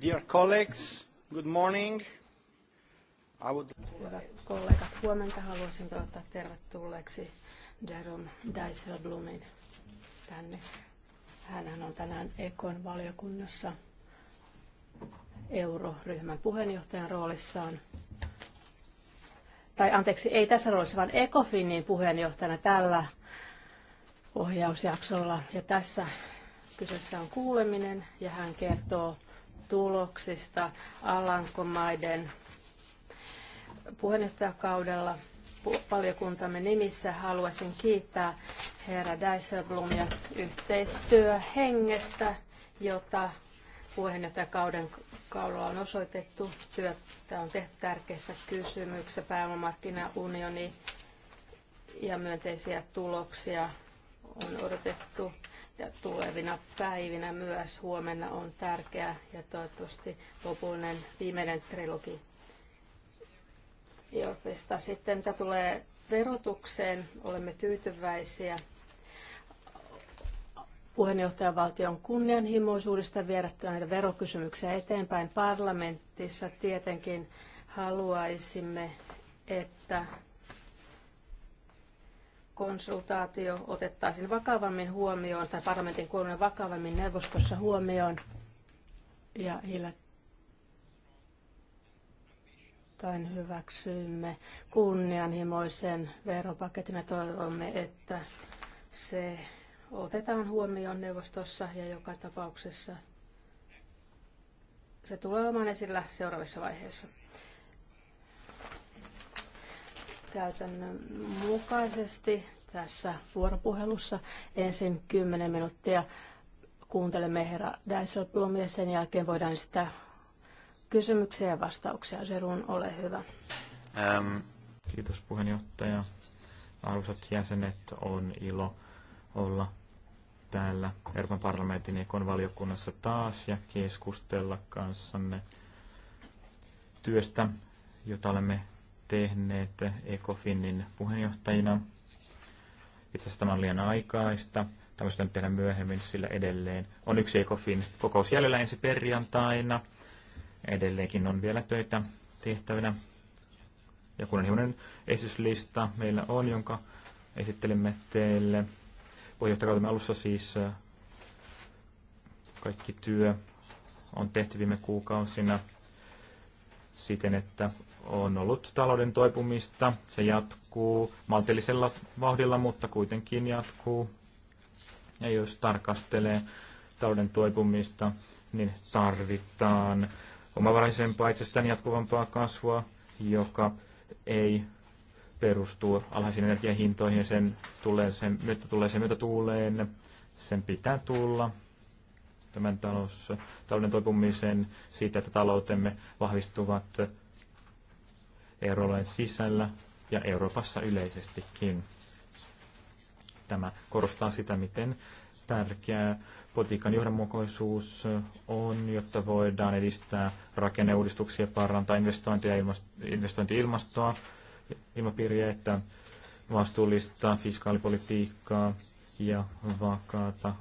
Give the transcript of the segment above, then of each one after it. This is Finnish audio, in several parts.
Dear colleagues, good morning. I would... Hyvät kollegat, huomenta haluaisin toivottaa tervetulleeksi Jaron Dijsselbloemin tänne. Hänhän on tänään Ekon valiokunnassa euroryhmän puheenjohtajan roolissaan. Tai anteeksi, ei tässä roolissa, vaan Ecofinin puheenjohtajana tällä ohjausjaksolla. Ja tässä kyseessä on kuuleminen ja hän kertoo tuloksista Alankomaiden puheenjohtajakaudella valiokuntamme nimissä haluaisin kiittää herra Dijsselblomia yhteistyöhengestä, jota puheenjohtajakauden kaudella on osoitettu. Työtä on tehty tärkeissä kysymyksissä, pääomamarkkinaunioni ja myönteisiä tuloksia on odotettu ja tulevina päivinä myös huomenna on tärkeä ja toivottavasti lopullinen viimeinen trilogi. Jopista sitten, mitä tulee verotukseen, olemme tyytyväisiä puheenjohtajavaltion kunnianhimoisuudesta viedä näitä verokysymyksiä eteenpäin parlamentissa. Tietenkin haluaisimme, että konsultaatio otettaisiin vakavammin huomioon tai parlamentin kuuleminen vakavammin neuvostossa huomioon ja hiljattain hyväksymme kunnianhimoisen veropaketin ja toivomme, että se otetaan huomioon neuvostossa ja joka tapauksessa se tulee olemaan esillä seuraavissa vaiheissa käytännön mukaisesti tässä vuoropuhelussa. Ensin 10 minuuttia kuuntelemme herra Dijsselbloom ja sen jälkeen voidaan sitä kysymyksiä ja vastauksia. Serun, ole hyvä. Ähm. Kiitos puheenjohtaja. Arvoisat jäsenet, on ilo olla täällä Euroopan parlamentin ekon valiokunnassa taas ja keskustella kanssanne työstä, jota olemme tehneet ECOFINin puheenjohtajina. Itse asiassa tämä on liian aikaista. Tämmöistä nyt tehdään myöhemmin, sillä edelleen on yksi ECOFIN kokous jäljellä ensi perjantaina. Edelleenkin on vielä töitä tehtävänä. Ja hieman esityslista meillä on, jonka esittelimme teille puheenjohtajakautemme alussa siis äh, kaikki työ on tehty viime kuukausina siten, että on ollut talouden toipumista. Se jatkuu maltillisella vauhdilla, mutta kuitenkin jatkuu. Ja jos tarkastelee talouden toipumista, niin tarvitaan omavaraisempaa itsestään jatkuvampaa kasvua, joka ei perustu alhaisiin energiahintoihin ja sen, tulee, sen myötä tulee sen myötä tuuleen. Sen pitää tulla tämän talous, talouden toipumisen siitä, että taloutemme vahvistuvat euroalueen sisällä ja Euroopassa yleisestikin. Tämä korostaa sitä, miten tärkeää politiikan johdonmukaisuus on, jotta voidaan edistää rakenneuudistuksia, parantaa investointia, investointi-ilmastoa, ilmapiiriä, että vastuullista fiskaalipolitiikkaa ja vakaata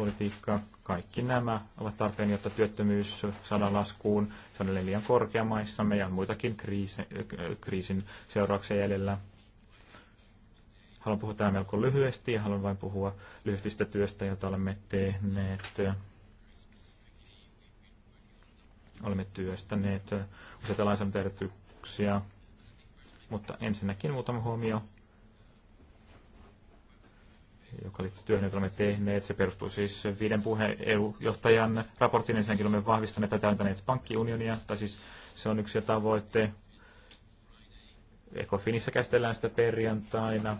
politiikkaa. Kaikki nämä ovat tarpeen, jotta työttömyys saadaan laskuun. Se on liian korkea maissamme ja on muitakin kriisi, kriisin seurauksia jäljellä. Haluan puhua tämä melko lyhyesti ja haluan vain puhua lyhyesti sitä työstä, jota olemme tehneet. Olemme työstäneet useita lainsäädäntöehdotuksia, mutta ensinnäkin muutama huomio joka liittyy työhön, jota olemme tehneet. Se perustuu siis viiden puheen EU-johtajan raporttiin. Ensinnäkin olemme vahvistaneet ja täydentäneet pankkiunionia, tai siis se on yksi tavoite. Ecofinissä käsitellään sitä perjantaina.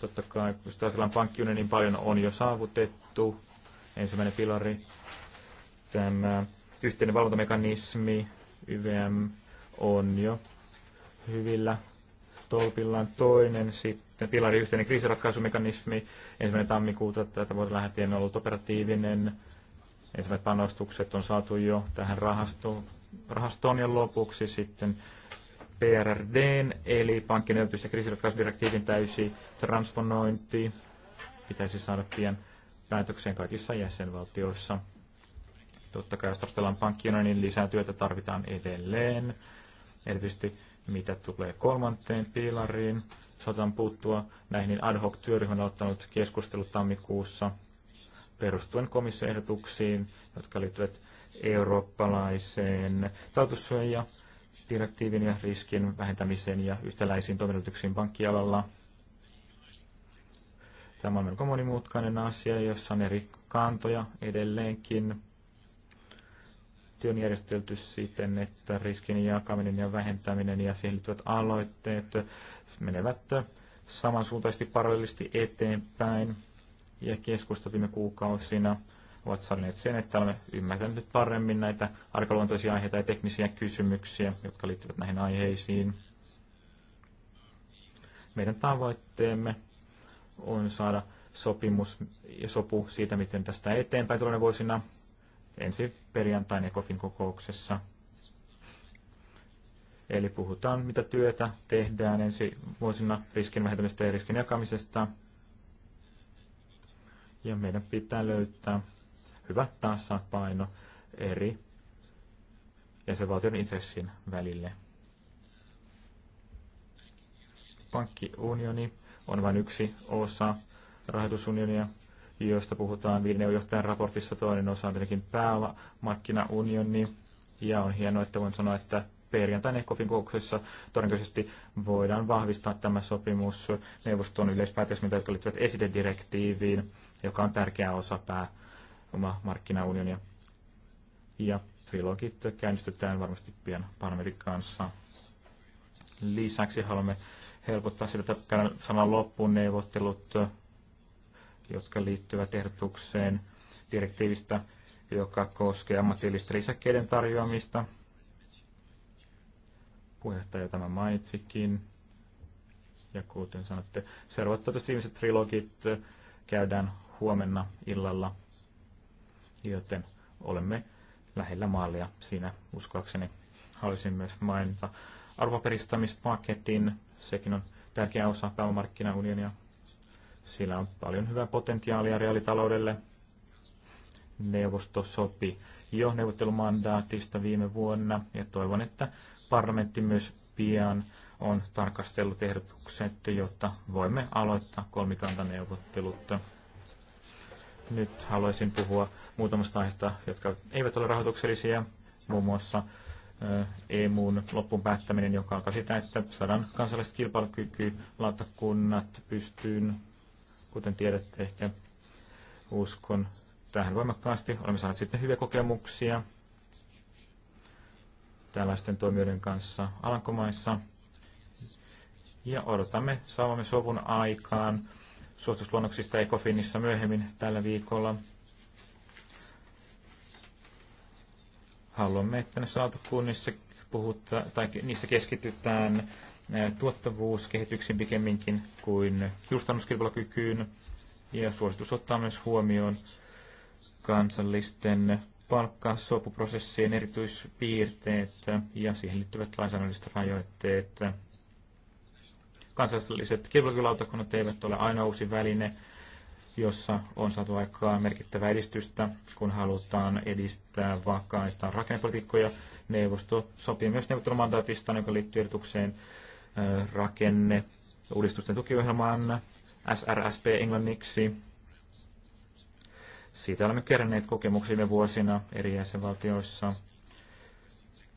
Totta kai, jos taas pankkiunia, niin paljon on jo saavutettu. Ensimmäinen pilari, tämä yhteinen valvontamekanismi, YVM, on jo hyvillä tolpillaan. Toinen sitten sitten pilari yhteinen kriisiratkaisumekanismi. Ensimmäinen tammikuuta tätä vuotta lähtien on ollut operatiivinen. Ensimmäiset panostukset on saatu jo tähän rahastoon ja lopuksi sitten PRRDn eli pankkineutus- ja kriisiratkaisudirektiivin täysi transponointi pitäisi saada pian päätökseen kaikissa jäsenvaltioissa. Totta kai jos tarkastellaan pankkiona, niin lisää työtä tarvitaan edelleen, erityisesti mitä tulee kolmanteen pilariin saatetaan puuttua näihin, niin ad hoc työryhmä on ottanut keskustelut tammikuussa perustuen komission ehdotuksiin, jotka liittyvät eurooppalaiseen tautussuoja direktiivin ja riskin vähentämiseen ja yhtäläisiin toimintatyksiin pankkialalla. Tämä on melko monimutkainen asia, jossa on eri kantoja edelleenkin on järjestelty siten, että riskin jakaminen ja vähentäminen ja siihen liittyvät aloitteet menevät samansuuntaisesti parallelisesti eteenpäin. Ja keskusta viime kuukausina ovat sallineet sen, että olemme ymmärtäneet paremmin näitä arkaluontoisia aiheita ja teknisiä kysymyksiä, jotka liittyvät näihin aiheisiin. Meidän tavoitteemme on saada sopimus ja sopu siitä, miten tästä eteenpäin tulevina vuosina ensi perjantain ECOFIN kokouksessa. Eli puhutaan, mitä työtä tehdään ensi vuosina riskin vähentämisestä ja riskin jakamisesta. Ja meidän pitää löytää hyvä tasapaino eri jäsenvaltion intressin välille. Pankkiunioni on vain yksi osa rahoitusunionia josta puhutaan videojohtajan raportissa. Toinen osa on tietenkin pääomamarkkinaunioni. Ja on hienoa, että voin sanoa, että perjantain ECOFin kokouksessa todennäköisesti voidaan vahvistaa tämä sopimus neuvoston yleispäätösmintä, jotka liittyvät esitedirektiiviin, joka on tärkeä osa pääomamarkkinaunionia. Ja trilogit käynnistetään varmasti pian Parmerin kanssa. Lisäksi haluamme helpottaa sitä, että käydään saman loppuun neuvottelut jotka liittyvät ehdotukseen direktiivistä, joka koskee ammatillisten lisäkkeiden tarjoamista. Puheenjohtaja tämä mainitsikin. Ja kuten sanotte, seuraavat tuota viimeiset trilogit äh, käydään huomenna illalla, joten olemme lähellä maalia siinä uskoakseni. Haluaisin myös mainita arvoperistamispaketin. Sekin on tärkeä osa pääomamarkkinaunionia sillä on paljon hyvää potentiaalia reaalitaloudelle. Neuvosto sopi jo neuvottelumandaatista viime vuonna ja toivon, että parlamentti myös pian on tarkastellut ehdotukset, jotta voimme aloittaa kolmikantaneuvottelut. Nyt haluaisin puhua muutamasta aiheesta, jotka eivät ole rahoituksellisia, muun muassa EMUn loppuun päättäminen, joka alkaa sitä, että saadaan kansalliset kilpailukyky, lautakunnat pystyyn Kuten tiedätte ehkä, uskon tähän voimakkaasti. Olemme saaneet sitten hyviä kokemuksia tällaisten toimijoiden kanssa Alankomaissa. Ja odotamme saavamme sovun aikaan suositusluonnoksista Ecofinissa myöhemmin tällä viikolla. Haluamme, että ne kunnissa puhutaan, tai niissä keskitytään tuottavuuskehityksiin pikemminkin kuin kustannuskilpailukykyyn. Ja suositus ottaa myös huomioon kansallisten palkkasopuprosessien erityispiirteet ja siihen liittyvät lainsäädännölliset rajoitteet. Kansalliset kilpailukykylautakunnat eivät ole aina uusi väline, jossa on saatu aikaa merkittävää edistystä, kun halutaan edistää vakaita rakennepolitiikkoja. Neuvosto sopii myös neuvottelumandaatista, joka liittyy ehdotukseen rakenne uudistusten tukiohjelmaan, SRSP englanniksi. Siitä olemme keränneet kokemuksia viime vuosina eri jäsenvaltioissa.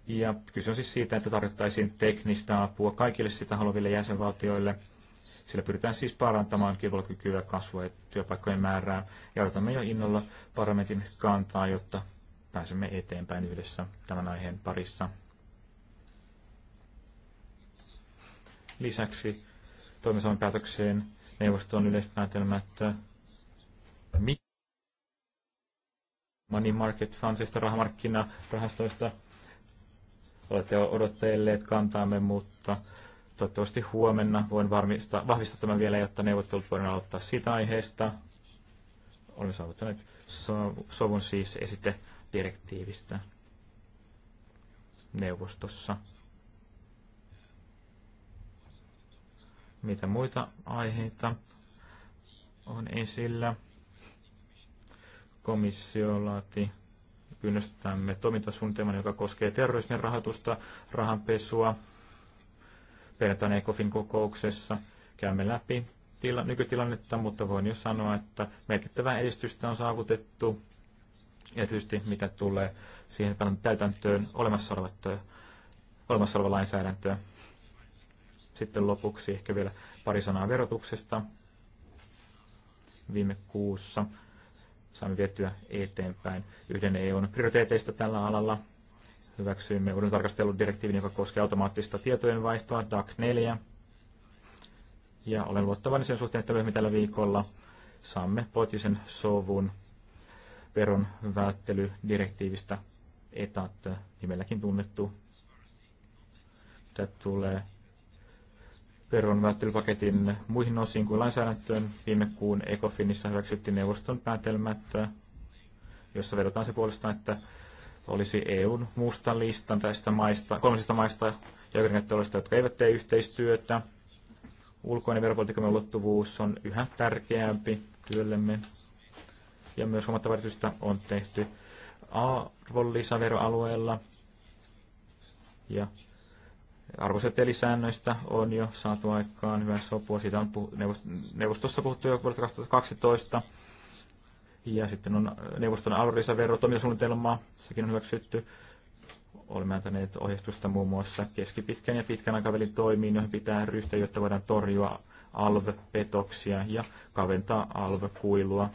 Ja kyse on siis siitä, että tarjottaisiin teknistä apua kaikille sitä haluaville jäsenvaltioille. Sillä pyritään siis parantamaan kilpailukykyä, kasvua ja työpaikkojen määrää. Ja odotamme jo innolla parlamentin kantaa, jotta pääsemme eteenpäin yhdessä tämän aiheen parissa. Lisäksi toimisamme päätökseen neuvoston että money market fundsista, rahamarkkinarahastoista. Olette odotteilleet kantaamme, mutta toivottavasti huomenna voin varmistaa, vahvistaa tämän vielä, jotta neuvottelut voidaan aloittaa siitä aiheesta. Olemme saavuttaneet sovun siis esite direktiivistä neuvostossa. mitä muita aiheita on esillä. Komissio laati pyynnöstämme toimintasuunnitelman, joka koskee terrorismin rahoitusta, rahanpesua. Perjantaina ECOFIN kokouksessa käymme läpi tila- nykytilannetta, mutta voin jo sanoa, että merkittävää edistystä on saavutettu. Ja tietysti mitä tulee siihen täytäntöön olemassa, olevat, olemassa oleva lainsäädäntöä sitten lopuksi ehkä vielä pari sanaa verotuksesta. Viime kuussa saimme viettyä eteenpäin yhden EUn prioriteeteista tällä alalla. Hyväksyimme uuden tarkasteludirektiivin, joka koskee automaattista tietojenvaihtoa, DAC 4. Ja olen luottavainen sen suhteen, että myöhemmin tällä viikolla saamme poliittisen sovun veron välttelydirektiivistä etat nimelläkin tunnettu. Tätä tulee veronvälttelypaketin muihin osiin kuin lainsäädäntöön. Viime kuun ECOFINissa hyväksyttiin neuvoston päätelmät, jossa vedotaan se puolestaan, että olisi EUn muusta listan tästä maista, kolmesta maista ja yhdenkäyttöalueista, jotka eivät tee yhteistyötä. Ulkoinen veropolitiikan ulottuvuus on yhä tärkeämpi työllemme. Ja myös huomattavaa on tehty arvonlisäveroalueella. Ja arvosetelisäännöistä on jo saatu aikaan hyvää sopua. Siitä on neuvostossa puhuttu jo vuodesta 2012. Ja sitten on neuvoston arvonlisäverotoimintasuunnitelmaa, sekin on hyväksytty. Olemme antaneet ohjeistusta muun muassa keskipitkän ja pitkän aikavälin toimiin, joihin pitää ryhtyä, jotta voidaan torjua alv-petoksia ja kaventaa alv-kuilua.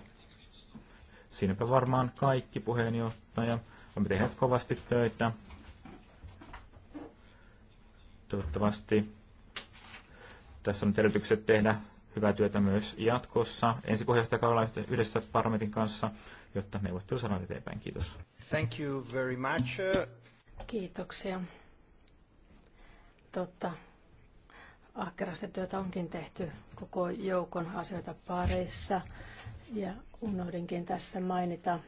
Siinäpä varmaan kaikki puheenjohtaja. Olemme tehneet kovasti töitä Toivottavasti tässä on edellytykset tehdä hyvää työtä myös jatkossa ensi puheenjohtajakaudella yhdessä parlamentin kanssa, jotta neuvottelu saadaan eteenpäin. Kiitos. Thank you very much. Kiitoksia. Totta, ahkerasti työtä onkin tehty koko joukon asioita pareissa ja unohdinkin tässä mainita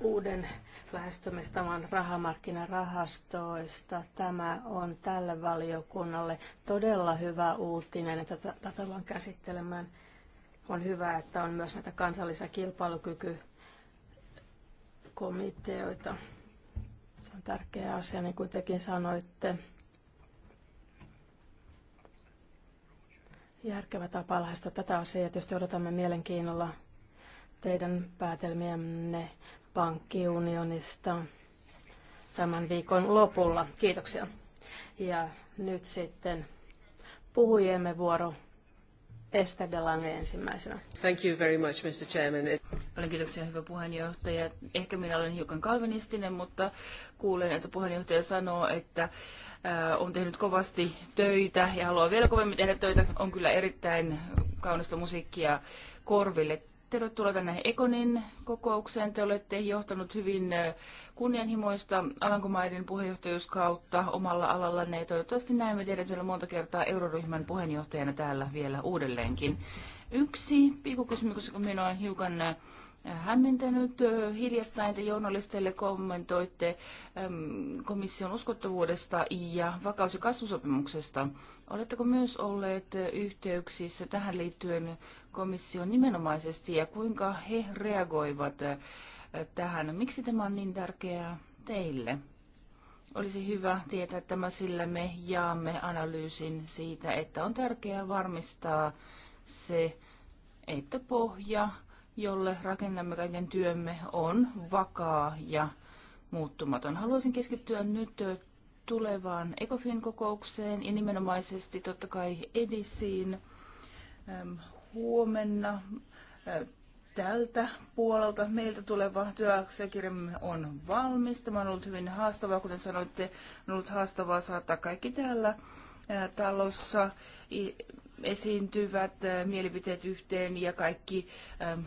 uuden lähestymistavan rahamarkkinarahastoista. Tämä on tälle valiokunnalle todella hyvä uutinen, että tätä vaan käsittelemään. On hyvä, että on myös näitä kansallisia kilpailukykykomiteoita. Se on tärkeä asia, niin kuin tekin sanoitte. Järkevä tapa lähestyä tätä asiaa. Tietysti odotamme mielenkiinnolla teidän päätelmiänne pankkiunionista tämän viikon lopulla. Kiitoksia. Ja nyt sitten puhujiemme vuoro. Esther Delange ensimmäisenä. Thank you very much, Mr. Chairman. Paljon kiitoksia, hyvä puheenjohtaja. Ehkä minä olen hiukan kalvinistinen, mutta kuulen, että puheenjohtaja sanoo, että äh, on tehnyt kovasti töitä ja haluaa vielä kovemmin tehdä töitä. On kyllä erittäin kaunista musiikkia korville Tervetuloa tänne Ekonin kokoukseen. Te olette johtanut hyvin eh, kunnianhimoista Alankomaiden puheenjohtajuuskautta omalla alallanne. Ja toivottavasti näemme teidät vielä monta kertaa euroryhmän puheenjohtajana täällä vielä uudelleenkin. Yksi pikukysymys, koska minua on hiukan eh, hämmentänyt. Eh, hiljattain te journalisteille kommentoitte ehm, komission uskottavuudesta ja vakaus- ja kasvusopimuksesta. Oletteko myös olleet yhteyksissä tähän liittyen komissio nimenomaisesti ja kuinka he reagoivat äh, tähän? Miksi tämä on niin tärkeää teille? Olisi hyvä tietää tämä, sillä me jaamme analyysin siitä, että on tärkeää varmistaa se, että pohja, jolle rakennamme kaiken työmme, on vakaa ja muuttumaton. Haluaisin keskittyä nyt äh, tulevaan ECOFIN-kokoukseen ja nimenomaisesti totta kai EDISiin huomenna tältä puolelta meiltä tuleva työasiakirjamme on valmis. Tämä on ollut hyvin haastavaa, kuten sanoitte, on ollut haastavaa saattaa kaikki täällä talossa esiintyvät mielipiteet yhteen ja kaikki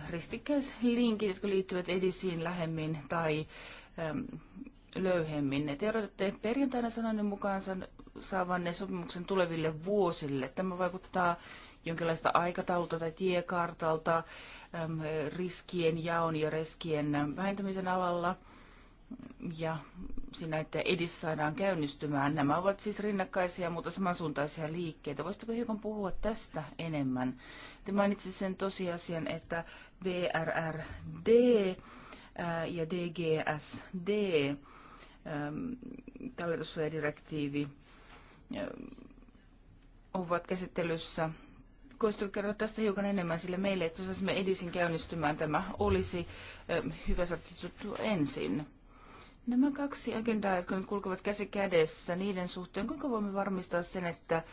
ristikkäislinkit, jotka liittyvät edisiin lähemmin tai löyhemmin. Te odotatte perjantaina sananne mukaan saavanne sopimuksen tuleville vuosille. Tämä vaikuttaa jonkinlaista aikataulua tai tiekartalta riskien jaon ja riskien vähentämisen alalla ja siinä, että edis saadaan käynnistymään. Nämä ovat siis rinnakkaisia, mutta samansuuntaisia liikkeitä. Voisitko hiukan puhua tästä enemmän? Te mainitsit sen tosiasian, että BRRD ja DGSD, talletussuojadirektiivi, ovat käsittelyssä voisitko kertoa tästä hiukan enemmän, sille meille, että me edisin käynnistymään tämä olisi hyvä saada ensin. Nämä kaksi agendaa, jotka nyt kulkevat käsi kädessä, niiden suhteen, kuinka voimme varmistaa sen, että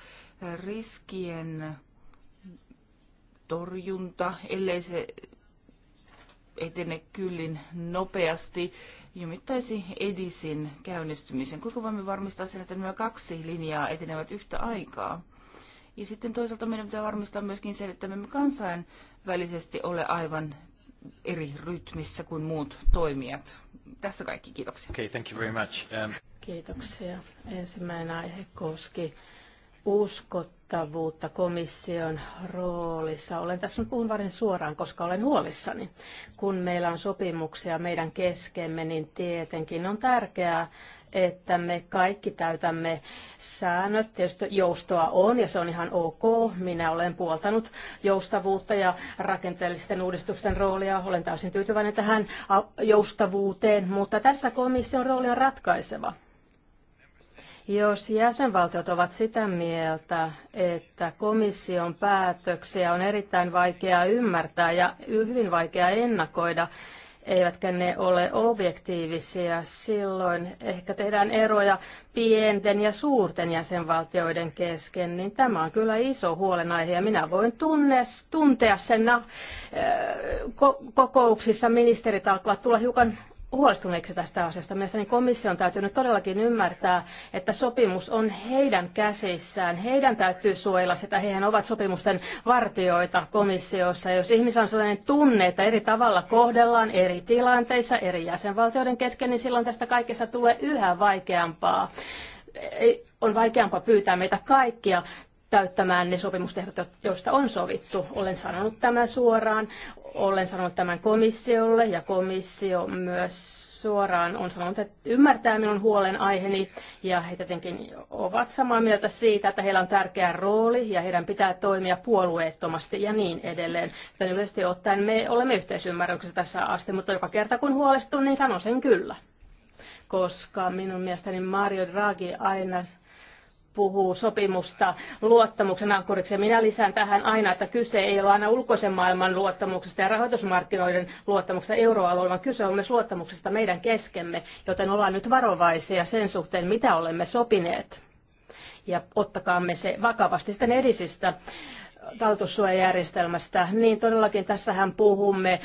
riskien torjunta, ellei se etene kyllin nopeasti, jumittaisi edisin käynnistymisen. Kuinka voimme varmistaa sen, että nämä kaksi linjaa etenevät yhtä aikaa? Ja sitten toisaalta meidän pitää varmistaa myöskin se, että me emme kansainvälisesti ole aivan eri rytmissä kuin muut toimijat. Tässä kaikki, kiitoksia. Okay, thank you very much. Um... Kiitoksia. Ensimmäinen aihe koski uskottavuutta komission roolissa. Olen tässä nyt puhun varsin suoraan, koska olen huolissani. Kun meillä on sopimuksia meidän keskemme, niin tietenkin on tärkeää, että me kaikki täytämme säännöt. Tietysti joustoa on ja se on ihan ok. Minä olen puoltanut joustavuutta ja rakenteellisten uudistusten roolia. Olen täysin tyytyväinen tähän joustavuuteen, mutta tässä komission rooli on ratkaiseva. Jos jäsenvaltiot ovat sitä mieltä, että komission päätöksiä on erittäin vaikea ymmärtää ja hyvin vaikea ennakoida, eivätkä ne ole objektiivisia. Silloin ehkä tehdään eroja pienten ja suurten jäsenvaltioiden kesken, niin tämä on kyllä iso huolenaihe ja minä voin tunne, tuntea sen na- äh, kokouksissa ministerit alkavat tulla hiukan huolestuneeksi tästä asiasta. Mielestäni komission täytyy nyt todellakin ymmärtää, että sopimus on heidän käsissään. Heidän täytyy suojella sitä. Hehän ovat sopimusten vartioita komissiossa. Ja jos ihmisellä on sellainen tunne, että eri tavalla kohdellaan eri tilanteissa, eri jäsenvaltioiden kesken, niin silloin tästä kaikesta tulee yhä vaikeampaa on vaikeampaa pyytää meitä kaikkia täyttämään ne sopimustehdot, joista on sovittu. Olen sanonut tämän suoraan, olen sanonut tämän komissiolle ja komissio myös suoraan on sanonut, että ymmärtää minun huolenaiheeni ja he tietenkin ovat samaa mieltä siitä, että heillä on tärkeä rooli ja heidän pitää toimia puolueettomasti ja niin edelleen. Joten yleisesti ottaen me olemme yhteisymmärryksessä tässä asti, mutta joka kerta kun huolestun, niin sanon sen kyllä. Koska minun mielestäni Mario Draghi aina puhuu sopimusta luottamuksen ankkuriksi. minä lisään tähän aina, että kyse ei ole aina ulkoisen maailman luottamuksesta ja rahoitusmarkkinoiden luottamuksesta euroalueella, vaan kyse on myös luottamuksesta meidän keskemme, joten ollaan nyt varovaisia sen suhteen, mitä olemme sopineet. Ja ottakaamme se vakavasti sitten edisistä taltussuojajärjestelmästä. Niin todellakin tässähän puhumme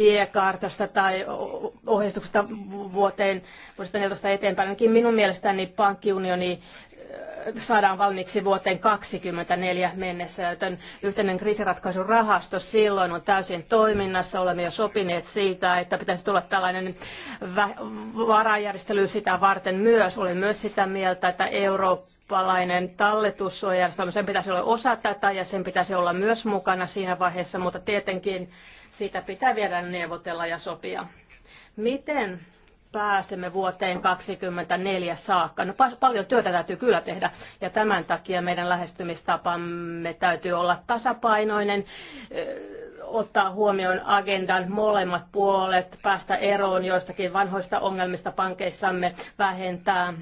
tiekartasta tai ohjeistuksesta vuoteen vuodesta 14 eteenpäin. Ainakin minun mielestäni pankkiunioni saadaan valmiiksi vuoteen 2024 mennessä, joten yhteinen kriisiratkaisurahasto silloin on täysin toiminnassa. Olemme jo sopineet siitä, että pitäisi tulla tällainen varajärjestely sitä varten myös. Olen myös sitä mieltä, että eurooppalainen talletussuojajärjestelmä, sen pitäisi olla osa tätä ja sen pitäisi olla myös mukana siinä vaiheessa, mutta tietenkin siitä pitää vielä neuvotella ja sopia. Miten pääsemme vuoteen 2024 saakka. No, paljon työtä täytyy kyllä tehdä ja tämän takia meidän lähestymistapamme täytyy olla tasapainoinen, ottaa huomioon agendan molemmat puolet, päästä eroon joistakin vanhoista ongelmista pankeissamme, vähentää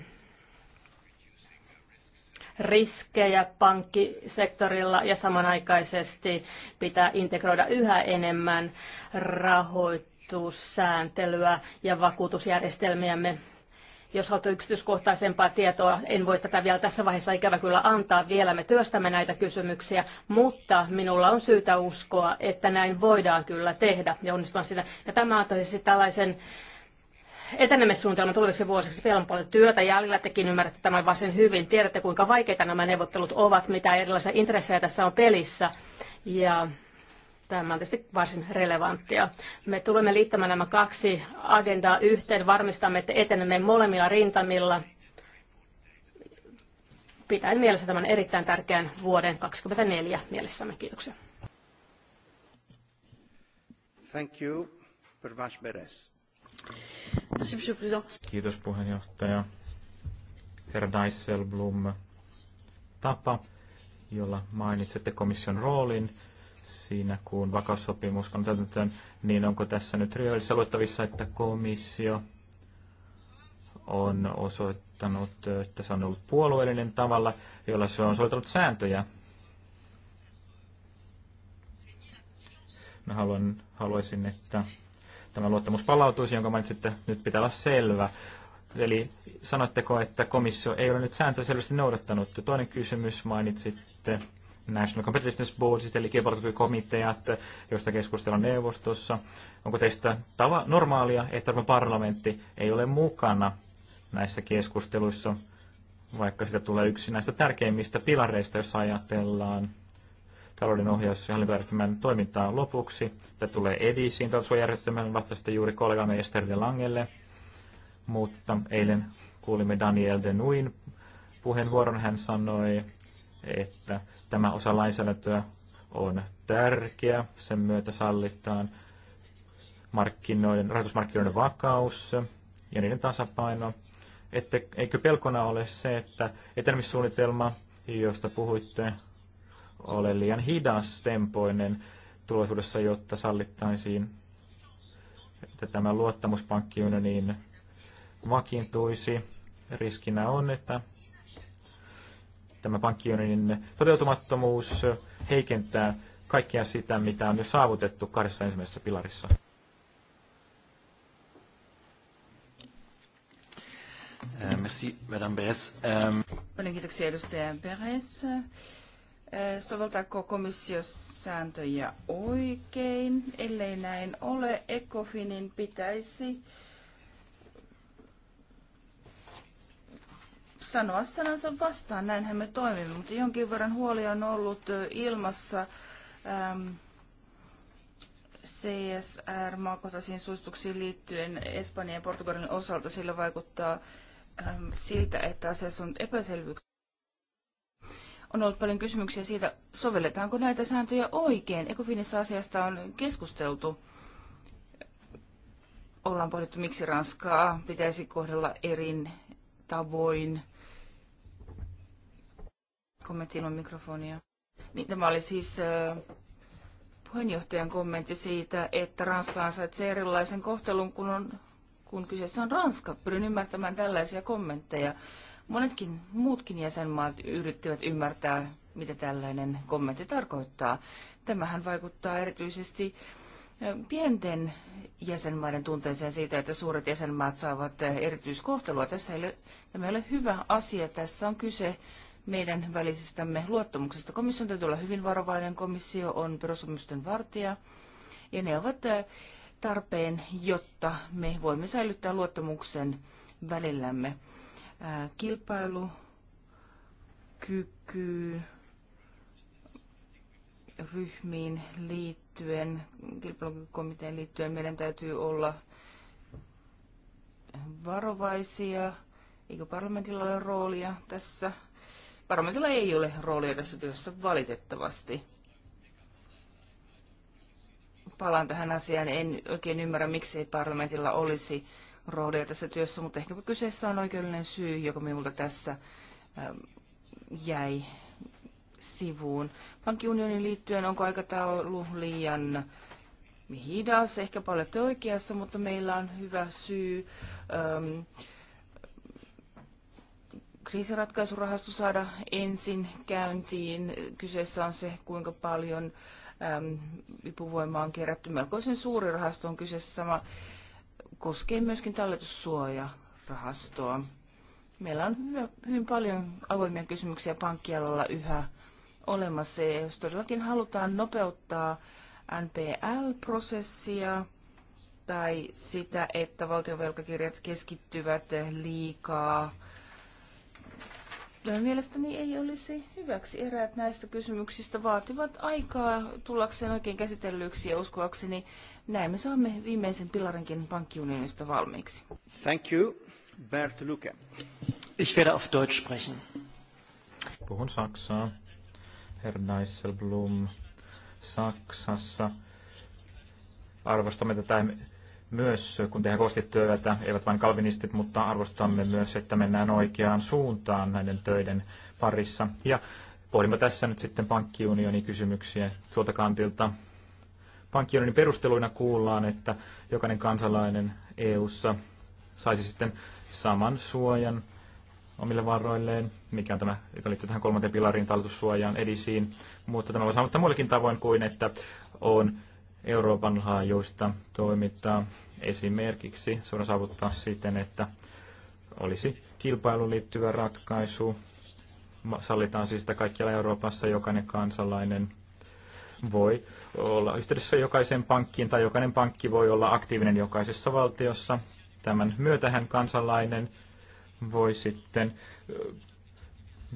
riskejä pankkisektorilla ja samanaikaisesti pitää integroida yhä enemmän rahoit vakuutussääntelyä ja vakuutusjärjestelmiämme. Jos haluatte yksityiskohtaisempaa tietoa, en voi tätä vielä tässä vaiheessa ikävä kyllä antaa. Vielä me työstämme näitä kysymyksiä, mutta minulla on syytä uskoa, että näin voidaan kyllä tehdä ja onnistua sitä. Ja tämä antaisi siis tällaisen etenemissuunnitelman tuleviksi vuosiksi. Vielä on paljon työtä jäljellä, tekin ymmärrätte tämän varsin hyvin. Tiedätte, kuinka vaikeita nämä neuvottelut ovat, mitä erilaisia intressejä tässä on pelissä. Ja Tämä on tietysti varsin relevanttia. Me tulemme liittämään nämä kaksi agendaa yhteen, varmistamme, että etenemme molemmilla rintamilla pitäen mielessä tämän erittäin tärkeän vuoden 2024 mielessämme. Kiitoksia. Thank you. Pervash Beres. Kiitos puheenjohtaja. Herra Dijsselblom, tapa, jolla mainitsette komission roolin siinä, kun vakaussopimus on täytäntöön, niin onko tässä nyt rivellissä luettavissa, että komissio on osoittanut, että se on ollut puolueellinen tavalla, jolla se on soittanut sääntöjä. Mä haluan, haluaisin, että tämä luottamus palautuisi, jonka mainitsitte, nyt pitää olla selvä. Eli sanotteko, että komissio ei ole nyt sääntöä selvästi noudattanut? Toinen kysymys mainitsitte National Competitiveness Boards, siis eli kilpailukykykomiteat, joista keskustellaan neuvostossa. Onko teistä tava- normaalia, että Euroopan parlamentti ei ole mukana näissä keskusteluissa, vaikka sitä tulee yksi näistä tärkeimmistä pilareista, jos ajatellaan talouden ohjaus- ja hallintojärjestelmän toimintaa lopuksi. Tämä tulee edisiin talousjärjestelmän vastaista juuri kollegamme Ester de Langelle, mutta eilen kuulimme Daniel de Nuin puheenvuoron. Hän sanoi, että tämä osa lainsäädäntöä on tärkeä. Sen myötä sallitaan markkinoiden, rahoitusmarkkinoiden vakaus ja niiden tasapaino. Ette, eikö pelkona ole se, että etenemissuunnitelma, josta puhuitte, ole liian hidas tempoinen tulevaisuudessa, jotta sallittaisiin, että tämä niin vakiintuisi. Riskinä on, että tämä pankkiunionin toteutumattomuus heikentää kaikkea sitä, mitä on jo saavutettu kahdessa ensimmäisessä pilarissa. Äh, merci, Madame Beres. Ähm, Paljon kiitoksia, edustaja Beres. Äh, soveltaako komissio sääntöjä oikein? Ellei näin ole, ECOFINin pitäisi sanoa sanansa vastaan. Näinhän me toimimme, mutta jonkin verran huoli on ollut ilmassa äm, CSR-maakohtaisiin suistuksiin liittyen Espanjan ja Portugalin osalta. Sillä vaikuttaa äm, siltä, että asiassa on epäselvyyksiä. On ollut paljon kysymyksiä siitä, sovelletaanko näitä sääntöjä oikein. Ekofinissa asiasta on keskusteltu ollaan pohdittu, miksi Ranskaa pitäisi kohdella erin tavoin kommentti ilman mikrofonia. Niin, tämä oli siis puheenjohtajan kommentti siitä, että Ranska ansaitsee erilaisen kohtelun, kun, on, kun kyseessä on Ranska. Pyrin ymmärtämään tällaisia kommentteja. Monetkin muutkin jäsenmaat yrittivät ymmärtää, mitä tällainen kommentti tarkoittaa. Tämähän vaikuttaa erityisesti pienten jäsenmaiden tunteeseen siitä, että suuret jäsenmaat saavat erityiskohtelua. Tässä ei ole, tämä ei ole hyvä asia. Tässä on kyse meidän välisestämme luottamuksesta. Komission täytyy olla hyvin varovainen. Komissio on perussopimusten vartija ja ne ovat eh, tarpeen, jotta me voimme säilyttää luottamuksen välillämme. Eh, kilpailu, kyky, ryhmiin liittyen, kilpailukomiteen liittyen meidän täytyy olla varovaisia, eikö parlamentilla ole roolia tässä Parlamentilla ei ole roolia tässä työssä valitettavasti. Palaan tähän asiaan. En oikein ymmärrä, miksi parlamentilla olisi roolia tässä työssä, mutta ehkä kyseessä on oikeudellinen syy, joka minulta tässä ähm, jäi sivuun. Pankkiunionin liittyen onko aikataulu liian hidas? Ehkä paljon oikeassa, mutta meillä on hyvä syy. Ähm, kriisiratkaisurahasto saada ensin käyntiin. Kyseessä on se, kuinka paljon vipuvoimaa on kerätty. Melkoisen suuri rahasto on kyseessä sama. Koskee myöskin talletussuojarahastoa. Meillä on hyvä, hyvin paljon avoimia kysymyksiä pankkialalla yhä olemassa. Ja jos todellakin halutaan nopeuttaa NPL-prosessia tai sitä, että valtionvelkakirjat keskittyvät liikaa Mielestäni ei olisi hyväksi. Eräät näistä kysymyksistä vaativat aikaa tullakseen oikein käsitellyksi ja uskoakseni näin me saamme viimeisen pilarinkin pankkiunionista valmiiksi. Thank you, Bert Luke. Ich werde auf Deutsch sprechen. Puhun Saksaa. Herr Neisselblum. Saksassa arvostamme tätä myös, kun tehdään kovasti työtä, eivät vain kalvinistit, mutta arvostamme myös, että mennään oikeaan suuntaan näiden töiden parissa. Ja pohdimme tässä nyt sitten kysymyksiä tuolta kantilta. Pankkiunionin perusteluina kuullaan, että jokainen kansalainen EU:ssa saisi sitten saman suojan omille varoilleen, mikä on tämä, joka liittyy tähän kolmanteen pilariin, talletussuojaan, edisiin, mutta tämä voi sanoa muillekin tavoin kuin, että on Euroopan laajuista toimintaa esimerkiksi se voidaan saavuttaa siten, että olisi kilpailuun liittyvä ratkaisu. Sallitaan siis sitä kaikkialla Euroopassa, jokainen kansalainen voi olla yhteydessä jokaiseen pankkiin tai jokainen pankki voi olla aktiivinen jokaisessa valtiossa. Tämän myötähän kansalainen voi sitten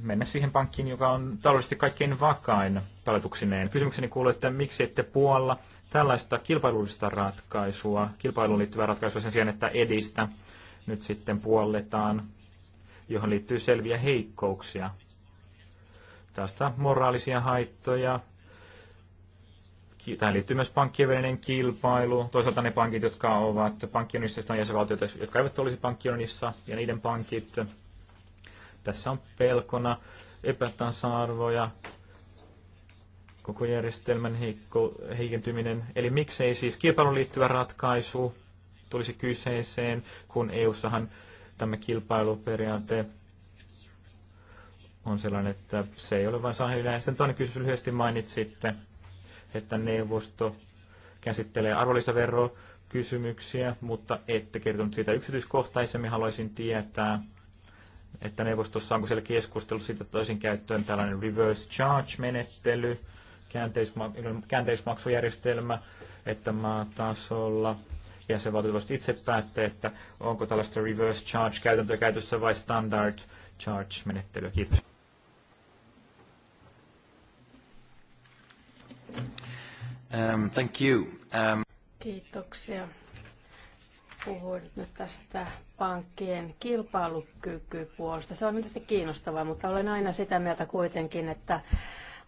mennä siihen pankkiin, joka on taloudellisesti kaikkein vakain talletuksineen. Kysymykseni kuuluu, että miksi ette puolla tällaista kilpailullista ratkaisua, kilpailuun liittyvää ratkaisua sen sijaan, että edistä nyt sitten puolletaan, johon liittyy selviä heikkouksia. Tästä moraalisia haittoja. Tähän liittyy myös pankkien välinen kilpailu. Toisaalta ne pankit, jotka ovat pankkionissa ja jäsenvaltioita, jotka eivät olisi pankkionissa, ja niiden pankit, tässä on pelkona epätasa-arvoja, koko järjestelmän heikko, heikentyminen. Eli miksei siis kilpailuun liittyvä ratkaisu tulisi kyseeseen, kun EU-sahan tämä kilpailuperiaate on sellainen, että se ei ole vain sahilinen. Sitten toinen kysymys lyhyesti mainitsitte, että neuvosto käsittelee arvonlisäverokysymyksiä, mutta ette kertonut siitä yksityiskohtaisemmin. Haluaisin tietää, että neuvostossa onko siellä keskustelu siitä toisin käyttöön tällainen reverse charge-menettely, käänteismaksujärjestelmä, että maatasolla se voisivat itse päättää, että onko tällaista reverse charge-käytäntöä käytössä vai standard charge menettely Kiitos. Um, thank you. Um... Kiitoksia puhuit nyt tästä pankkien kilpailukykypuolesta. Se on tietysti kiinnostavaa, mutta olen aina sitä mieltä kuitenkin, että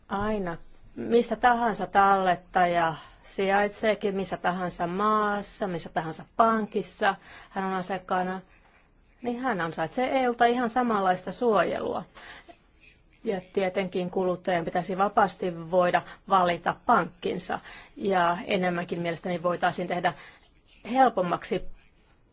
aina missä tahansa tallettaja sijaitseekin missä tahansa maassa, missä tahansa pankissa, hän on asiakkaana, niin hän ansaitsee EUlta ihan samanlaista suojelua. Ja tietenkin kuluttajan pitäisi vapaasti voida valita pankkinsa. Ja enemmänkin mielestäni voitaisiin tehdä helpommaksi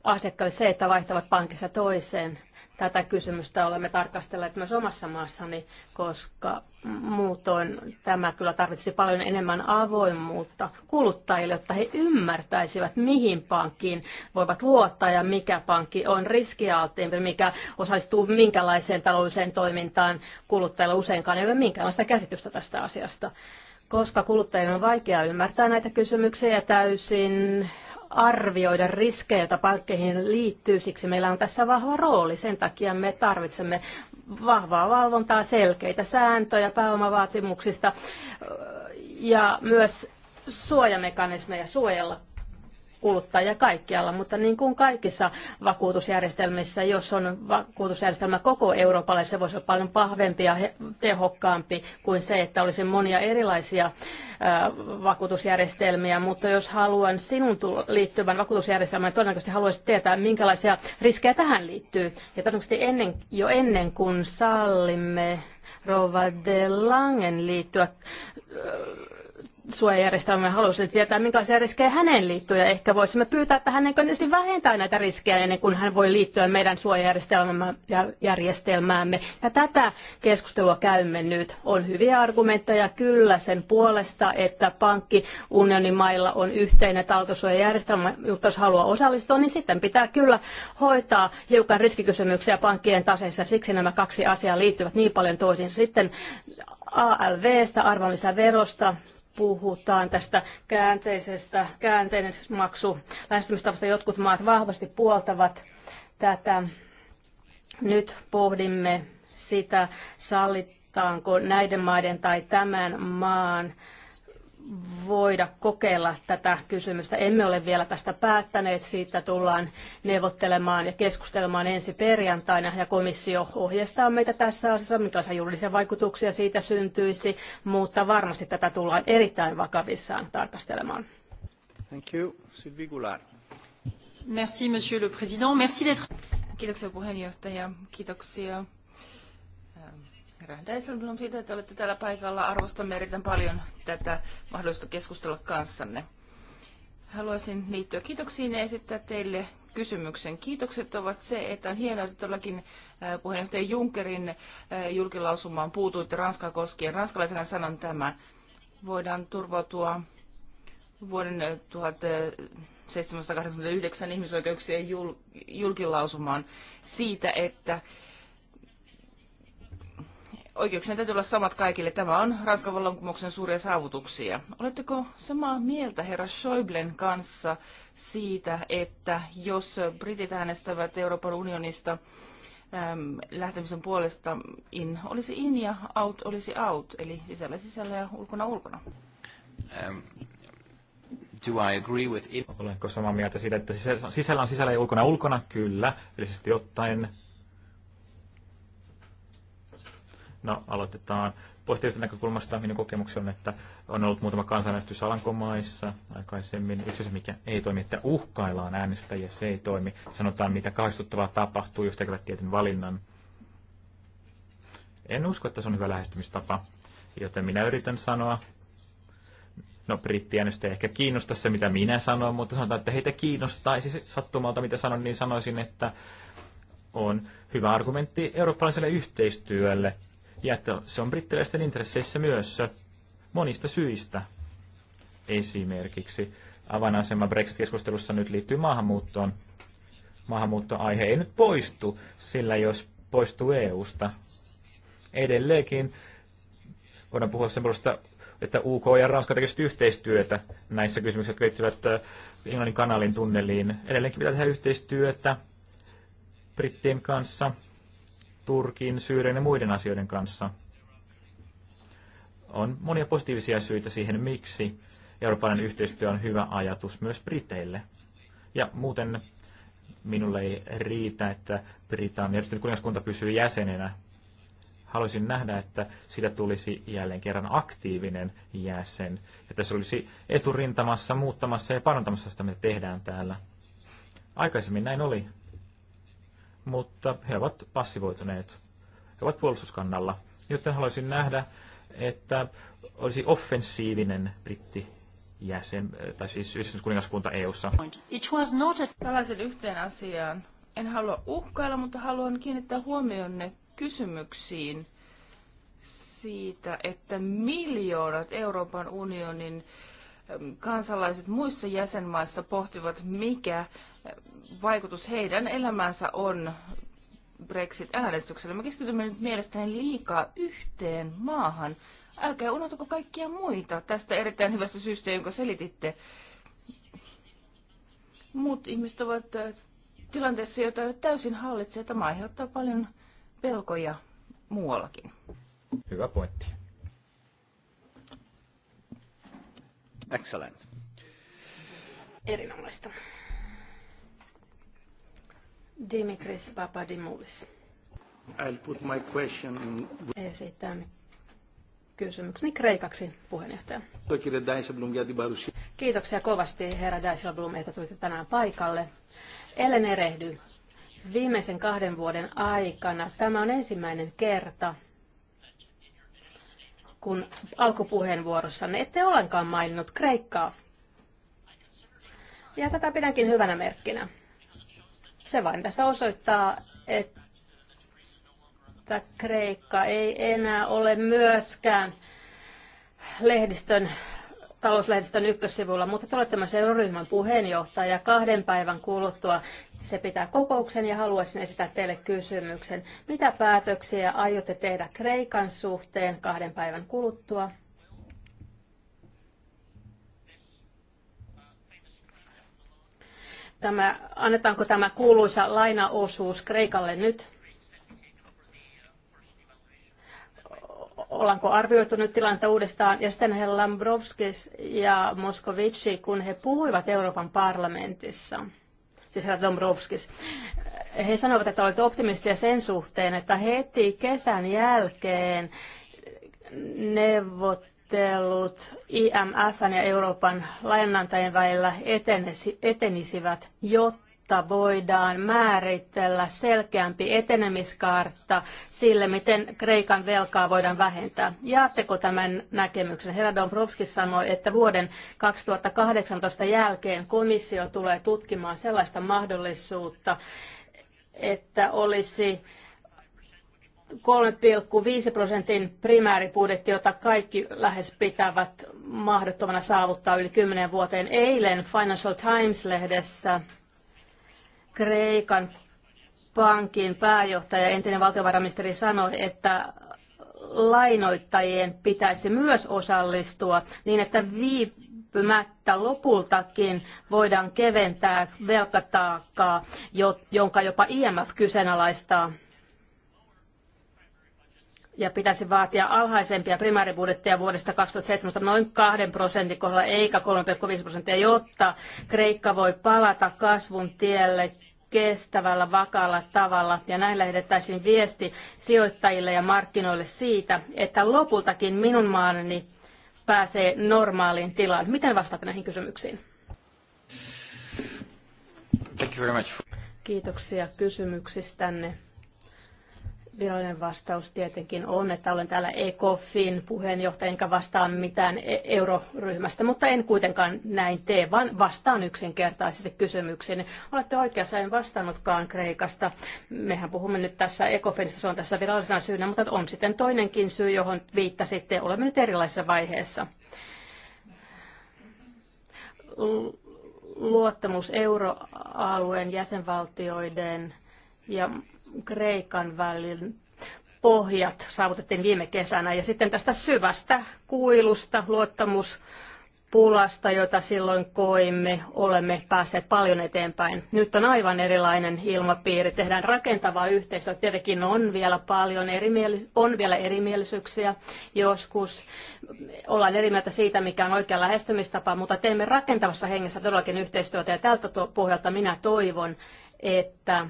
asiakkaille se, että vaihtavat pankissa toiseen. Tätä kysymystä olemme tarkastelleet myös omassa maassani, koska muutoin tämä kyllä tarvitsisi paljon enemmän avoimuutta kuluttajille, jotta he ymmärtäisivät, mihin pankkiin voivat luottaa ja mikä pankki on riskialtiimpi, mikä osallistuu minkälaiseen taloudelliseen toimintaan kuluttajilla useinkaan ei ole minkäänlaista käsitystä tästä asiasta koska kuluttajien on vaikea ymmärtää näitä kysymyksiä ja täysin arvioida riskejä, joita pankkeihin liittyy. Siksi meillä on tässä vahva rooli. Sen takia me tarvitsemme vahvaa valvontaa, selkeitä sääntöjä pääomavaatimuksista ja myös suojamekanismeja suojella kuluttajia kaikkialla, mutta niin kuin kaikissa vakuutusjärjestelmissä, jos on vakuutusjärjestelmä koko Euroopalle, se voisi olla paljon pahvempi ja tehokkaampi kuin se, että olisi monia erilaisia vakuutusjärjestelmiä, mutta jos haluan sinun liittyvän vakuutusjärjestelmään, niin todennäköisesti haluaisin tietää, minkälaisia riskejä tähän liittyy. Ja todennäköisesti ennen, jo ennen kuin sallimme Rova de Langen liittyä suojajärjestelmä haluaisi tietää, minkälaisia riskejä häneen liittyy. Ja ehkä voisimme pyytää, että hän ensin vähentää näitä riskejä ennen kuin hän voi liittyä meidän suojajärjestelmäämme. Ja tätä keskustelua käymme nyt. On hyviä argumentteja kyllä sen puolesta, että pankki unionin mailla on yhteinen taltosuojajärjestelmä. Jos haluaa osallistua, niin sitten pitää kyllä hoitaa hiukan riskikysymyksiä pankkien taseissa. Siksi nämä kaksi asiaa liittyvät niin paljon toisiinsa. Sitten ALVstä, arvonlisäverosta, puhutaan tästä käänteisestä, käänteinen maksu lähestymistavasta. Jotkut maat vahvasti puoltavat tätä. Nyt pohdimme sitä, sallitaanko näiden maiden tai tämän maan voida kokeilla tätä kysymystä. Emme ole vielä tästä päättäneet. Siitä tullaan neuvottelemaan ja keskustelemaan ensi perjantaina. Ja komissio ohjeistaa meitä tässä asiassa, minkälaisia juridisia vaikutuksia siitä syntyisi. Mutta varmasti tätä tullaan erittäin vakavissaan tarkastelemaan. Thank you. Sylvie Goulard. Merci, monsieur le président. Merci d'être... Kiitoksia puheenjohtaja. Kiitoksia herra Dijsselbloem, siitä, että olette täällä paikalla. Arvostamme erittäin paljon tätä mahdollista keskustella kanssanne. Haluaisin liittyä kiitoksiin ja esittää teille kysymyksen. Kiitokset ovat se, että on hienoa, että todellakin puheenjohtaja Junckerin julkilausumaan puutuitte Ranskaa koskien. Ranskalaisena sanon tämä. Voidaan turvautua vuoden 1789 ihmisoikeuksien julkilausumaan siitä, että oikeuksien täytyy olla samat kaikille. Tämä on Ranskan vallankumouksen suuria saavutuksia. Oletteko samaa mieltä herra Schäublen kanssa siitä, että jos britit äänestävät Euroopan unionista äm, lähtemisen puolesta, in olisi in ja out olisi out, eli sisällä sisällä ja ulkona ulkona? Um, do I agree with it? Olenko samaa mieltä siitä, että sisällä on sisällä ja ulkona ulkona? Kyllä, yleisesti ottaen No, aloitetaan positiivisesta näkökulmasta. Minun kokemukseni on, että on ollut muutama kansanäänestys Alankomaissa aikaisemmin. Yksi se, mikä ei toimi, että uhkaillaan äänestäjiä, se ei toimi. Sanotaan, mitä kahdistuttavaa tapahtuu, jos tekevät tietyn valinnan. En usko, että se on hyvä lähestymistapa, joten minä yritän sanoa, no brittiäänestä ei ehkä kiinnosta se, mitä minä sanon, mutta sanotaan, että heitä kiinnostaa, siis sattumalta mitä sanon, niin sanoisin, että on hyvä argumentti eurooppalaiselle yhteistyölle, ja että se on brittiläisten intresseissä myös monista syistä. Esimerkiksi avainasema Brexit-keskustelussa nyt liittyy maahanmuuttoon. Maahanmuuttoaihe ei nyt poistu, sillä jos poistuu EUsta, edelleenkin voidaan puhua semmoista, että UK ja Ranska tekevät yhteistyötä näissä kysymyksissä, jotka liittyvät äh, Englannin kanalin tunneliin. Edelleenkin pitää tehdä yhteistyötä brittien kanssa Turkin, Syyrian ja muiden asioiden kanssa. On monia positiivisia syitä siihen, miksi eurooppalainen yhteistyö on hyvä ajatus myös Briteille. Ja muuten minulle ei riitä, että Britannia järjestetty kuningaskunta pysyy jäsenenä. Haluaisin nähdä, että sitä tulisi jälleen kerran aktiivinen jäsen, että tässä olisi eturintamassa, muuttamassa ja parantamassa sitä, mitä tehdään täällä. Aikaisemmin näin oli mutta he ovat passivoituneet. He ovat puolustuskannalla. Joten haluaisin nähdä, että olisi offensiivinen britti jäsen, äh, tai siis yhdistyskuningaskunta EU-ssa. It was not a... Tällaisen yhteen asiaan. En halua uhkailla, mutta haluan kiinnittää huomionne kysymyksiin siitä, että miljoonat Euroopan unionin kansalaiset muissa jäsenmaissa pohtivat, mikä vaikutus heidän elämänsä on Brexit-äänestyksellä. Me keskitymme nyt mielestäni liikaa yhteen maahan. Älkää unohtako kaikkia muita tästä erittäin hyvästä syystä, jonka selititte. Muut ihmiset ovat äh, tilanteessa, jota täysin hallitsee Tämä aiheuttaa paljon pelkoja muuallakin. Hyvä pointti. Excellent. Erinomaista. Dimitris Papadimoulis. I'll put my question in... Esitän kysymykseni kreikaksi puheenjohtaja. Kiitoksia kovasti herra Dijsselbloem, että tulitte tänään paikalle. Ellen erehdy. Viimeisen kahden vuoden aikana tämä on ensimmäinen kerta, kun alkupuheenvuorossanne ette ollenkaan maininnut Kreikkaa. Ja tätä pidänkin hyvänä merkkinä. Se vain tässä osoittaa, että Kreikka ei enää ole myöskään lehdistön talouslehdistön ykkössivulla, mutta te olette myös euroryhmän puheenjohtaja. Kahden päivän kuluttua se pitää kokouksen ja haluaisin esittää teille kysymyksen. Mitä päätöksiä aiotte tehdä Kreikan suhteen kahden päivän kuluttua? tämä, annetaanko tämä kuuluisa lainaosuus Kreikalle nyt? Ollaanko arvioitu nyt tilannetta uudestaan? Ja sitten he Lambrovskis ja Moskovici, kun he puhuivat Euroopan parlamentissa, siis herra Dombrovskis, he sanoivat, että olette optimistia sen suhteen, että heti kesän jälkeen neuvot neuvottelut IMFn ja Euroopan lainantajien välillä etenesi, etenisivät, jotta voidaan määritellä selkeämpi etenemiskartta, sille, miten Kreikan velkaa voidaan vähentää. Jaatteko tämän näkemyksen? Herra Dombrovski sanoi, että vuoden 2018 jälkeen komissio tulee tutkimaan sellaista mahdollisuutta, että olisi 3,5 prosentin primääribudjetti, jota kaikki lähes pitävät mahdottomana saavuttaa yli 10 vuoteen. Eilen Financial Times-lehdessä Kreikan pankin pääjohtaja, entinen valtiovarainministeri sanoi, että lainoittajien pitäisi myös osallistua niin, että viipymättä lopultakin voidaan keventää velkataakkaa, jonka jopa IMF kyseenalaistaa ja pitäisi vaatia alhaisempia primääribudjetteja vuodesta 2017 noin 2 prosentin kohdalla eikä 3,5 prosenttia, jotta Kreikka voi palata kasvun tielle kestävällä, vakaalla tavalla. Ja näin lähetettäisiin viesti sijoittajille ja markkinoille siitä, että lopultakin minun maani pääsee normaaliin tilaan. Miten vastaatte näihin kysymyksiin? Thank you very much. Kiitoksia kysymyksistänne. Virallinen vastaus tietenkin on, että olen täällä ECOFIN puheenjohtaja, enkä vastaa mitään e- euroryhmästä, mutta en kuitenkaan näin tee, vaan vastaan yksinkertaisesti kysymykseen. Olette oikeassa, en vastannutkaan Kreikasta. Mehän puhumme nyt tässä ECOFINista, se on tässä virallisena syynä, mutta on sitten toinenkin syy, johon viittasitte. Olemme nyt erilaisessa vaiheessa luottamus euroalueen jäsenvaltioiden ja Kreikan välin pohjat saavutettiin viime kesänä. Ja sitten tästä syvästä kuilusta, luottamuspulasta, jota silloin koimme, olemme päässeet paljon eteenpäin. Nyt on aivan erilainen ilmapiiri, tehdään rakentavaa yhteistyötä. Tietenkin on vielä paljon erimielis- on vielä erimielisyyksiä joskus. Ollaan eri mieltä siitä, mikä on oikea lähestymistapa, mutta teemme rakentavassa hengessä todellakin yhteistyötä. Ja tältä pohjalta minä toivon, että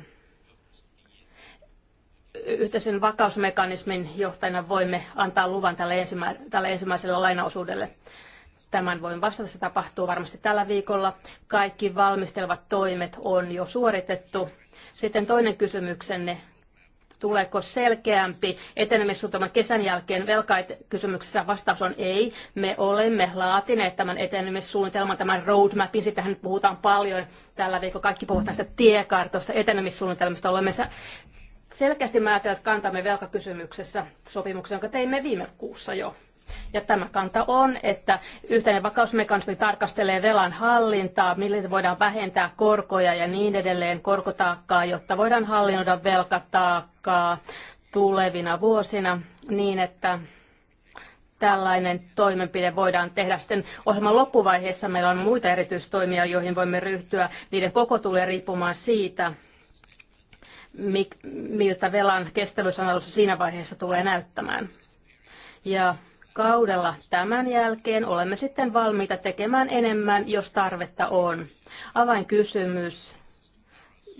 yhteisen vakausmekanismin johtajana voimme antaa luvan tälle, ensimmä, tälle ensimmäiselle lainaosuudelle. Tämän voin vastata, se tapahtuu varmasti tällä viikolla. Kaikki valmistelevat toimet on jo suoritettu. Sitten toinen kysymyksenne, tuleeko selkeämpi etenemissuunnitelma kesän jälkeen velkakysymyksessä? Vastaus on ei. Me olemme laatineet tämän etenemissuunnitelman, tämän roadmapin. Sitähän puhutaan paljon tällä viikolla. Kaikki puhutaan tästä tiekartoista, etenemissuunnitelmista. Olemme selkeästi määritellyt kantamme velkakysymyksessä sopimuksen, jonka teimme viime kuussa jo. Ja tämä kanta on, että yhteinen vakausmekanismi tarkastelee velan hallintaa, millä voidaan vähentää korkoja ja niin edelleen korkotaakkaa, jotta voidaan hallinnoida velkataakkaa tulevina vuosina niin, että tällainen toimenpide voidaan tehdä. Sitten ohjelman loppuvaiheessa meillä on muita erityistoimia, joihin voimme ryhtyä. Niiden koko tulee riippumaan siitä, miltä velan kestävyysanalyysi siinä vaiheessa tulee näyttämään. Ja kaudella tämän jälkeen olemme sitten valmiita tekemään enemmän, jos tarvetta on. Avainkysymys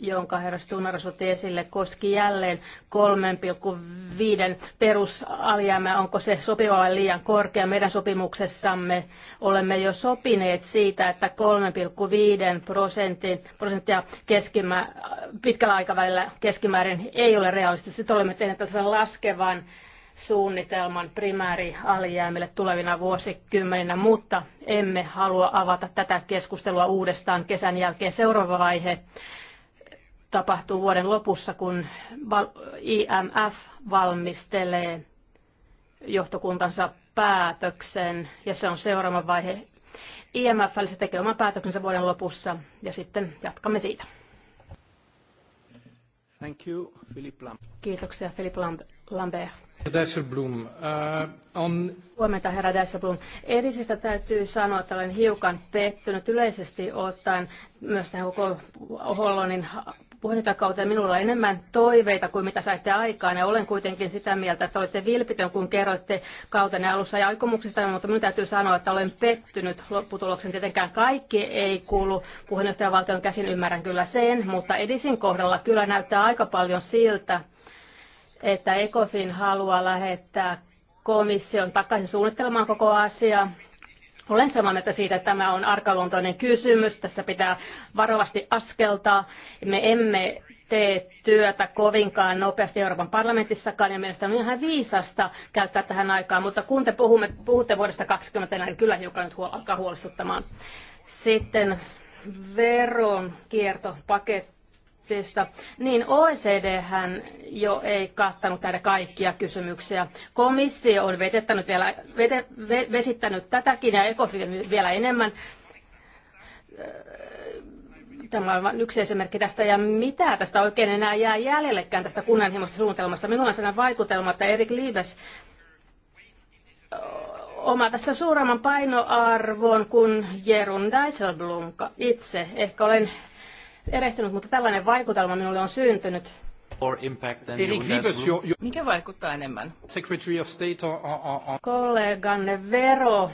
jonka herra Stunaras otti esille, koski jälleen 3,5 perusalijäämää. Onko se sopiva vai liian korkea? Meidän sopimuksessamme olemme jo sopineet siitä, että 3,5 prosentin, prosenttia keskimä, pitkällä aikavälillä keskimäärin ei ole realistista. Sitten olemme tehneet tällaisen laskevan suunnitelman primäärialijäämille tulevina vuosikymmeninä, mutta emme halua avata tätä keskustelua uudestaan kesän jälkeen. Seuraava vaihe tapahtuu vuoden lopussa, kun IMF valmistelee johtokuntansa päätöksen, ja se on seuraava vaihe. IMF se tekee oman päätöksensä vuoden lopussa, ja sitten jatkamme siitä. Thank you, Philippe Lam- Kiitoksia, Philip Lam- Lambert. Dasselblom. Uh, eh, on... Huomenta, herra Dasselblom. Edisistä täytyy sanoa, että olen hiukan pettynyt yleisesti ottaen myös tähän koko Hollonin puheenjohtajakauteen minulla on enemmän toiveita kuin mitä saitte aikaan ja olen kuitenkin sitä mieltä, että olette vilpitön, kun kerroitte kautenne alussa ja aikomuksista, mutta minun täytyy sanoa, että olen pettynyt lopputuloksen. Tietenkään kaikki ei kuulu puheenjohtajavaltion käsin, ymmärrän kyllä sen, mutta edisin kohdalla kyllä näyttää aika paljon siltä, että ECOFIN haluaa lähettää komission takaisin suunnittelemaan koko asiaa olen samaa mieltä siitä, että tämä on arkaluontoinen kysymys. Tässä pitää varovasti askeltaa. Me emme tee työtä kovinkaan nopeasti Euroopan parlamentissakaan, ja mielestäni on ihan viisasta käyttää tähän aikaan. Mutta kun te puhumme, puhutte vuodesta 2020, niin kyllä hiukan nyt huol- alkaa huolestuttamaan. Sitten veronkiertopaketti budjetista, niin OECD hän jo ei kattanut näitä kaikkia kysymyksiä. Komissio on vetettänyt vielä, vete, vesittänyt tätäkin ja ECOFIN vielä enemmän. Tämä on vain yksi esimerkki tästä, ja mitä tästä oikein enää jää jäljellekään tästä kunnianhimoista suunnitelmasta. Minulla on sellainen vaikutelma, että Erik Liives oma tässä suuremman painoarvon kuin Jerun Dijsselblom itse. Ehkä olen erehtynyt, mutta tällainen vaikutelma minulle on syntynyt. Mikä vaikuttaa enemmän? Secretary of State on, on, on. Kolleganne vero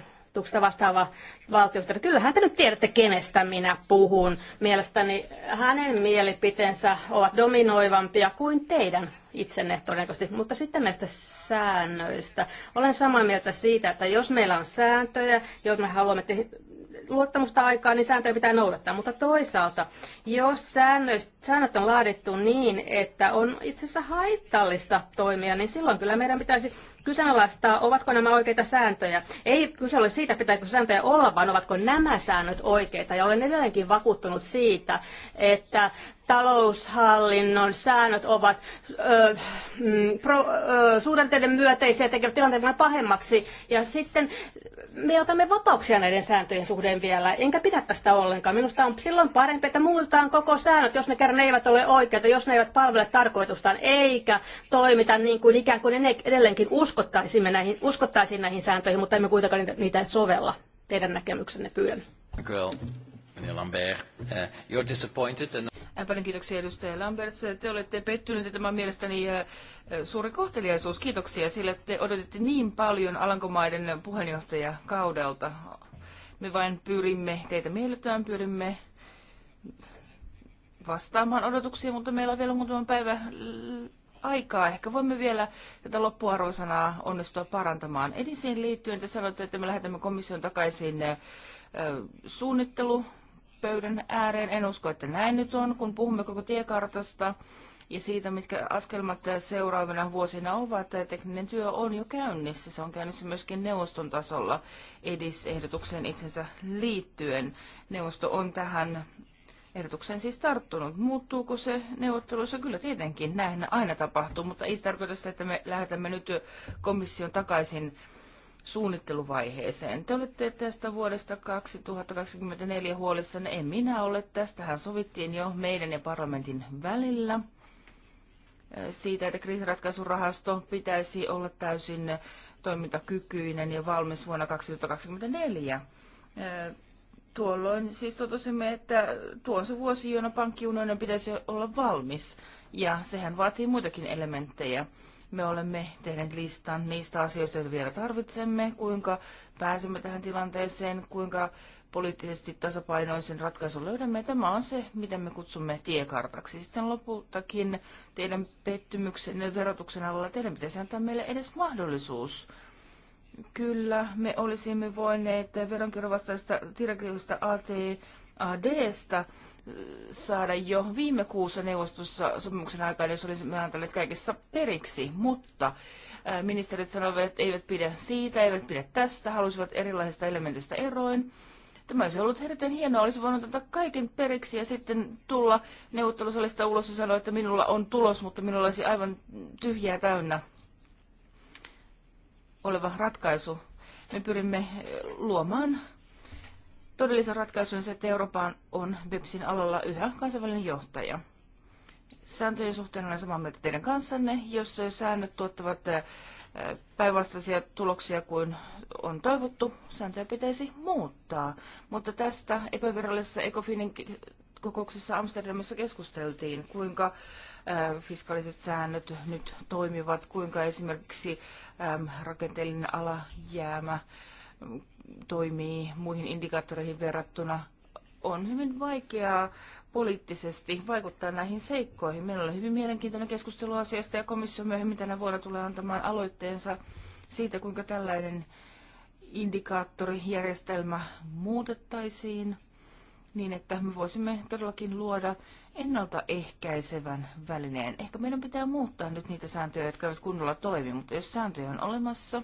vastaava valtiosihteeri. Kyllähän te nyt tiedätte, kenestä minä puhun. Mielestäni hänen mielipiteensä ovat dominoivampia kuin teidän itsenne todennäköisesti. Mutta sitten näistä säännöistä. Olen samaa mieltä siitä, että jos meillä on sääntöjä, jos me haluamme luottamusta aikaan, niin sääntöjä pitää noudattaa. Mutta toisaalta, jos säännöt on laadittu niin, että on itse asiassa haitallista toimia, niin silloin kyllä meidän pitäisi kyseenalaistaa, ovatko nämä oikeita sääntöjä. Ei kyse ole siitä, pitääkö sääntöjä olla, vaan ovatko nämä säännöt oikeita. Ja olen edelleenkin vakuuttunut siitä, että taloushallinnon säännöt ovat ö, mm, pro, suhdanteiden myöteisiä ja tekevät tilanteen vain pahemmaksi. Ja sitten me otamme vapauksia näiden sääntöjen suhteen vielä, enkä pidä tästä ollenkaan. Minusta on silloin parempi, että muutetaan koko säännöt, jos ne kerran eivät ole oikeita, jos ne eivät palvele tarkoitustaan, eikä toimita niin kuin ikään kuin edelleenkin usko uskottaisimme näihin, uskottaisiin näihin sääntöihin, mutta emme kuitenkaan niitä, sovella. Teidän näkemyksenne pyydän. Girl. Lambert, eh, you're disappointed and... Äh, paljon kiitoksia edustaja Lambert. Te olette pettynyt ja tämä on mielestäni äh, äh, suuri kohteliaisuus. Kiitoksia, sillä te odotitte niin paljon Alankomaiden puheenjohtajakaudelta. Me vain pyrimme teitä miellyttämään, pyrimme vastaamaan odotuksiin, mutta meillä on vielä muutama päivä aikaa. Ehkä voimme vielä tätä loppuarvosanaa onnistua parantamaan. Eli siihen liittyen te sanoitte, että me lähetämme komission takaisin suunnittelupöydän ääreen. En usko, että näin nyt on, kun puhumme koko tiekartasta ja siitä, mitkä askelmat seuraavina vuosina ovat. Tekninen työ on jo käynnissä. Se on käynnissä myöskin neuvoston tasolla edisehdotukseen itsensä liittyen. Neuvosto on tähän Ehdotuksen siis tarttunut. Muuttuuko se neuvotteluissa? Kyllä tietenkin, näin aina tapahtuu, mutta ei se tarkoita se, että me lähetämme nyt komission takaisin suunnitteluvaiheeseen. Te olette tästä vuodesta 2024 huolissa, en minä ole. Tästähän sovittiin jo meidän ja parlamentin välillä siitä, että kriisiratkaisurahasto pitäisi olla täysin toimintakykyinen ja valmis vuonna 2024. Tuolloin siis totesimme, että tuo on se vuosi, jona pankkiunionin pitäisi olla valmis, ja sehän vaatii muitakin elementtejä. Me olemme tehneet listan niistä asioista, joita vielä tarvitsemme, kuinka pääsemme tähän tilanteeseen, kuinka poliittisesti tasapainoisen ratkaisun löydämme. Tämä on se, mitä me kutsumme tiekartaksi. Sitten lopultakin teidän pettymyksenne verotuksen alla teidän pitäisi antaa meille edes mahdollisuus Kyllä, me olisimme voineet veronkirjovastaisesta direktiivistä ATADsta äh, saada jo viime kuussa neuvostossa sopimuksen aikaan, jos olisimme antaneet kaikessa periksi, mutta äh, ministerit sanoivat, että eivät pidä siitä, eivät pidä tästä, halusivat erilaisista elementistä eroin. Tämä olisi ollut erittäin hienoa, olisi voinut antaa kaiken periksi ja sitten tulla neuvottelusalista ulos ja sanoa, että minulla on tulos, mutta minulla olisi aivan tyhjää täynnä oleva ratkaisu. Me pyrimme luomaan todellisen ratkaisun se, että Euroopan on BEPSin alalla yhä kansainvälinen johtaja. Sääntöjen suhteen olen samaa mieltä teidän kanssanne. Jos säännöt tuottavat äh, päinvastaisia tuloksia kuin on toivottu, sääntöjä pitäisi muuttaa. Mutta tästä epävirallisessa ECOFINin kokouksessa Amsterdamissa keskusteltiin, kuinka Äh, fiskaaliset säännöt nyt toimivat, kuinka esimerkiksi ähm, rakenteellinen alajäämä mm, toimii muihin indikaattoreihin verrattuna. On hyvin vaikeaa poliittisesti vaikuttaa näihin seikkoihin. Meillä oli hyvin mielenkiintoinen keskustelu asiasta ja komissio myöhemmin tänä vuonna tulee antamaan aloitteensa siitä, kuinka tällainen indikaattorijärjestelmä muutettaisiin niin, että me voisimme todellakin luoda ennaltaehkäisevän välineen. Ehkä meidän pitää muuttaa nyt niitä sääntöjä, jotka eivät kunnolla toimi, mutta jos sääntöjä on olemassa,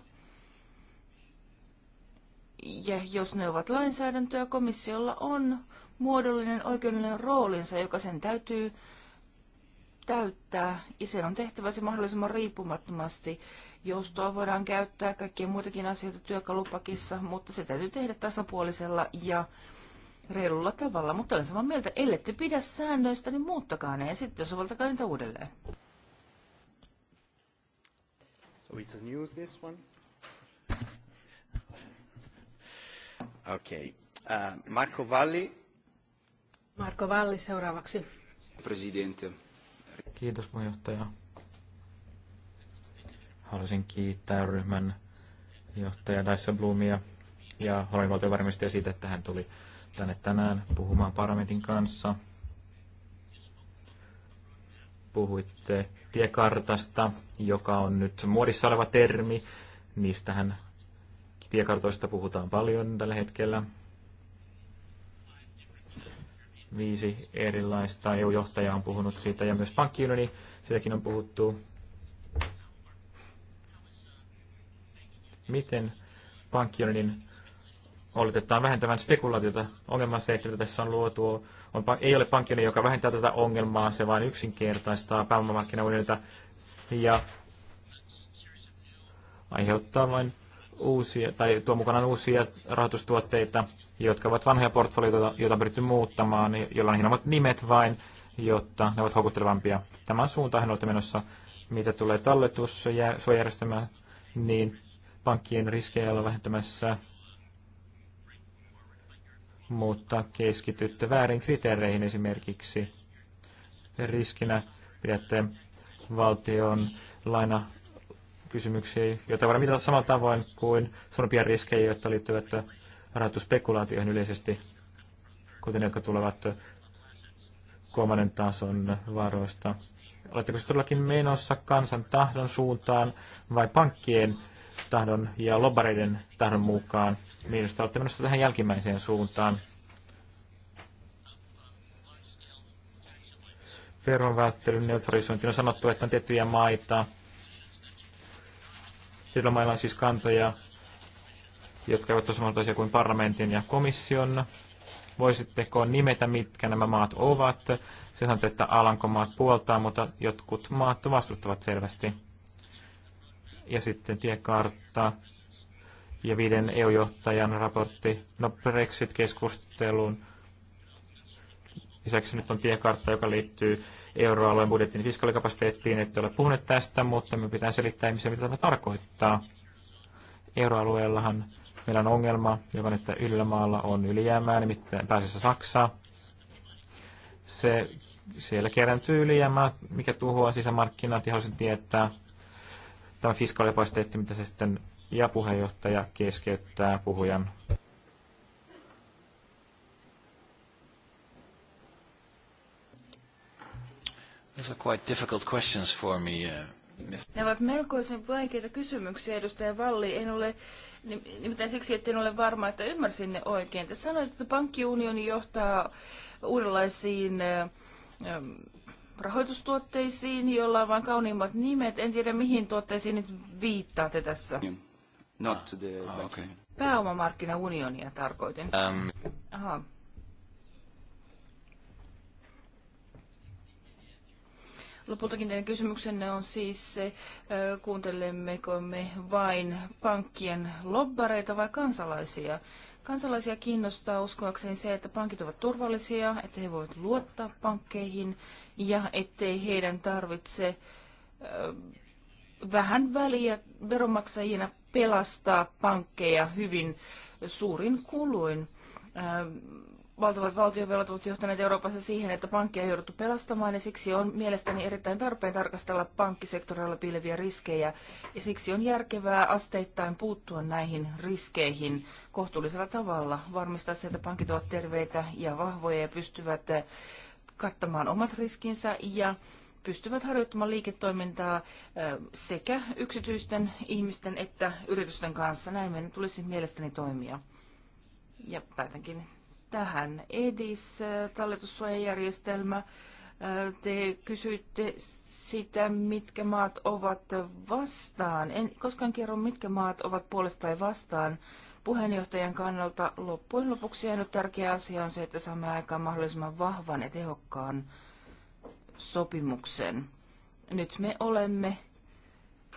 ja jos ne ovat lainsäädäntöä, komissiolla on muodollinen oikeudellinen roolinsa, joka sen täytyy täyttää. Ja sen on tehtävä se mahdollisimman riippumattomasti. Joustoa voidaan käyttää kaikkia muitakin asioita työkalupakissa, mutta se täytyy tehdä tasapuolisella ja reilulla tavalla, mutta olen samaa mieltä, ellette pidä säännöistä, niin muuttakaa ne ja sitten sovaltakaa niitä uudelleen. So it's news this one. Okay. Uh, Marco Valli. Marco Valli seuraavaksi. Presidente. Kiitos puheenjohtaja. Haluaisin kiittää ryhmän johtaja Daissa Blumia ja Hollannin valtiovarainministeriä siitä, että hän tuli tänne tänään puhumaan parametin kanssa. Puhuitte tiekartasta, joka on nyt muodissa oleva termi. Niistähän tiekartoista puhutaan paljon tällä hetkellä. Viisi erilaista EU-johtajaa on puhunut siitä ja myös pankkiunioni, sitäkin on puhuttu. Miten pankkiunionin oletetaan vähentävän spekulaatiota. Ongelma se, että tässä on luotu, on, ei ole pankkia, joka vähentää tätä ongelmaa, se vain yksinkertaistaa pääomamarkkinaunionita ja aiheuttaa vain uusia, tai tuo mukanaan uusia rahoitustuotteita, jotka ovat vanhoja portfolioita, joita on pyritty muuttamaan, niin joilla on hienommat nimet vain, jotta ne ovat houkuttelevampia. Tämän suuntaan olette menossa, mitä tulee talletussuojajärjestelmään, niin pankkien riskejä ollaan vähentämässä mutta keskitytte väärin kriteereihin esimerkiksi. Riskinä pidätte valtion laina kysymyksiä, joita voidaan mitata samalla tavoin kuin suurempia riskejä, jotka liittyvät rahoitusspekulaatioihin yleisesti, kuten ne, jotka tulevat kolmannen tason varoista. Oletteko se siis todellakin menossa kansan tahdon suuntaan vai pankkien tahdon ja lobbareiden tahdon mukaan. Minusta olette menossa tähän jälkimmäiseen suuntaan. Veronvälttelyn neutralisointi on sanottu, että on tiettyjä maita. Sillä mailla on siis kantoja, jotka eivät ole samanlaisia kuin parlamentin ja komission. Voisitteko nimetä, mitkä nämä maat ovat? Se sanotaan, että Alankomaat puoltaa, mutta jotkut maat vastustavat selvästi ja sitten tiekartta ja viiden EU-johtajan raportti. No Brexit-keskusteluun lisäksi nyt on tiekartta, joka liittyy euroalueen budjetin Fiskalikapasiteettiin, Ette ole puhuneet tästä, mutta me pitää selittää ihmisiä, mitä tämä tarkoittaa. Euroalueellahan meillä on ongelma, joka on, että yhdellä on ylijäämää, nimittäin pääsessä Saksaa. Se, siellä kerääntyy ylijäämää, mikä tuhoaa sisämarkkinat, ja haluaisin tietää, Tämä on fiskaalipaisteetti, mitä se sitten ja puheenjohtaja keskeyttää puhujan. Those are quite difficult questions for me, uh, ne ovat melkoisen vaikeita kysymyksiä, edustaja Valli. En ole, nimittäin siksi, että en ole varma, että ymmärsin ne oikein. Te sanoit, että pankkiunioni johtaa uudenlaisiin rahoitustuotteisiin, joilla on vain kauniimmat nimet. En tiedä, mihin tuotteisiin nyt viittaatte tässä. Not the oh, okay. Pääomamarkkinaunionia tarkoitin. Um. Aha. Lopultakin teidän kysymyksenne on siis se, kuuntelemmeko me vain pankkien lobbareita vai kansalaisia. Kansalaisia kiinnostaa uskoakseni se, että pankit ovat turvallisia, että he voivat luottaa pankkeihin, ja ettei heidän tarvitse vähän väliä veronmaksajina pelastaa pankkeja hyvin suurin kuluin. Valtavat valtionvelat ovat johtaneet Euroopassa siihen, että pankkia on jouduttu pelastamaan ja siksi on mielestäni erittäin tarpeen tarkastella pankkisektorilla piileviä riskejä ja siksi on järkevää asteittain puuttua näihin riskeihin kohtuullisella tavalla, varmistaa se, että pankit ovat terveitä ja vahvoja ja pystyvät kattamaan omat riskinsä ja pystyvät harjoittamaan liiketoimintaa sekä yksityisten ihmisten että yritysten kanssa. Näin meidän tulisi mielestäni toimia. Ja päätänkin tähän. EDIS, talletussuojajärjestelmä. Te kysyitte sitä, mitkä maat ovat vastaan. En koskaan kerro, mitkä maat ovat puolesta tai vastaan puheenjohtajan kannalta loppujen lopuksi ainut tärkeä asia on se, että saamme aikaan mahdollisimman vahvan ja tehokkaan sopimuksen. Nyt me olemme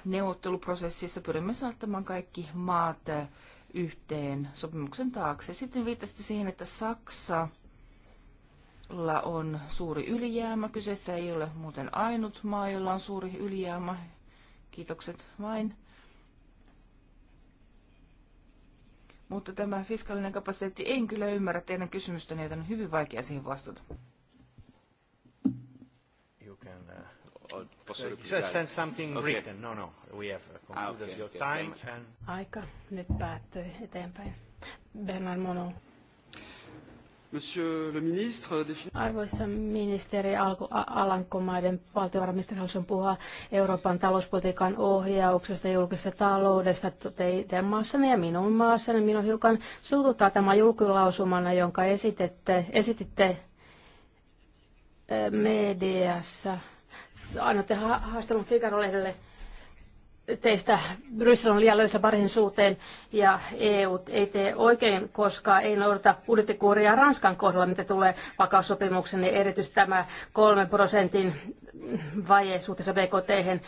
neuvotteluprosessissa, pyrimme saattamaan kaikki maat yhteen sopimuksen taakse. Sitten viittasitte siihen, että Saksa on suuri ylijäämä. Kyseessä ei ole muuten ainut maa, jolla on suuri ylijäämä. Kiitokset vain. Mutta tämä fiskaalinen kapasiteetti, en kyllä ymmärrä teidän kysymystäni, joten on hyvin vaikea siihen vastata. You can, uh, posso just send something okay. written. No, no, we have concluded uh, ah, okay, your okay, time. And... Aika nyt päättyy eteenpäin. Bernard Monod. Arvoisa ministeri Alko, Alankomaiden valtiovarainministeri haluaisin puhua Euroopan talouspolitiikan ohjauksesta, julkisesta taloudesta teidän maassanne ja minun maassani. Minun hiukan suututtaa tämä julkilausumana, jonka esitette, esititte eh, mediassa. Annoitte haastelun Figaro-lehdelle teistä Bryssel on liian löysä parin suhteen ja EU ei tee oikein, koska ei noudata budjettikuuria Ranskan kohdalla, mitä tulee vakaussopimuksen, ja niin erityisesti tämä kolmen prosentin vaje suhteessa BKT. -hän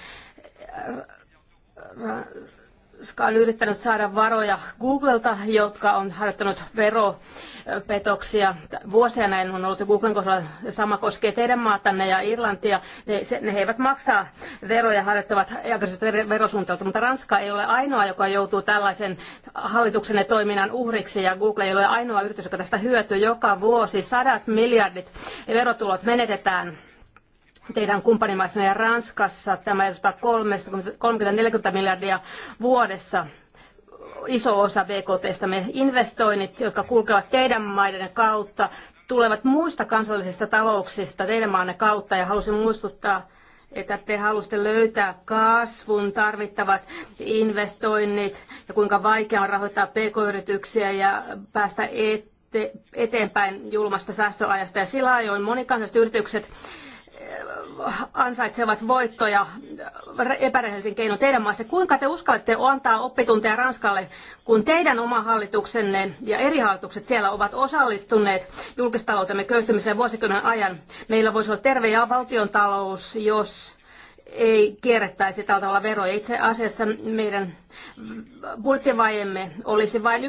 joka on yrittänyt saada varoja Googlelta, jotka on harjoittanut veropetoksia. Vuosia näin on ollut Googlen kohdalla. Sama koskee teidän maatanne ja Irlantia. Ne, se, ne eivät maksaa veroja, harjoittavat aggressiivista verosuunnitelmaa, mutta Ranska ei ole ainoa, joka joutuu tällaisen hallituksen toiminnan uhriksi ja Google ei ole ainoa yritys, joka tästä hyötyy. Joka vuosi sadat miljardit verotulot menetetään teidän kumppanimaissanne ja Ranskassa tämä edustaa 30-40 miljardia vuodessa iso osa BKTstä. Me investoinnit, jotka kulkevat teidän maiden kautta, tulevat muista kansallisista talouksista teidän maanne kautta ja halusin muistuttaa, että te halusitte löytää kasvun tarvittavat investoinnit ja kuinka vaikea on rahoittaa pk-yrityksiä ja päästä eteenpäin julmasta säästöajasta. Ja sillä ajoin monikansalliset yritykset ansaitsevat voittoja epärehellisin keinoin teidän maassa. Kuinka te uskallatte antaa oppitunteja Ranskalle, kun teidän oma hallituksenne ja eri hallitukset siellä ovat osallistuneet julkistaloutemme köyhtymiseen vuosikymmenen ajan? Meillä voisi olla terve ja valtion talous, jos ei kierrettäisi tällä tavalla veroja. Itse asiassa meidän budjettivajemme olisi vain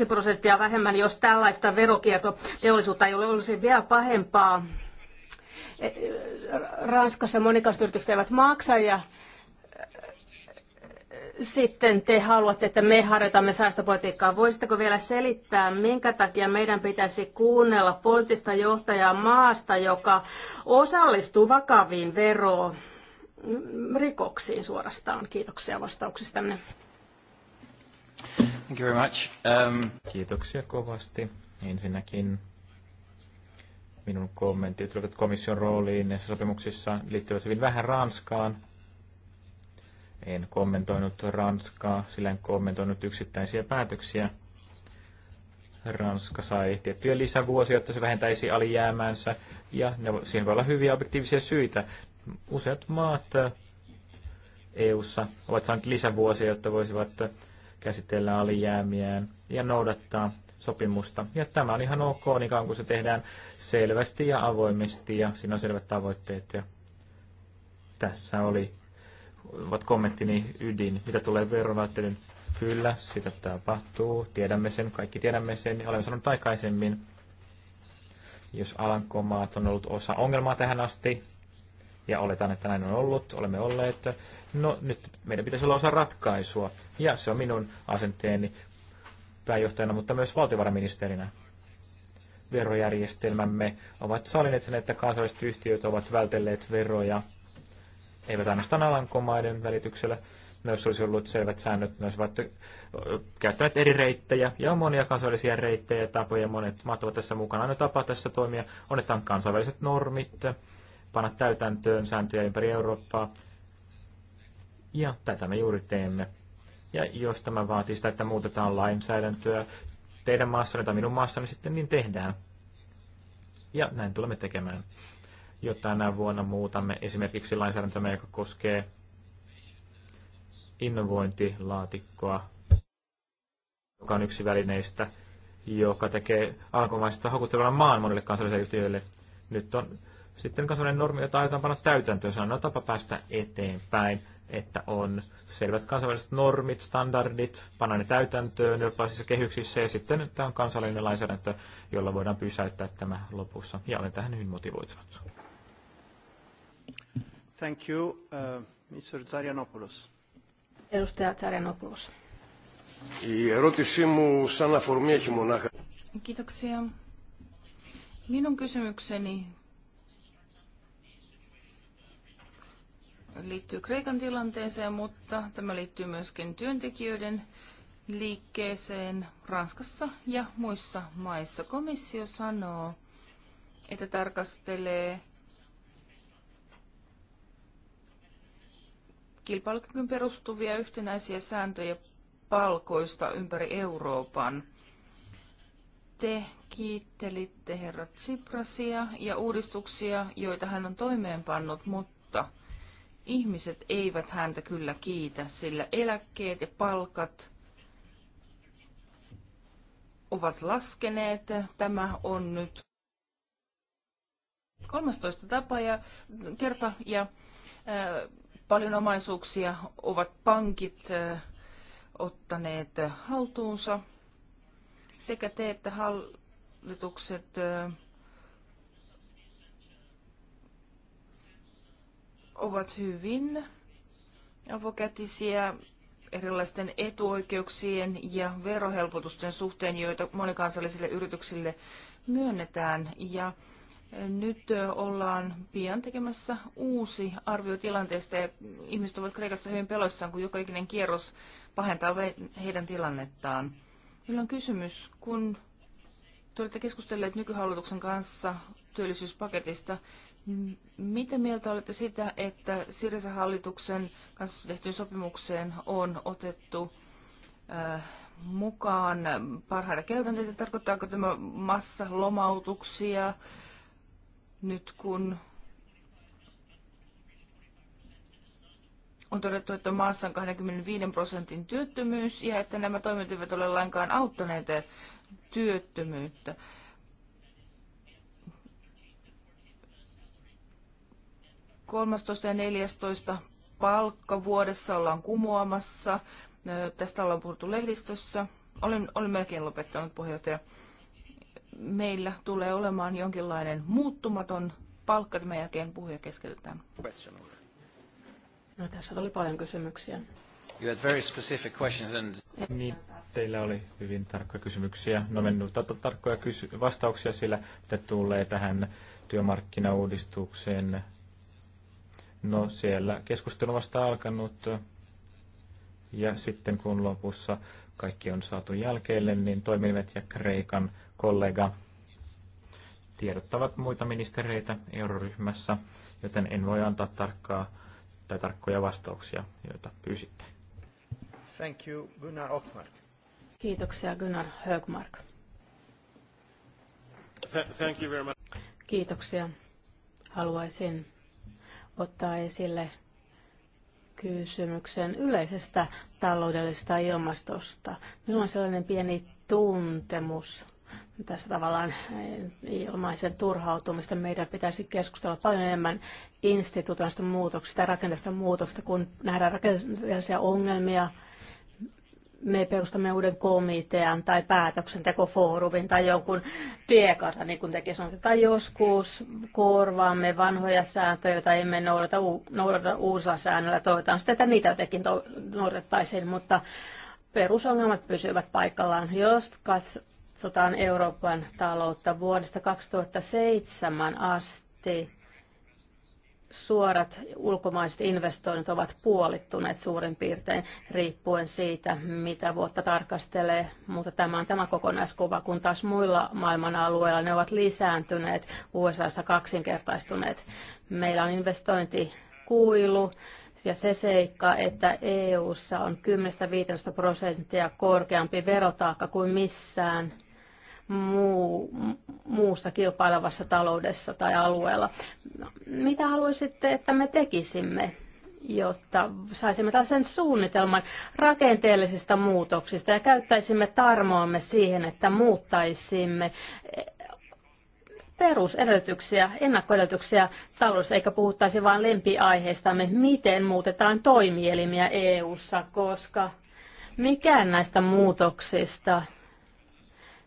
1,5 prosenttia vähemmän, jos tällaista verokiertoteollisuutta ei ole olisi vielä pahempaa Ranskassa monikaiset yritykset eivät maksa ja äh, sitten te haluatte, että me harjoitamme säästöpolitiikkaa. Voisitteko vielä selittää, minkä takia meidän pitäisi kuunnella poliittista johtajaa maasta, joka osallistuu vakaviin verorikoksiin rikoksiin suorastaan. Kiitoksia vastauksistanne. Thank you very much. Um... Kiitoksia kovasti ensinnäkin minun kommentit tulevat komission rooliin näissä sopimuksissa liittyvät hyvin vähän Ranskaan. En kommentoinut Ranskaa, sillä en kommentoinut yksittäisiä päätöksiä. Ranska sai tiettyjä lisävuosia, jotta se vähentäisi alijäämäänsä, ja ne, siihen voi olla hyviä objektiivisia syitä. Useat maat äh, EU-ssa ovat saaneet lisävuosia, jotta voisivat käsitellä alijäämiään ja noudattaa sopimusta. Ja tämä on ihan ok, niin kauan kun se tehdään selvästi ja avoimesti ja siinä on selvät tavoitteet. Ja tässä oli ovat kommenttini ydin. Mitä tulee veronvälttelyyn? Kyllä, sitä tapahtuu. Tiedämme sen, kaikki tiedämme sen. Olemme sanonut aikaisemmin, jos Alankomaat on ollut osa ongelmaa tähän asti, ja oletan, että näin on ollut, olemme olleet, no nyt meidän pitäisi olla osa ratkaisua. Ja se on minun asenteeni, pääjohtajana, mutta myös valtiovarainministerinä. Verojärjestelmämme ovat salineet sen, että kansalliset yhtiöt ovat vältelleet veroja, eivät ainoastaan alankomaiden välityksellä. No, jos olisi ollut selvät säännöt, ne olisivat käyttäneet eri reittejä ja on monia kansainvälisiä reittejä ja tapoja. Monet maat ovat tässä mukana. Aina tapa tässä toimia on, että on kansainväliset normit, panna täytäntöön sääntöjä ympäri Eurooppaa. Ja tätä me juuri teemme. Ja jos tämä vaatii sitä, että muutetaan lainsäädäntöä teidän maassanne tai minun maassani, sitten niin tehdään. Ja näin tulemme tekemään. Jo tänä vuonna muutamme esimerkiksi lainsäädäntöä, joka koskee innovointilaatikkoa, joka on yksi välineistä, joka tekee alkomaista houkuttelevan maan monille kansallisille yhtiöille. Nyt on sitten kansallinen normi, jota aiotaan panna täytäntöön. Se on tapa päästä eteenpäin että on selvät kansainväliset normit, standardit, panna ne täytäntöön eurooppalaisissa kehyksissä ja sitten että on kansallinen lainsäädäntö, jolla voidaan pysäyttää tämä lopussa. Ja olen tähän hyvin motivoitunut. Thank you, uh, Mr. Zarianopoulos. Edustaja Zarianopoulos. Kiitoksia. Minun kysymykseni liittyy Kreikan tilanteeseen, mutta tämä liittyy myöskin työntekijöiden liikkeeseen Ranskassa ja muissa maissa. Komissio sanoo, että tarkastelee kilpailukykyyn perustuvia yhtenäisiä sääntöjä palkoista ympäri Euroopan. Te kiittelitte herra Tsiprasia ja uudistuksia, joita hän on toimeenpannut, mutta – ihmiset eivät häntä kyllä kiitä, sillä eläkkeet ja palkat ovat laskeneet. Tämä on nyt 13 tapa ja kerta ja ää, paljon omaisuuksia ovat pankit ää, ottaneet haltuunsa. Sekä te että hallitukset ää, ovat hyvin avokätisiä erilaisten etuoikeuksien ja verohelpotusten suhteen, joita monikansallisille yrityksille myönnetään. Ja nyt ollaan pian tekemässä uusi arvio tilanteesta ja ihmiset ovat Kreikassa hyvin peloissaan, kun joka ikinen kierros pahentaa heidän tilannettaan. Meillä on kysymys, kun te olette keskustelleet nykyhallituksen kanssa työllisyyspaketista, mitä mieltä olette sitä, että Sirisa hallituksen kanssa tehtyyn sopimukseen on otettu äh, mukaan parhaita käytänteitä? Tarkoittaako tämä massalomautuksia nyt kun on todettu, että maassa on 25 prosentin työttömyys ja että nämä toimet eivät ole lainkaan auttaneet työttömyyttä. 13 ja 14 vuodessa ollaan kumoamassa. Tästä ollaan puhuttu lehdistössä. Olen, olen melkein lopettanut puheenjohtaja. Meillä tulee olemaan jonkinlainen muuttumaton palkka tämän jälkeen puhuja keskeytetään. No, tässä tuli paljon kysymyksiä. You had very specific questions and... Niin, teillä oli hyvin tarkkoja kysymyksiä. No mennyt tarkkoja kysy- vastauksia sillä, mitä tulee tähän työmarkkinauudistukseen No siellä keskustelu vasta alkanut ja sitten kun lopussa kaikki on saatu jälkeelle, niin toimivat ja Kreikan kollega tiedottavat muita ministereitä euroryhmässä, joten en voi antaa tarkkaa tai tarkkoja vastauksia, joita pyysitte. Thank you, Gunnar Ockmark. Kiitoksia, Gunnar Högmark. Th- thank you very much. Kiitoksia. Haluaisin ottaa esille kysymyksen yleisestä taloudellisesta ilmastosta. Minulla on sellainen pieni tuntemus tässä tavallaan ilmaisen turhautumista. Meidän pitäisi keskustella paljon enemmän instituutioista muutoksista ja rakenteista muutoksista, kun nähdään rakenteellisia ongelmia – me perustamme uuden komitean tai päätöksentekofoorumin tai jonkun tiekartan, niin kuin tekin sanoitte, tai joskus korvaamme vanhoja sääntöjä, joita emme noudata, noudata uusilla säännöillä. Toivotaan sitten, että niitä jotenkin noudattaisiin, mutta perusongelmat pysyvät paikallaan. Jos katsotaan Euroopan taloutta vuodesta 2007 asti, suorat ulkomaiset investoinnit ovat puolittuneet suurin piirtein riippuen siitä, mitä vuotta tarkastelee, mutta tämä on tämä kokonaiskuva, kun taas muilla maailman alueilla ne ovat lisääntyneet, USAssa kaksinkertaistuneet. Meillä on investointikuilu ja se seikka, että EU:ssa on 10-15 prosenttia korkeampi verotaakka kuin missään muu, muussa kilpailevassa taloudessa tai alueella. Mitä haluaisitte, että me tekisimme? jotta saisimme tällaisen suunnitelman rakenteellisista muutoksista ja käyttäisimme tarmoamme siihen, että muuttaisimme perusedellytyksiä, ennakkoedellytyksiä talous, eikä puhuttaisi vain lempiaiheistamme, miten muutetaan toimielimiä EU-ssa, koska mikään näistä muutoksista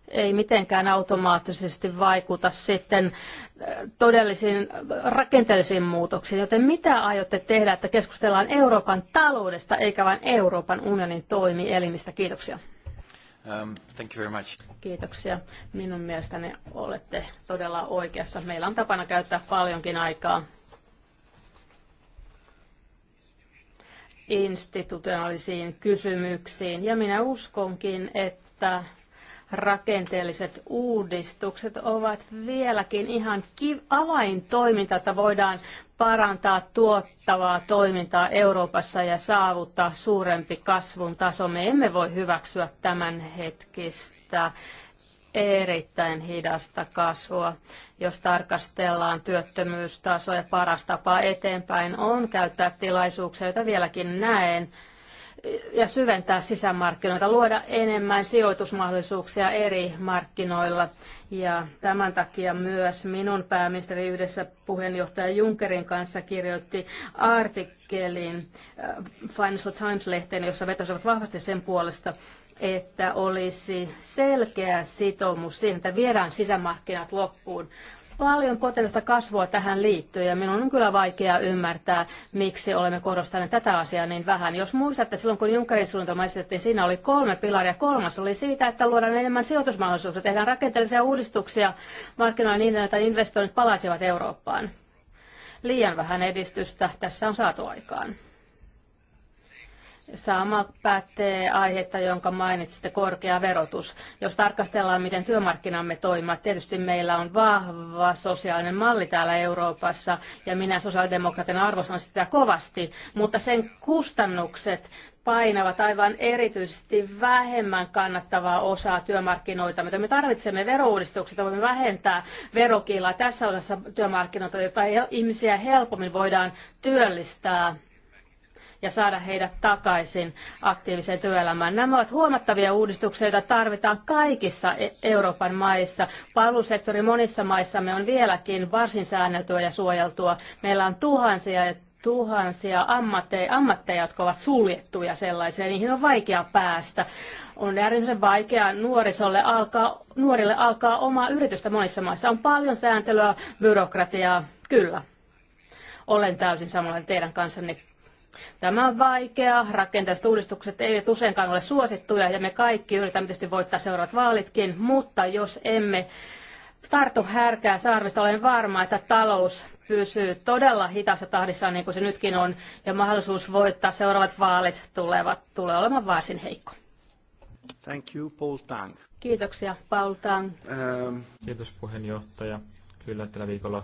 ei mitenkään automaattisesti vaikuta sitten äh, todellisiin äh, rakenteellisiin muutoksiin. Joten mitä aiotte tehdä, että keskustellaan Euroopan taloudesta eikä vain Euroopan unionin toimielimistä? Kiitoksia. Um, thank you very much. Kiitoksia. Minun mielestäni olette todella oikeassa. Meillä on tapana käyttää paljonkin aikaa institutionaalisiin kysymyksiin. Ja minä uskonkin, että rakenteelliset uudistukset ovat vieläkin ihan kiv- avaintoiminta, että voidaan parantaa tuottavaa toimintaa Euroopassa ja saavuttaa suurempi kasvun taso. Me emme voi hyväksyä tämän hetkistä erittäin hidasta kasvua. Jos tarkastellaan työttömyystasoja, paras tapa eteenpäin on käyttää tilaisuuksia, joita vieläkin näen ja syventää sisämarkkinoita, luoda enemmän sijoitusmahdollisuuksia eri markkinoilla. Ja tämän takia myös minun pääministeri yhdessä puheenjohtaja Junckerin kanssa kirjoitti artikkelin äh, Financial Times-lehteen, jossa vetosivat vahvasti sen puolesta, että olisi selkeä sitoumus siihen, että viedään sisämarkkinat loppuun paljon potentiaalista kasvua tähän liittyy ja minun on kyllä vaikea ymmärtää, miksi olemme korostaneet tätä asiaa niin vähän. Jos muistatte, silloin kun Junckerin suunnitelma esitettiin, siinä oli kolme pilaria. Kolmas oli siitä, että luodaan enemmän sijoitusmahdollisuuksia, tehdään rakenteellisia uudistuksia markkinoilla niin, että investoinnit palaisivat Eurooppaan. Liian vähän edistystä tässä on saatu aikaan. Sama pätee aihetta, jonka mainitsitte, korkea verotus. Jos tarkastellaan, miten työmarkkinamme toimivat, tietysti meillä on vahva sosiaalinen malli täällä Euroopassa, ja minä sosiaalidemokraatin arvostan sitä kovasti, mutta sen kustannukset painavat aivan erityisesti vähemmän kannattavaa osaa työmarkkinoita, mitä me tarvitsemme verouudistukset, voimme vähentää verokilaa tässä osassa työmarkkinoita, jotta ihmisiä helpommin voidaan työllistää ja saada heidät takaisin aktiiviseen työelämään. Nämä ovat huomattavia uudistuksia, joita tarvitaan kaikissa e- Euroopan maissa. Palvelusektori monissa maissa. Me on vieläkin varsin säänneltyä ja suojeltua. Meillä on tuhansia ja tuhansia ammatteja, ammatteja, jotka ovat suljettuja sellaisia, niihin on vaikea päästä. On äärimmäisen vaikeaa nuorisolle alkaa, nuorille alkaa omaa yritystä monissa maissa. On paljon sääntelyä, byrokratiaa, kyllä. Olen täysin samalla teidän kanssanne Tämä on vaikeaa, rakenteelliset uudistukset eivät useinkaan ole suosittuja ja me kaikki yritämme tietysti voittaa seuraavat vaalitkin, mutta jos emme tartu härkää saarvista, olen varma, että talous pysyy todella hitaassa tahdissa niin kuin se nytkin on ja mahdollisuus voittaa seuraavat vaalit tulevat, tulee olemaan varsin heikko. Thank you, Paul Tang. Kiitoksia, Paul Tang. Um. Kiitos puheenjohtaja. Kyllä tällä viikolla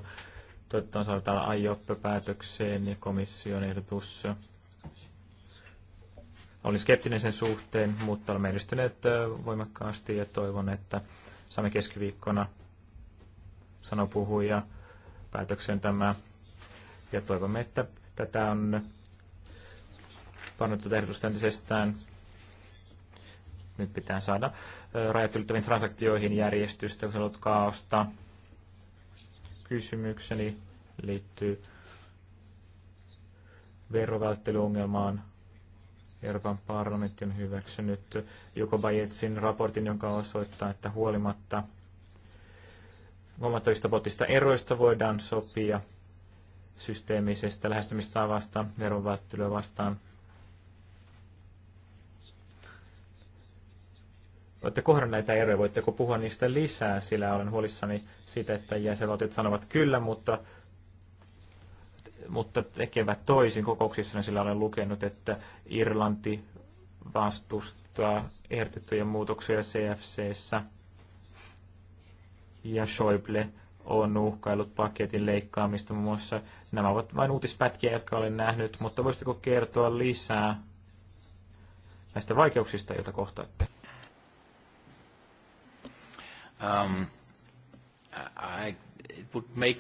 Toivottavasti saadaan päätökseen ja komission ehdotus. Olin skeptinen sen suhteen, mutta olemme edistyneet voimakkaasti ja toivon, että saamme keskiviikkona sano puhuja päätöksen tämä. Ja toivomme, että tätä on parannettava ehdotusta entisestään. Nyt pitää saada rajat ylittäviin transaktioihin järjestystä, kun on ollut kaaosta kysymykseni liittyy verovälttelyongelmaan. Euroopan parlamentti on hyväksynyt Joko Bajetsin raportin, jonka osoittaa, että huolimatta huomattavista potista eroista voidaan sopia systeemisestä lähestymistavasta verovälttelyä vastaan. Olette kohdanneet näitä eroja, voitteko puhua niistä lisää, sillä olen huolissani siitä, että jäsenvaltiot sanovat kyllä, mutta, mutta tekevät toisin kokouksissa, niin sillä olen lukenut, että Irlanti vastustaa ehdotettuja muutoksia CFCssä ja Schäuble on uhkailut paketin leikkaamista muun muassa. Nämä ovat vain uutispätkiä, jotka olen nähnyt, mutta voisitteko kertoa lisää näistä vaikeuksista, joita kohtaatte? Um, I, it would make...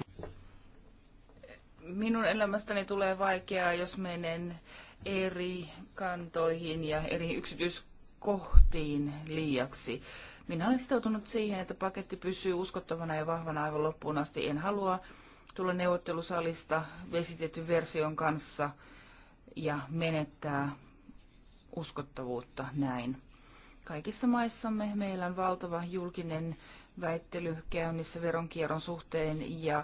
Minun elämästäni tulee vaikeaa, jos menen eri kantoihin ja eri yksityiskohtiin liiaksi. Minä olen sitoutunut siihen, että paketti pysyy uskottavana ja vahvana aivan loppuun asti. En halua tulla neuvottelusalista vesitetyn version kanssa ja menettää uskottavuutta näin. Kaikissa maissamme meillä on valtava julkinen väittely käynnissä veronkierron suhteen ja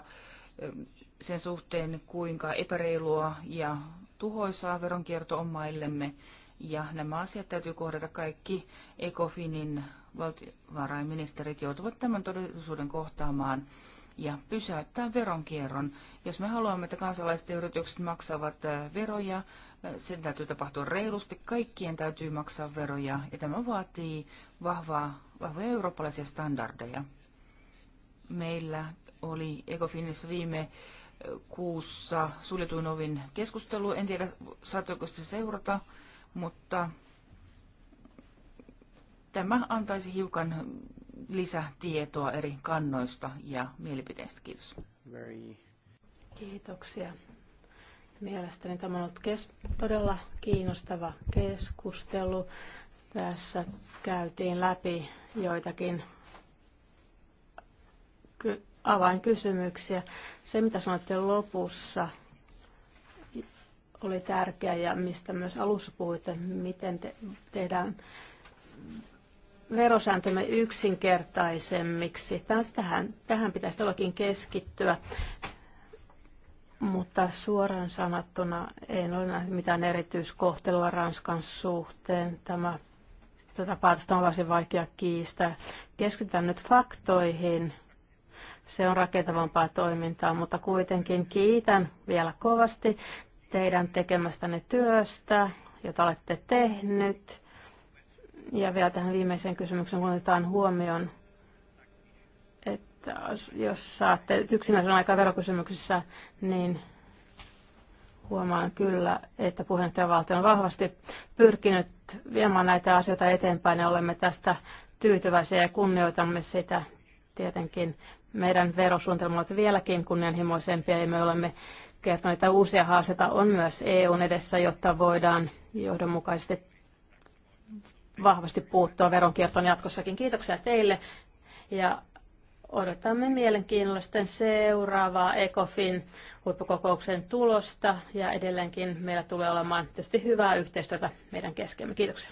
sen suhteen, kuinka epäreilua ja tuhoisaa veronkierto on maillemme. Ja nämä asiat täytyy kohdata kaikki ECOFINin valtiovarainministerit joutuvat tämän todellisuuden kohtaamaan ja pysäyttää veronkierron. Jos me haluamme, että kansalaiset ja yritykset maksavat veroja, sen täytyy tapahtua reilusti. Kaikkien täytyy maksaa veroja ja tämä vaatii vahvaa, vahvoja eurooppalaisia standardeja. Meillä oli Ecofinissa viime kuussa suljetuin ovin keskustelu. En tiedä, saatteko se seurata, mutta tämä antaisi hiukan lisätietoa eri kannoista ja mielipiteistä. Kiitos. Kiitoksia Mielestäni tämä on ollut kes- todella kiinnostava keskustelu. Tässä käytiin läpi joitakin ky- avainkysymyksiä. Se, mitä sanoitte lopussa, oli tärkeä ja mistä myös alussa puhuitte, miten te- tehdään verosääntömme yksinkertaisemmiksi. Tästähän, tähän pitäisi todellakin keskittyä mutta suoraan sanottuna ei ole nähnyt mitään erityiskohtelua Ranskan suhteen. Tämä, tätä päätöstä on varsin vaikea kiistää. Keskitytään nyt faktoihin. Se on rakentavampaa toimintaa, mutta kuitenkin kiitän vielä kovasti teidän tekemästänne työstä, jota olette tehnyt. Ja vielä tähän viimeiseen kysymykseen, kun otetaan huomioon jos saatte yksinäisen aikaa verokysymyksissä, niin huomaan kyllä, että puheenjohtajavaltio on vahvasti pyrkinyt viemään näitä asioita eteenpäin ja olemme tästä tyytyväisiä ja kunnioitamme sitä tietenkin. Meidän verosuunnitelmat ovat vieläkin kunnianhimoisempia ja me olemme kertoneet, että uusia haasteita on myös EUn edessä, jotta voidaan johdonmukaisesti vahvasti puuttua veronkiertoon jatkossakin. Kiitoksia teille ja Odotamme mielenkiinnolla sitten seuraavaa ECOFIN huippukokouksen tulosta ja edelleenkin meillä tulee olemaan tietysti hyvää yhteistyötä meidän keskemme. Kiitoksia.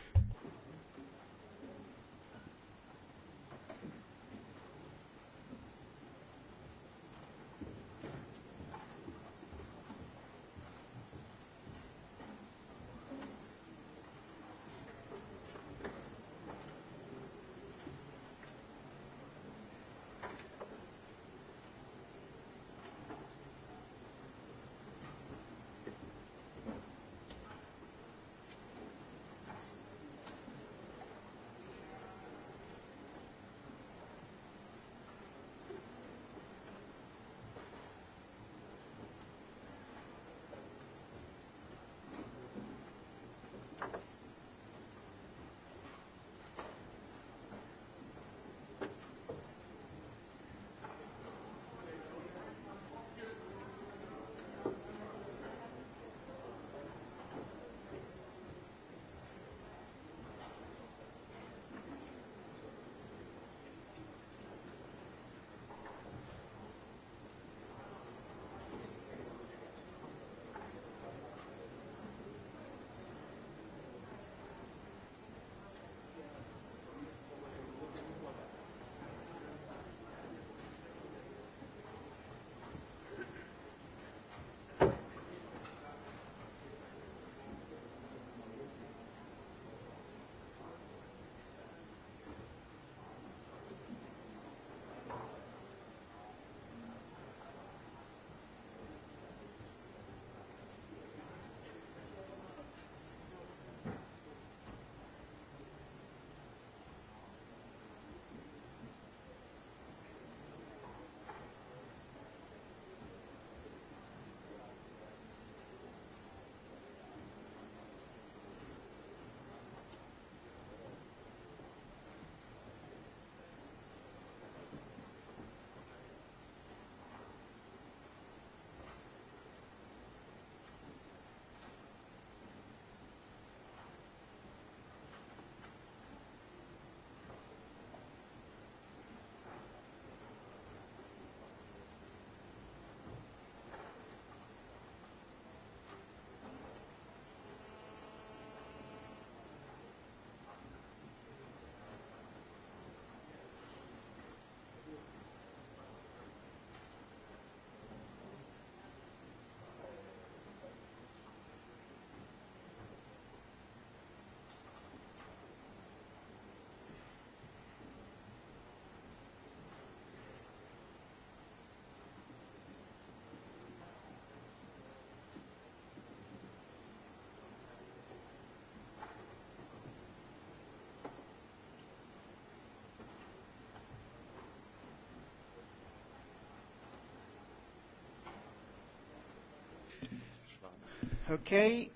Okay.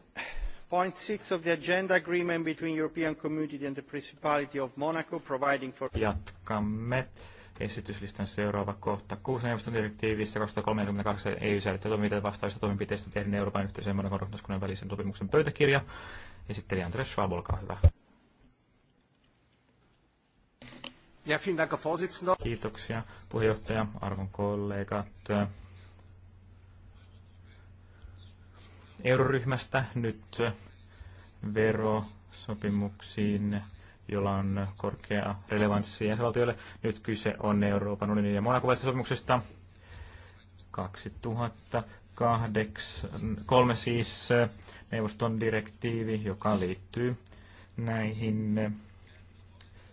Point six of the agenda agreement between European Community and the Principality of Monaco providing for... Jatkamme. Esityslistan seuraava kohta. Kuusi neuvoston direktiivissä 2032 ei säädöttä toimijoiden vastaavista toimenpiteistä tehdään Euroopan yhteisön Monakon välisen sopimuksen pöytäkirja. Esittelijä Andres Schwab, olkaa hyvä. Ja, vielen Dank, Kiitoksia puheenjohtaja, arvon kollegat. euroryhmästä nyt verosopimuksiin, jolla on korkea relevanssi jäsenvaltioille. Nyt kyse on Euroopan unionin ja Monakon sopimuksesta Kolme siis neuvoston direktiivi, joka liittyy näihin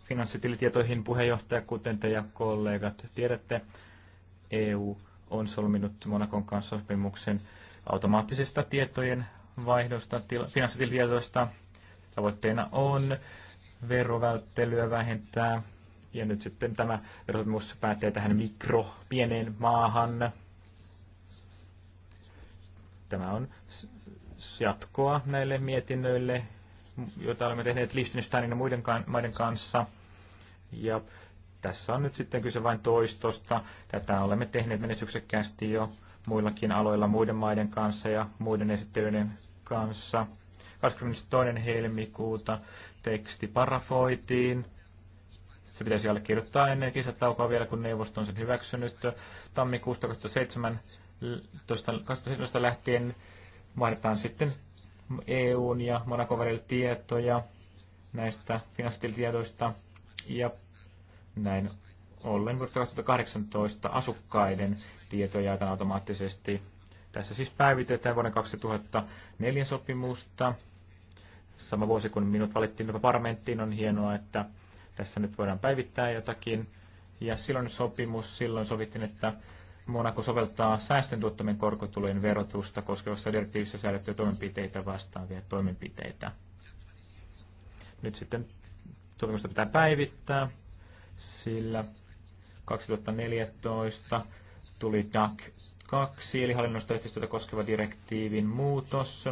finanssitilitietoihin puheenjohtaja, kuten te ja kollegat tiedätte, EU on solminut Monakon kanssa sopimuksen automaattisesta tietojen vaihdosta, til, finanssitilitietoista. Tavoitteena on verovälttelyä vähentää. Ja nyt sitten tämä verosopimus päättää tähän mikro, pieneen maahan. Tämä on jatkoa näille mietinnöille, joita olemme tehneet Liechtensteinin ja muiden maiden kanssa. Ja tässä on nyt sitten kyse vain toistosta. Tätä olemme tehneet menestyksekkäästi jo muillakin aloilla muiden maiden kanssa ja muiden esittelyiden kanssa. 22. helmikuuta teksti parafoitiin. Se pitäisi allekirjoittaa ennen kisataukoa vielä, kun neuvosto on sen hyväksynyt. Tammikuusta 2017 lähtien vaihdetaan sitten EUn ja Monacon välillä tietoja näistä finanssitilitiedoista. Ja näin ollen vuodesta 2018 asukkaiden tietoja jaetaan automaattisesti. Tässä siis päivitetään vuoden 2004 sopimusta. Sama vuosi, kun minut valittiin parlamenttiin, on hienoa, että tässä nyt voidaan päivittää jotakin. Ja silloin sopimus, silloin sovittiin, että Monaco soveltaa säästön tuottamien korkotulojen verotusta koskevassa direktiivissä säädettyjä toimenpiteitä vastaavia toimenpiteitä. Nyt sitten sopimusta pitää päivittää, sillä 2014 tuli DAC 2, eli hallinnosta yhteistyötä koskeva direktiivin muutos.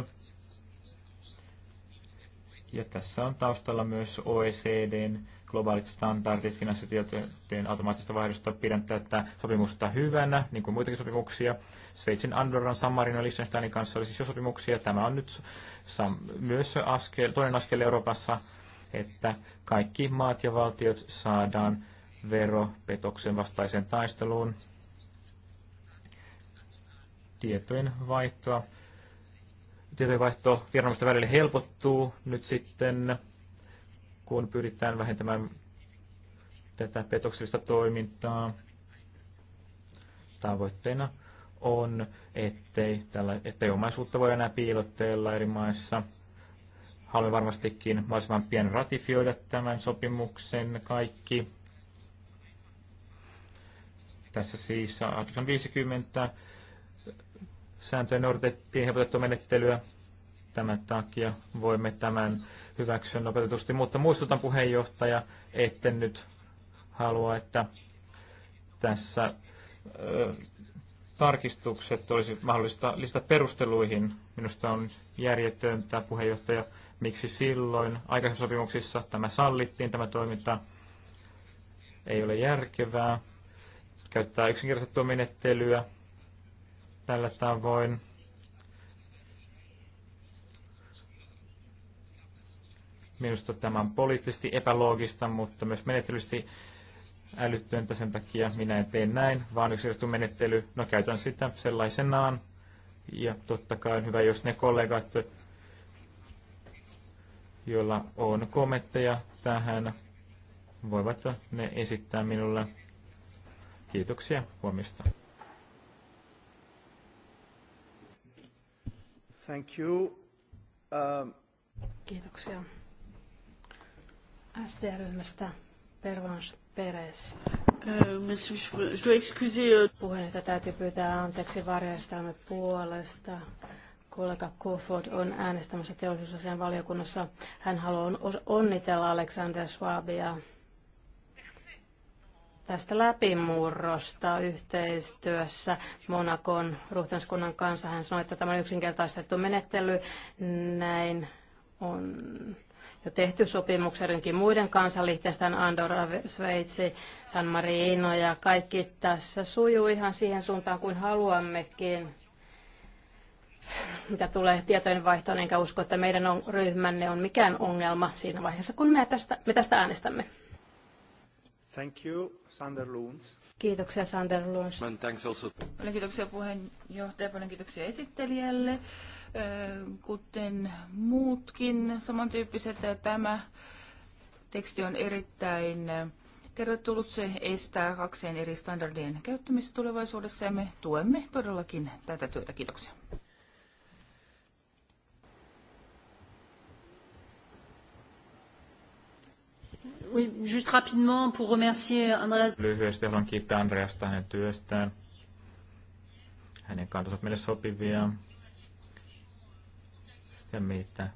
Ja tässä on taustalla myös OECDn globaalit standardit finanssitietojen automaattisesta vaihdosta. Pidän tätä sopimusta hyvänä, niin kuin muitakin sopimuksia. Sveitsin, Andorran, San Marino ja Liechtensteinin kanssa oli siis jo sopimuksia. Tämä on nyt myös askel, toinen askel Euroopassa, että kaikki maat ja valtiot saadaan vero petoksen vastaiseen taisteluun, tietojen vaihtoa. Tietojen vaihto viranomaisten välillä helpottuu nyt sitten, kun pyritään vähentämään tätä petoksellista toimintaa. Tavoitteena on, ettei, tällä, ettei omaisuutta voi enää piilotteella eri maissa. Haluan varmastikin mahdollisimman pian ratifioida tämän sopimuksen kaikki tässä siis artiklan 50 sääntöjen noudatettiin helpotettua menettelyä. Tämän takia voimme tämän hyväksyä nopeutetusti, mutta muistutan puheenjohtaja, etten nyt halua, että tässä tarkistukset olisi mahdollista lisätä perusteluihin. Minusta on järjetöntä puheenjohtaja, miksi silloin aikaisemmissa sopimuksissa tämä sallittiin, tämä toiminta ei ole järkevää käyttää yksinkertaistettua menettelyä tällä tavoin. Minusta tämä on poliittisesti epäloogista, mutta myös menettelysti älyttöntä sen takia minä en tee näin, vaan yksinkertaistettu menettely, no käytän sitä sellaisenaan. Ja totta kai on hyvä, jos ne kollegat, joilla on kommentteja tähän, voivat ne esittää minulle Kiitoksia huomista. Thank you. Um... Kiitoksia. ST-ryhmästä Pervans Peres. Euh, euh, Puheenjohtaja täytyy pyytää anteeksi varjastamme puolesta. Kollega Kofod on äänestämässä teollisuusasian valiokunnassa. Hän haluaa onnitella Alexander Swabia tästä läpimurrosta yhteistyössä Monakon ruhtinaskunnan kanssa. Hän sanoi, että tämä on yksinkertaistettu menettely. Näin on jo tehty sopimuksenkin muiden kanssa, Liechtenstein, Andorra, Sveitsi, San Marino ja kaikki tässä sujuu ihan siihen suuntaan kuin haluammekin mitä tulee vaihtoon, enkä usko, että meidän on, ryhmänne on mikään ongelma siinä vaiheessa, kun me tästä, me tästä äänestämme. Thank you, Sander Kiitoksia Sander Luns. And thanks also. Paljon kiitoksia puheenjohtaja, paljon kiitoksia esittelijälle. Kuten muutkin samantyyppiset, tämä teksti on erittäin tervetullut. Se estää kaksien eri standardien käyttämistä tulevaisuudessa ja me tuemme todellakin tätä työtä. Kiitoksia. Oui, juste rapidement pour remercier Andreas. Lyhyesti haluan kiittää Andreasta hänen työstään. Hänen kantansa meille sopivia. Ja mitä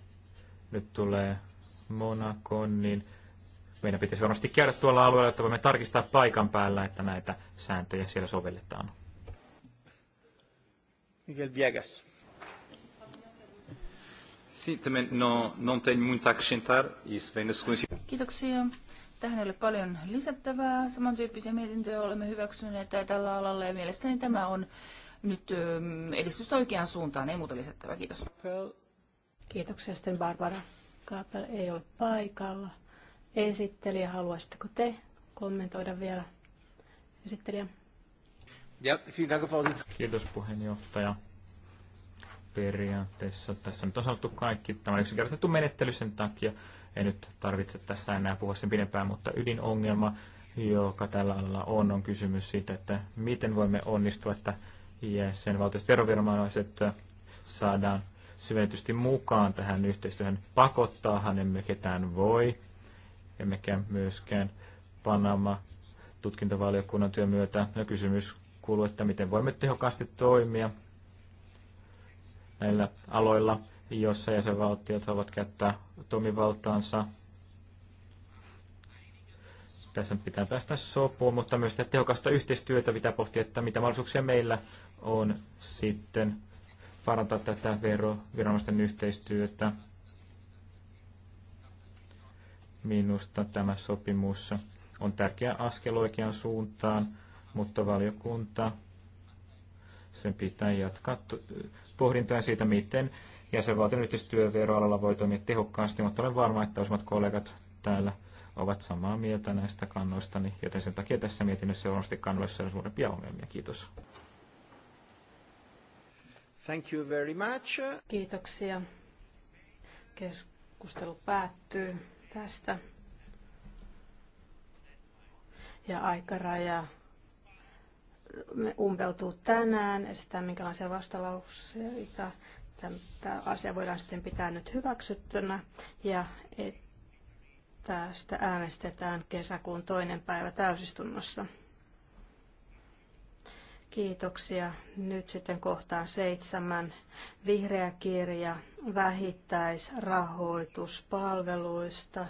nyt tulee Monakon, niin meidän pitäisi varmasti käydä tuolla alueella, että voimme tarkistaa paikan päällä, että näitä sääntöjä siellä sovelletaan. Miguel Viegas. Sim, também não, não a acrescentar. Kiitoksia. Tähän ei ole paljon lisättävää. Samantyyppisiä mietintöjä olemme hyväksyneet tällä alalla ja mielestäni tämä on nyt ähm, edistystä oikeaan suuntaan. Ei muuta lisättävää. Kiitos. Kiitoksia sitten Barbara. Kaapel ei ole paikalla. Esittelijä, haluaisitteko te kommentoida vielä? Esittelijä. Kiitos puheenjohtaja. Periaatteessa tässä nyt on sanottu kaikki. Tämä on yksinkertaistettu menettely sen takia, ei nyt tarvitse tässä enää puhua sen pidempään, mutta ydinongelma, joka tällä alalla on, on kysymys siitä, että miten voimme onnistua, että jäsenvaltioiset veroviranomaiset saadaan syvennetysti mukaan tähän yhteistyöhön. Pakottaahan emme ketään voi, emmekä myöskään Panama tutkintavaliokunnan työn myötä. No, kysymys kuuluu, että miten voimme tehokkaasti toimia näillä aloilla jossa jäsenvaltiot haluavat käyttää toimivaltaansa. Tässä pitää päästä sopuun, mutta myös sitä tehokasta yhteistyötä pitää pohtia, että mitä mahdollisuuksia meillä on sitten parantaa tätä veroviranomaisten yhteistyötä. Minusta tämä sopimus on tärkeä askel oikeaan suuntaan, mutta valiokunta sen pitää jatkaa pohdintoja siitä, miten jäsenvaltion yhteistyö voi toimia tehokkaasti, mutta olen varma, että useimmat kollegat täällä ovat samaa mieltä näistä kannoistani, joten sen takia tässä mietinnössä on varmasti kannoissa on suurempia ongelmia. Kiitos. Thank you very much. Kiitoksia. Keskustelu päättyy tästä. Ja aikaraja umpeutuu tänään. Esitään minkälaisia vastalauseita tämä asia voidaan sitten pitää nyt hyväksyttynä ja tästä äänestetään kesäkuun toinen päivä täysistunnossa. Kiitoksia. Nyt sitten kohtaan seitsemän. Vihreä kirja vähittäisrahoituspalveluista.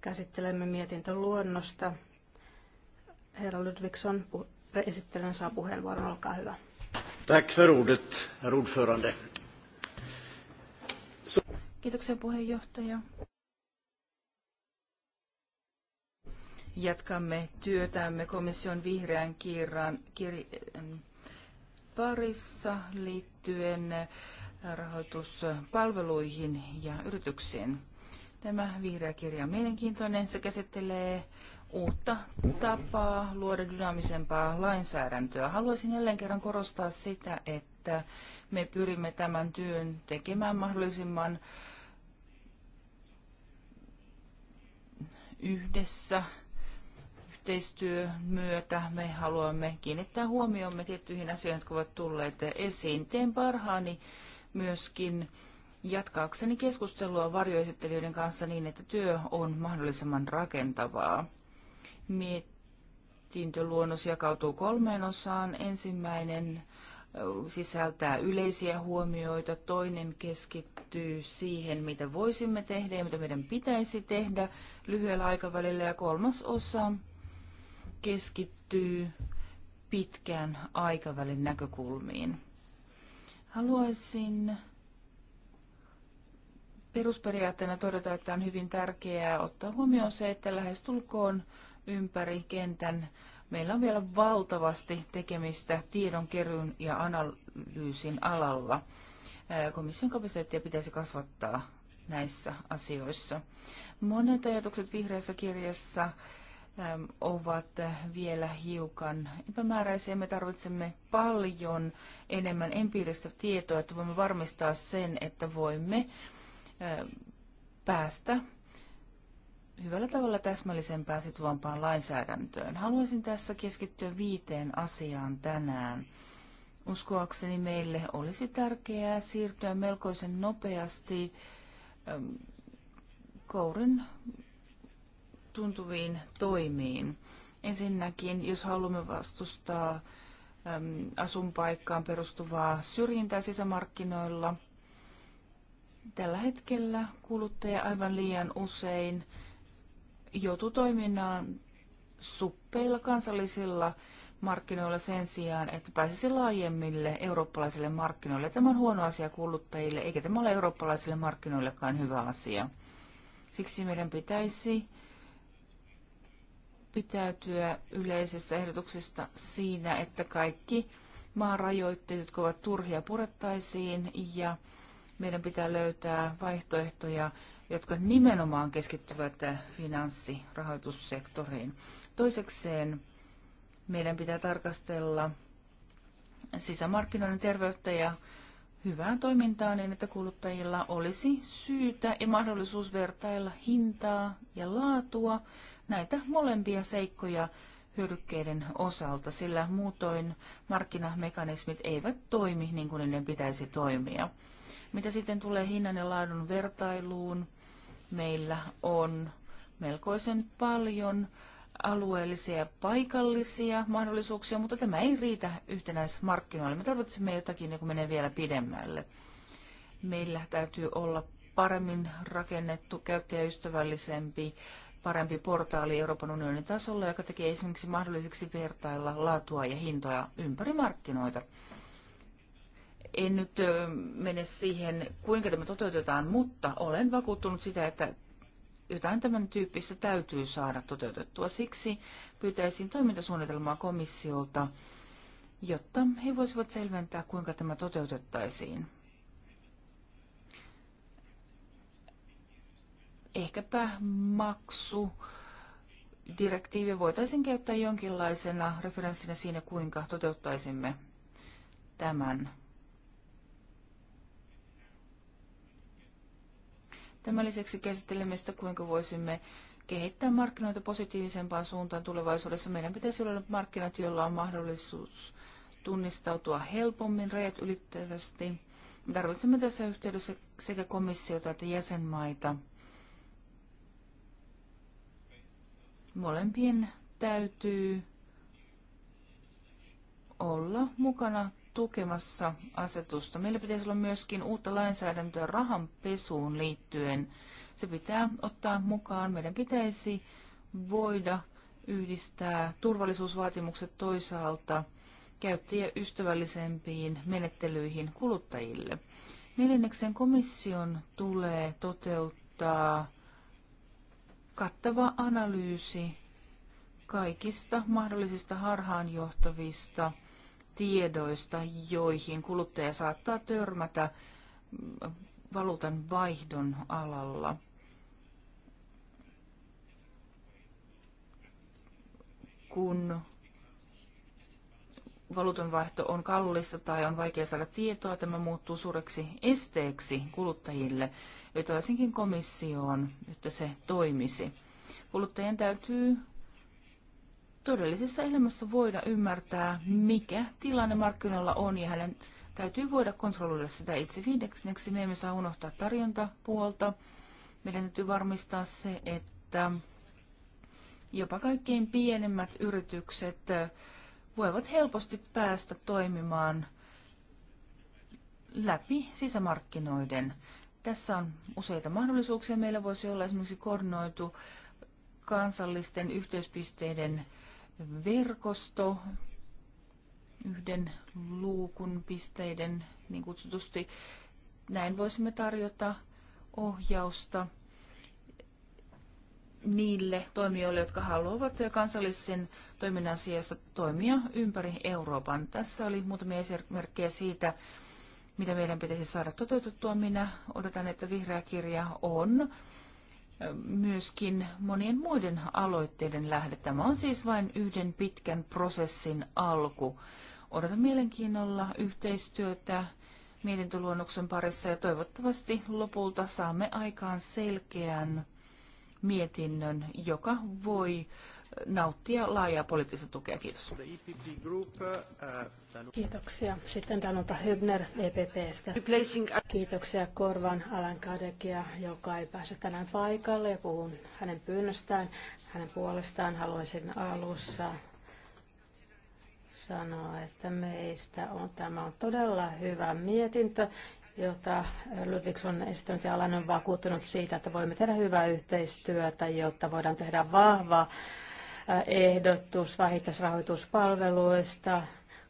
Käsittelemme mietintöluonnosta. Herra Ludvigsson, esittelen saa puheenvuoron. Olkaa hyvä. Tack för ordet, herr ordförande. Kiitoksia puheenjohtaja. Jatkamme työtämme komission vihreän kirjan, kirjan parissa liittyen rahoituspalveluihin ja yrityksiin. Tämä vihreä kirja on mielenkiintoinen. Se käsittelee uutta tapaa luoda dynaamisempaa lainsäädäntöä. Haluaisin jälleen kerran korostaa sitä, että että me pyrimme tämän työn tekemään mahdollisimman yhdessä yhteistyön myötä me haluamme kiinnittää huomiomme tiettyihin asioihin, jotka ovat tulleet esiin. Teen parhaani myöskin jatkaakseni keskustelua varjoesittelijöiden kanssa niin, että työ on mahdollisimman rakentavaa. Mietintöluonnos jakautuu kolmeen osaan. Ensimmäinen sisältää yleisiä huomioita, toinen keskittyy siihen, mitä voisimme tehdä ja mitä meidän pitäisi tehdä lyhyellä aikavälillä, ja kolmas osa keskittyy pitkän aikavälin näkökulmiin. Haluaisin perusperiaatteena todeta, että on hyvin tärkeää ottaa huomioon se, että lähestulkoon ympäri kentän meillä on vielä valtavasti tekemistä tiedonkeruun ja analyysin alalla. Komission kapasiteettia pitäisi kasvattaa näissä asioissa. Monet ajatukset vihreässä kirjassa ovat vielä hiukan epämääräisiä. Me tarvitsemme paljon enemmän empiiristä tietoa, että voimme varmistaa sen, että voimme päästä hyvällä tavalla täsmällisempään sitovampaan lainsäädäntöön. Haluaisin tässä keskittyä viiteen asiaan tänään. Uskoakseni meille olisi tärkeää siirtyä melkoisen nopeasti ähm, kourin tuntuviin toimiin. Ensinnäkin, jos haluamme vastustaa ähm, asunpaikkaan perustuvaa syrjintää sisämarkkinoilla, tällä hetkellä kuluttaja aivan liian usein joutuu toiminnan suppeilla kansallisilla markkinoilla sen sijaan, että pääsisi laajemmille eurooppalaisille markkinoille. Tämä on huono asia kuluttajille, eikä tämä ole eurooppalaisille markkinoillekaan hyvä asia. Siksi meidän pitäisi pitäytyä yleisessä ehdotuksesta siinä, että kaikki maan rajoitteet, jotka ovat turhia, purettaisiin ja meidän pitää löytää vaihtoehtoja jotka nimenomaan keskittyvät eh, finanssirahoitussektoriin. Toisekseen meidän pitää tarkastella sisämarkkinoiden terveyttä ja hyvää toimintaa niin, että kuluttajilla olisi syytä ja mahdollisuus vertailla hintaa ja laatua näitä molempia seikkoja hyödykkeiden osalta, sillä muutoin markkinamekanismit eivät toimi niin kuin niiden pitäisi toimia. Mitä sitten tulee hinnan ja laadun vertailuun, meillä on melkoisen paljon alueellisia ja paikallisia mahdollisuuksia, mutta tämä ei riitä yhtenäismarkkinoille. Me tarvitsemme jotakin, joka menee vielä pidemmälle. Meillä täytyy olla paremmin rakennettu, käyttäjäystävällisempi, parempi portaali Euroopan unionin tasolla, joka tekee esimerkiksi mahdolliseksi vertailla laatua ja hintoja ympäri markkinoita. En nyt mene siihen, kuinka tämä toteutetaan, mutta olen vakuuttunut sitä, että jotain tämän tyyppistä täytyy saada toteutettua. Siksi pyytäisin toimintasuunnitelmaa komissiolta, jotta he voisivat selventää, kuinka tämä toteutettaisiin. Ehkäpä maksu direktiivi voitaisiin käyttää jonkinlaisena referenssinä siinä, kuinka toteuttaisimme tämän. Tämän lisäksi käsittelemme sitä, kuinka voisimme kehittää markkinoita positiivisempaan suuntaan tulevaisuudessa. Meidän pitäisi olla markkinat, joilla on mahdollisuus tunnistautua helpommin rajat ylittävästi. tarvitsemme tässä yhteydessä sekä komissiota että jäsenmaita. Molempien täytyy olla mukana tukemassa asetusta. Meillä pitäisi olla myöskin uutta lainsäädäntöä rahanpesuun liittyen. Se pitää ottaa mukaan. Meidän pitäisi voida yhdistää turvallisuusvaatimukset toisaalta ystävällisempiin menettelyihin kuluttajille. Neljänneksen komission tulee toteuttaa kattava analyysi kaikista mahdollisista harhaanjohtavista johtavista tiedoista, joihin kuluttaja saattaa törmätä valuutan vaihdon alalla. Kun valuutanvaihto on kallista tai on vaikea saada tietoa, tämä muuttuu suureksi esteeksi kuluttajille, vetoisinkin komissioon, että se toimisi. Kuluttajien täytyy todellisessa elämässä voida ymmärtää, mikä tilanne markkinoilla on ja hänen täytyy voida kontrolloida sitä itse viidekseksi. Me emme saa unohtaa tarjontapuolta. Meidän täytyy varmistaa se, että jopa kaikkein pienemmät yritykset voivat helposti päästä toimimaan läpi sisämarkkinoiden. Tässä on useita mahdollisuuksia. Meillä voisi olla esimerkiksi koordinoitu kansallisten yhteyspisteiden verkosto yhden luukun pisteiden niin kutsutusti. Näin voisimme tarjota ohjausta niille toimijoille, jotka haluavat kansallisen toiminnan sijasta toimia ympäri Euroopan. Tässä oli muutamia esimerkkejä siitä, mitä meidän pitäisi saada toteutettua. Minä odotan, että vihreä kirja on myöskin monien muiden aloitteiden lähde. Tämä on siis vain yhden pitkän prosessin alku. Odotan mielenkiinnolla yhteistyötä mietintöluonnoksen parissa ja toivottavasti lopulta saamme aikaan selkeän mietinnön, joka voi äh, nauttia laajaa poliittista tukea. Kiitos. Kiitoksia. Sitten Danuta Hübner EPPstä. Kiitoksia Korvan Alan Kadekia, joka ei pääse tänään paikalle ja puhun hänen pyynnöstään. Hänen puolestaan haluaisin alussa sanoa, että meistä on, tämä on todella hyvä mietintö, jota Ludvigs on esittänyt ja Alan on vakuuttunut siitä, että voimme tehdä hyvää yhteistyötä, jotta voidaan tehdä vahvaa ehdotus vähittäisrahoituspalveluista,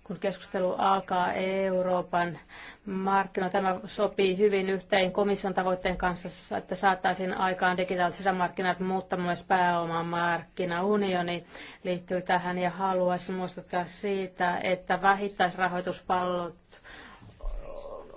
kun keskustelu alkaa Euroopan markkinoilla. Tämä sopii hyvin yhteen komission tavoitteen kanssa, että saataisiin aikaan digitaaliset sisämarkkinat, mutta myös pääomamarkkinaunioni liittyy tähän ja haluaisin muistuttaa siitä, että vähittäisrahoituspalvelut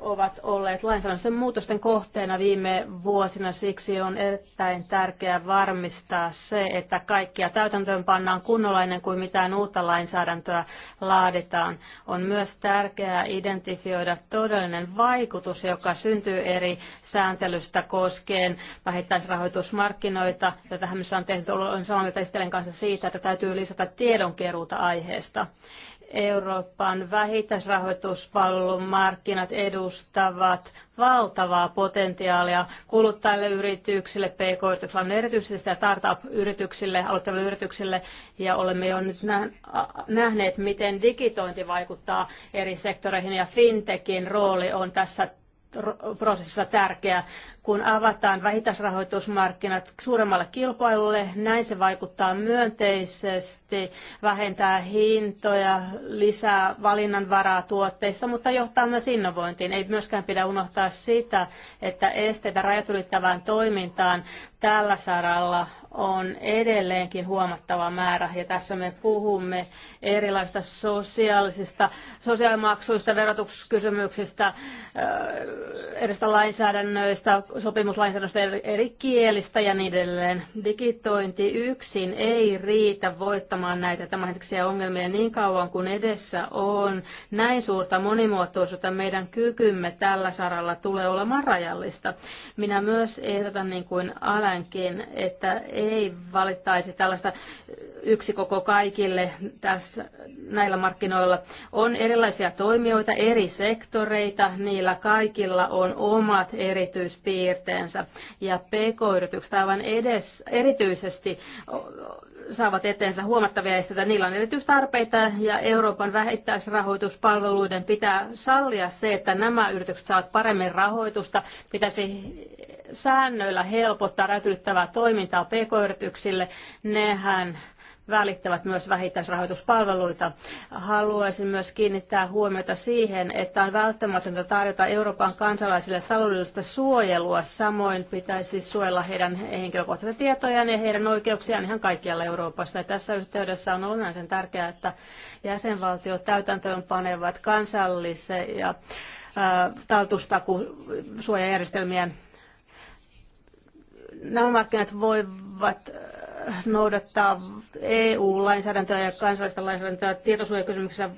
ovat olleet lainsäädännön muutosten kohteena viime vuosina. Siksi on erittäin tärkeää varmistaa se, että kaikkia täytäntöön pannaan kunnolla ennen kuin mitään uutta lainsäädäntöä laaditaan. On myös tärkeää identifioida todellinen vaikutus, joka syntyy eri sääntelystä koskien vähittäisrahoitusmarkkinoita. Ja tähän missä on tehty, olen samaa mieltä kanssa siitä, että täytyy lisätä tiedonkeruuta aiheesta. Euroopan vähittäisrahoituspalvelun markkinat edustavat valtavaa potentiaalia kuluttajille, yrityksille, pk-yrityksille, erityisesti sitä startup-yrityksille, aloittaville yrityksille, ja olemme jo nyt nähneet, miten digitointi vaikuttaa eri sektoreihin, ja fintekin rooli on tässä prosessissa tärkeä. Kun avataan vähittäisrahoitusmarkkinat suuremmalle kilpailulle, näin se vaikuttaa myönteisesti, vähentää hintoja, lisää valinnanvaraa tuotteissa, mutta johtaa myös innovointiin. Ei myöskään pidä unohtaa sitä, että esteitä rajat ylittävään toimintaan tällä saralla on edelleenkin huomattava määrä. Ja tässä me puhumme erilaisista sosiaalisista, sosiaalimaksuista, verotuskysymyksistä, erilaisista lainsäädännöistä, sopimuslainsäädännöistä, eri kielistä ja niin edelleen. Digitointi yksin ei riitä voittamaan näitä tämänhetkisiä ongelmia niin kauan kuin edessä on näin suurta monimuotoisuutta. Meidän kykymme tällä saralla tulee olemaan rajallista. Minä myös ehdotan niin kuin Alankin, että ei valittaisi tällaista yksi koko kaikille tässä, näillä markkinoilla. On erilaisia toimijoita, eri sektoreita, niillä kaikilla on omat erityispiirteensä. Ja PK-yritykset aivan edes, erityisesti saavat eteensä huomattavia esteitä. Niillä on erityistarpeita ja Euroopan vähittäisrahoituspalveluiden pitää sallia se, että nämä yritykset saavat paremmin rahoitusta. Pitäisi säännöillä helpottaa rätyttävää toimintaa pk-yrityksille. Nehän välittävät myös vähittäisrahoituspalveluita. Haluaisin myös kiinnittää huomiota siihen, että on välttämätöntä tarjota Euroopan kansalaisille taloudellista suojelua. Samoin pitäisi suojella heidän henkilökohtaisia tietojaan ja heidän oikeuksiaan ihan kaikkialla Euroopassa. Ja tässä yhteydessä on olennaisen tärkeää, että jäsenvaltiot täytäntöön panevat kansallisia ja taltustakusuojajärjestelmien nämä markkinat voivat äh, noudattaa EU-lainsäädäntöä ja kansallista lainsäädäntöä tietosuojakysymyksissä.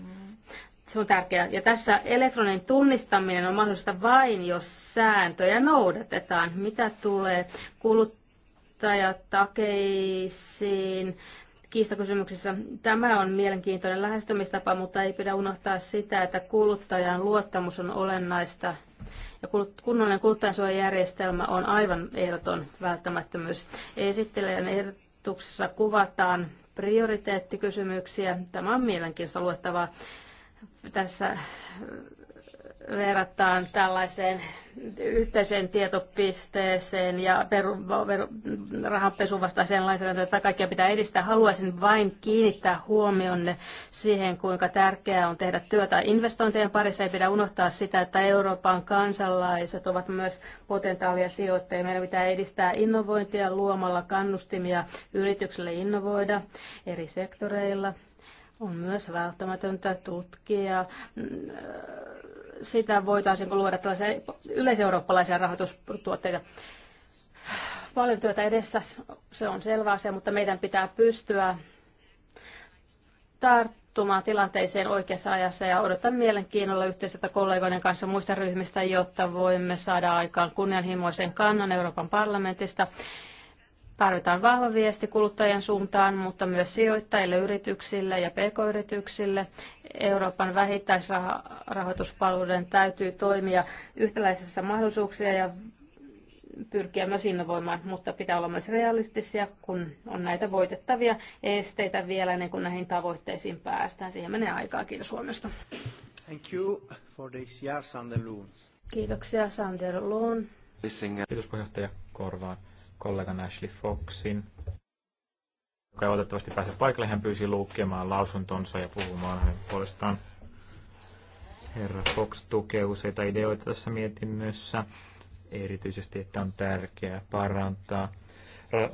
Se on tärkeää. Ja tässä elektroninen tunnistaminen on mahdollista vain, jos sääntöjä noudatetaan. Mitä tulee kuluttajatakeisiin, kiistakysymyksissä. Tämä on mielenkiintoinen lähestymistapa, mutta ei pidä unohtaa sitä, että kuluttajan luottamus on olennaista ja kunnollinen kuluttajansuojajärjestelmä on aivan ehdoton välttämättömyys. Esittelijän ehdotuksessa kuvataan prioriteettikysymyksiä. Tämä on mielenkiintoista luettavaa. Tässä verrataan tällaiseen yhteiseen tietopisteeseen ja peru, peru, rahanpesun vastaiseen lainsäädäntöön, että kaikkia pitää edistää. Haluaisin vain kiinnittää huomionne siihen, kuinka tärkeää on tehdä työtä investointien parissa. Ei pidä unohtaa sitä, että Euroopan kansalaiset ovat myös potentiaalia sijoittajia. Meidän pitää edistää innovointia luomalla kannustimia yrityksille innovoida eri sektoreilla. On myös välttämätöntä tutkia mm, sitä, voitaisiin luoda tällaisia yleiseurooppalaisia rahoitustuotteita. Paljon työtä edessä, se on selvä asia, mutta meidän pitää pystyä tarttumaan tilanteeseen oikeassa ajassa ja odotan mielenkiinnolla yhteistyötä kollegoiden kanssa muista ryhmistä, jotta voimme saada aikaan kunnianhimoisen kannan Euroopan parlamentista Tarvitaan vahva viesti kuluttajan suuntaan, mutta myös sijoittajille, yrityksille ja pk-yrityksille. Euroopan vähittäisrahoituspalveluiden täytyy toimia yhtäläisessä mahdollisuuksia ja pyrkiä myös innovoimaan, mutta pitää olla myös realistisia, kun on näitä voitettavia esteitä vielä, niin kun näihin tavoitteisiin päästään. Siihen menee aikaa. Kiitos Suomesta. Thank you for this year, Sander Kiitoksia, Sander Loon. Kiitos puheenjohtaja Korvaan kollegan Ashley Foxin, joka ei oletettavasti pääse paikalle. Hän pyysi lukemaan lausuntonsa ja puhumaan hänen puolestaan. Herra Fox tukee useita ideoita tässä mietinnössä, erityisesti, että on tärkeää parantaa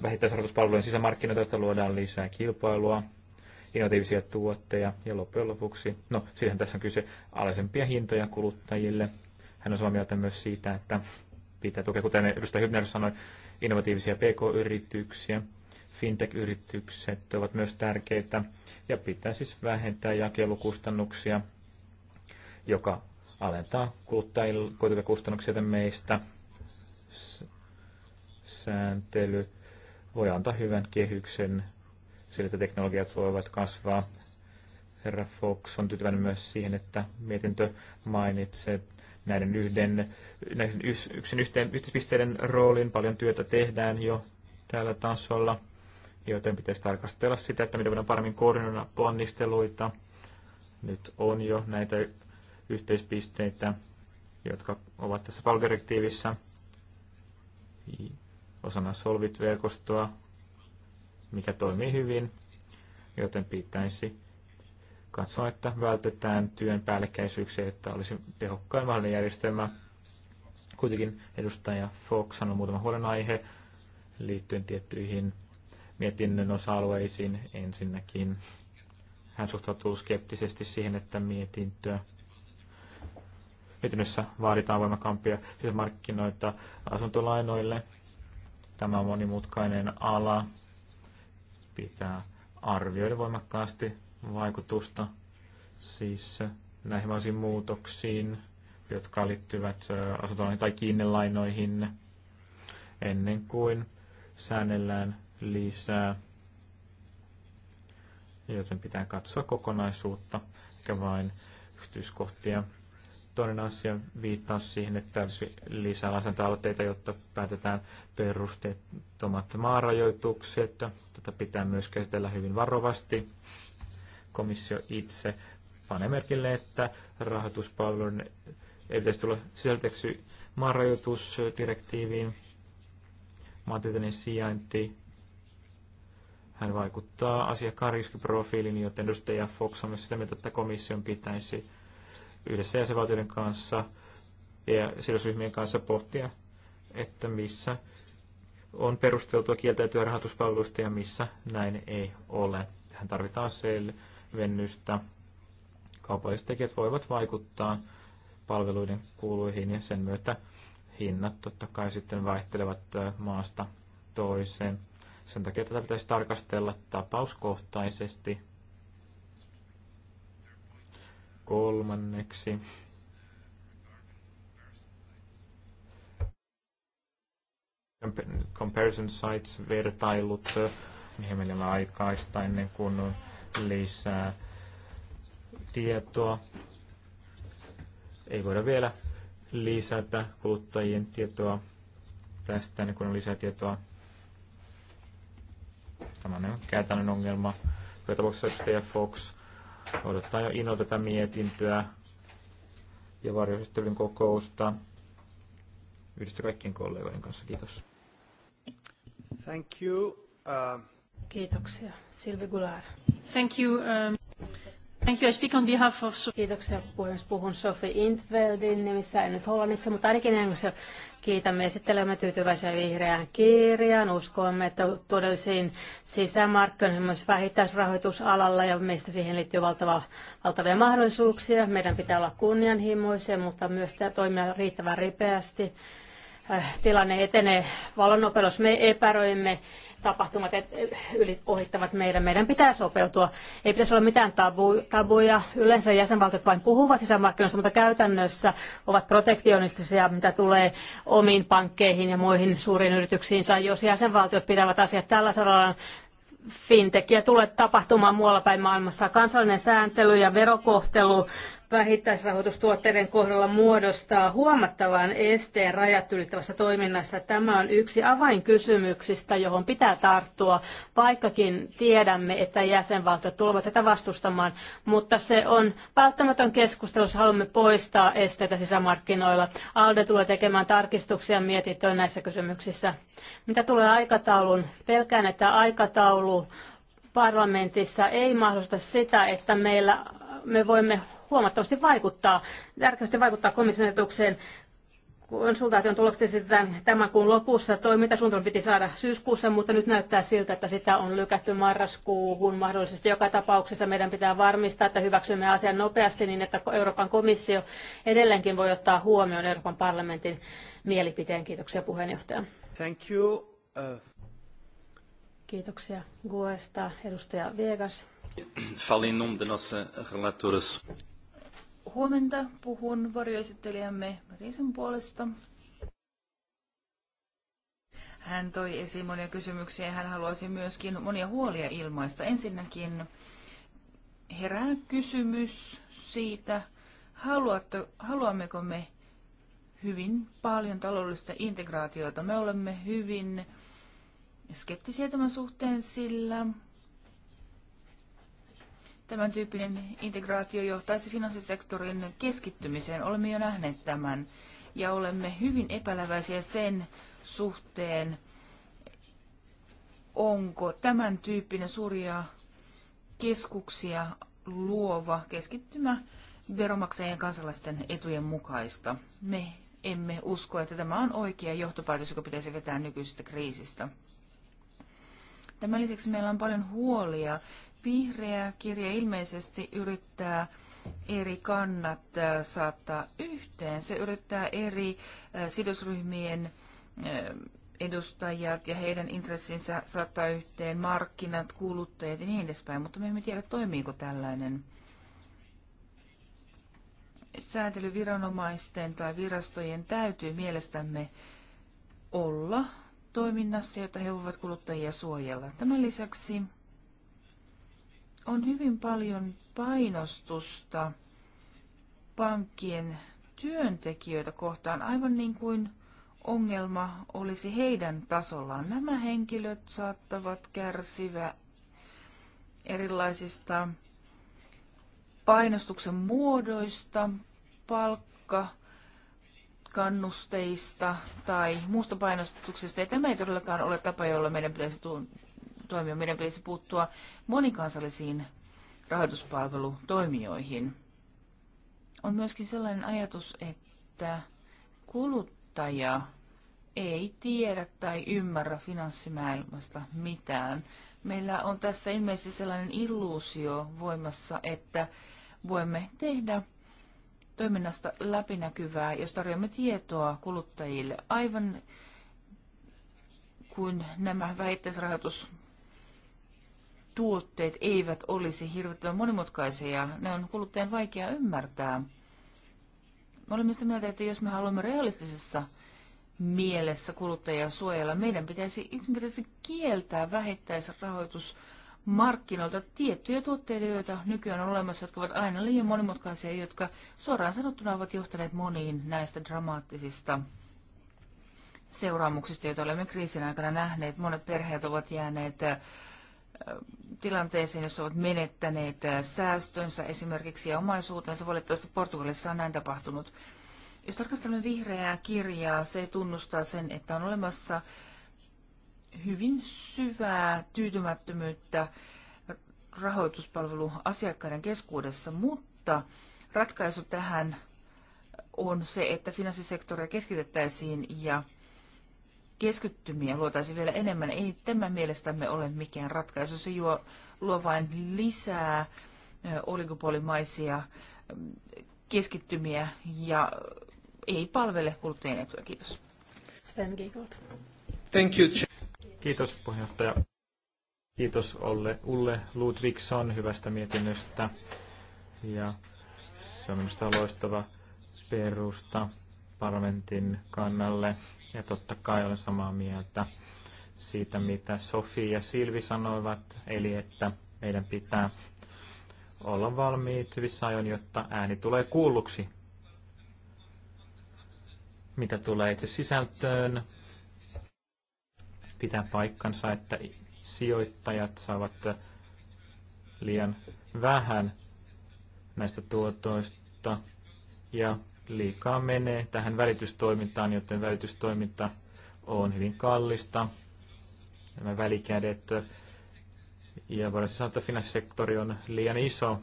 vähittäisrahoituspalvelujen sisämarkkinoita, että luodaan lisää kilpailua, innovatiivisia tuotteja ja loppujen lopuksi, no siihen tässä on kyse alaisempia hintoja kuluttajille. Hän on samaa mieltä myös siitä, että pitää tukea, kuten edustaja Hybner sanoi, innovatiivisia pk-yrityksiä. Fintech-yritykset ovat myös tärkeitä ja pitää siis vähentää jakelukustannuksia, joka alentaa kuluttajien kustannuksia meistä. Sääntely voi antaa hyvän kehyksen sillä, että teknologiat voivat kasvaa. Herra Fox on tyytyväinen myös siihen, että mietintö mainitsee näiden yhden, näiden yksin yhteen, yhteispisteiden roolin. Paljon työtä tehdään jo tällä tasolla, joten pitäisi tarkastella sitä, että miten voidaan paremmin koordinoida ponnisteluita. Nyt on jo näitä yhteispisteitä, jotka ovat tässä palveludirektiivissä osana Solvit-verkostoa, mikä toimii hyvin, joten pitäisi katsoa, että vältetään työn päällekkäisyyksiä, että olisi tehokkain mahdollinen järjestelmä. Kuitenkin edustaja Fox sanoi muutama huolenaihe liittyen tiettyihin mietinnön osa-alueisiin ensinnäkin. Hän suhtautuu skeptisesti siihen, että mietintöä mietinnössä vaaditaan voimakampia sisämarkkinoita asuntolainoille. Tämä on monimutkainen ala. Pitää arvioida voimakkaasti vaikutusta siis näihin varsin muutoksiin, jotka liittyvät asuntolainoihin tai kiinnelainoihin ennen kuin säännellään lisää. Joten pitää katsoa kokonaisuutta, eikä vain yksityiskohtia. Toinen asia viittaa siihen, että olisi lisää lainsäädäntöaloitteita, jotta päätetään perusteettomat maarajoitukset. Tätä pitää myös käsitellä hyvin varovasti komissio itse panee merkille, että rahoituspalvelun ei pitäisi tulla sisältäksi maanrajoitusdirektiiviin, maantieteellinen sijainti. Hän vaikuttaa asiakkaan riskiprofiiliin, joten edustaja Fox on myös sitä mieltä, että komission pitäisi yhdessä jäsenvaltioiden kanssa ja sidosryhmien kanssa pohtia, että missä on perusteltua kieltäytyä rahoituspalveluista ja missä näin ei ole. Tähän tarvitaan sel- vennystä. Kaupalliset tekijät voivat vaikuttaa palveluiden kuluihin ja sen myötä hinnat totta kai sitten vaihtelevat maasta toiseen. Sen takia tätä pitäisi tarkastella tapauskohtaisesti. Kolmanneksi. Comparison sites, vertailut, mihin meillä on aikaista ennen kuin lisää tietoa. Ei voida vielä lisätä kuluttajien tietoa tästä, niin kun on lisätietoa. Tämä on käytännön ongelma. tapauksessa ja Fox odottaa jo ino tätä mietintöä ja varjoisestelyn kokousta yhdessä kaikkien kollegoiden kanssa. Kiitos. Thank you. Uh... Kiitoksia. Silvi Gular. Thank you. Um... Thank you. I speak on behalf of... Kiitoksia puhemies. Puhun Sofi Intveldin nimissä, en nyt hollanniksi, mutta ainakin englannissa kiitämme esittelemme tyytyväisiä vihreään kirjaan. Uskomme, että todellisiin sisämarkkinoihin myös vähittäisrahoitusalalla ja meistä siihen liittyy valtava, valtavia mahdollisuuksia. Meidän pitää olla kunnianhimoisia, mutta myös toimia riittävän ripeästi. Äh, tilanne etenee valonnopeudessa. Me epäröimme tapahtumat yli ohittavat meidän. Meidän pitää sopeutua. Ei pitäisi olla mitään tabu, tabuja. Yleensä jäsenvaltiot vain puhuvat sisämarkkinoista, mutta käytännössä ovat protektionistisia, mitä tulee omiin pankkeihin ja muihin suuriin yrityksiinsä. Jos jäsenvaltiot pitävät asiat tällä saralla, fintechiä tulee tapahtumaan muualla päin maailmassa. Kansallinen sääntely ja verokohtelu vähittäisrahoitustuotteiden kohdalla muodostaa huomattavan esteen rajat ylittävässä toiminnassa. Tämä on yksi avainkysymyksistä, johon pitää tarttua, vaikkakin tiedämme, että jäsenvaltiot tulevat tätä vastustamaan, mutta se on välttämätön keskustelu, jos haluamme poistaa esteitä sisämarkkinoilla. ALDE tulee tekemään tarkistuksia mietintöön näissä kysymyksissä. Mitä tulee aikataulun, pelkään, että aikataulu parlamentissa ei mahdollista sitä, että meillä me voimme huomattavasti vaikuttaa, tärkeästi vaikuttaa komission ehdotukseen. Konsultaation tulokset esitetään tämän kuun lopussa. Toimintasuunnitelma piti saada syyskuussa, mutta nyt näyttää siltä, että sitä on lykätty marraskuuhun mahdollisesti. Joka tapauksessa meidän pitää varmistaa, että hyväksymme asian nopeasti niin, että Euroopan komissio edelleenkin voi ottaa huomioon Euroopan parlamentin mielipiteen. Kiitoksia puheenjohtaja. Thank you. Uh... Kiitoksia Guesta. Edustaja Viegas. Falo em nome da nossa relatora huomenta. Puhun varjoesittelijämme Marisen puolesta. Hän toi esiin monia kysymyksiä ja hän haluaisi myöskin monia huolia ilmaista. Ensinnäkin herää kysymys siitä, haluatte, haluammeko me hyvin paljon taloudellista integraatiota. Me olemme hyvin skeptisiä tämän suhteen, sillä Tämän tyyppinen integraatio johtaisi finanssisektorin keskittymiseen. Olemme jo nähneet tämän ja olemme hyvin epäläväisiä sen suhteen, onko tämän tyyppinen suuria keskuksia luova keskittymä veromaksajien kansalaisten etujen mukaista. Me emme usko, että tämä on oikea johtopäätös, joka pitäisi vetää nykyisestä kriisistä. Tämän lisäksi meillä on paljon huolia Vihreä kirja ilmeisesti yrittää eri kannat äh, saattaa yhteen. Se yrittää eri äh, sidosryhmien äh, edustajat ja heidän intressinsä saattaa yhteen, markkinat, kuluttajat ja niin edespäin, mutta me emme tiedä, toimiiko tällainen sääntelyviranomaisten tai virastojen täytyy mielestämme olla toiminnassa, jota he voivat kuluttajia suojella. Tämän lisäksi on hyvin paljon painostusta pankkien työntekijöitä kohtaan, aivan niin kuin ongelma olisi heidän tasollaan. Nämä henkilöt saattavat kärsivä erilaisista painostuksen muodoista, palkka, kannusteista tai muusta painostuksesta. Ja tämä ei todellakaan ole tapa, jolla meidän pitäisi toimia. Meidän pitäisi puuttua monikansallisiin rahoituspalvelutoimijoihin. On myöskin sellainen ajatus, että kuluttaja ei tiedä tai ymmärrä finanssimaailmasta mitään. Meillä on tässä ilmeisesti sellainen illuusio voimassa, että voimme tehdä toiminnasta läpinäkyvää, jos tarjoamme tietoa kuluttajille aivan kuin nämä vähittäisrahoitus tuotteet eivät olisi hirvittävän monimutkaisia. Ne on kuluttajan vaikea ymmärtää. Me olemme sitä mieltä, että jos me haluamme realistisessa mielessä kuluttajia suojella, meidän pitäisi yksinkertaisesti kieltää vähittäisrahoitus markkinoilta tiettyjä tuotteita, joita nykyään on olemassa, jotka ovat aina liian monimutkaisia, jotka suoraan sanottuna ovat johtaneet moniin näistä dramaattisista seuraamuksista, joita olemme kriisin aikana nähneet. Monet perheet ovat jääneet tilanteisiin, jossa ovat menettäneet äh, säästönsä esimerkiksi ja omaisuutensa. Valitettavasti Portugalissa on näin tapahtunut. Jos tarkastelemme vihreää kirjaa, se tunnustaa sen, että on olemassa hyvin syvää tyytymättömyyttä rahoituspalveluasiakkaiden keskuudessa, mutta ratkaisu tähän on se, että finanssisektoria keskitettäisiin ja keskittymiä luotaisiin vielä enemmän. Ei tämä mielestämme ole mikään ratkaisu. Se juo, luo vain lisää oligopolimaisia keskittymiä ja ei palvele kuluttajien etuja. Kiitos. Sven Giegold. Thank you. Kiitos puheenjohtaja. Kiitos Olle, Ulle Ludvigsson hyvästä mietinnöstä. Ja se on minusta loistava perusta parlamentin kannalle. Ja totta kai olen samaa mieltä siitä, mitä Sofi ja Silvi sanoivat, eli että meidän pitää olla valmiit hyvissä ajoin, jotta ääni tulee kuulluksi. Mitä tulee itse sisältöön, pitää paikkansa, että sijoittajat saavat liian vähän näistä tuotoista ja liikaa menee tähän välitystoimintaan, joten välitystoiminta on hyvin kallista. Nämä välikädet ja voidaan sanoa, että finanssisektori on liian iso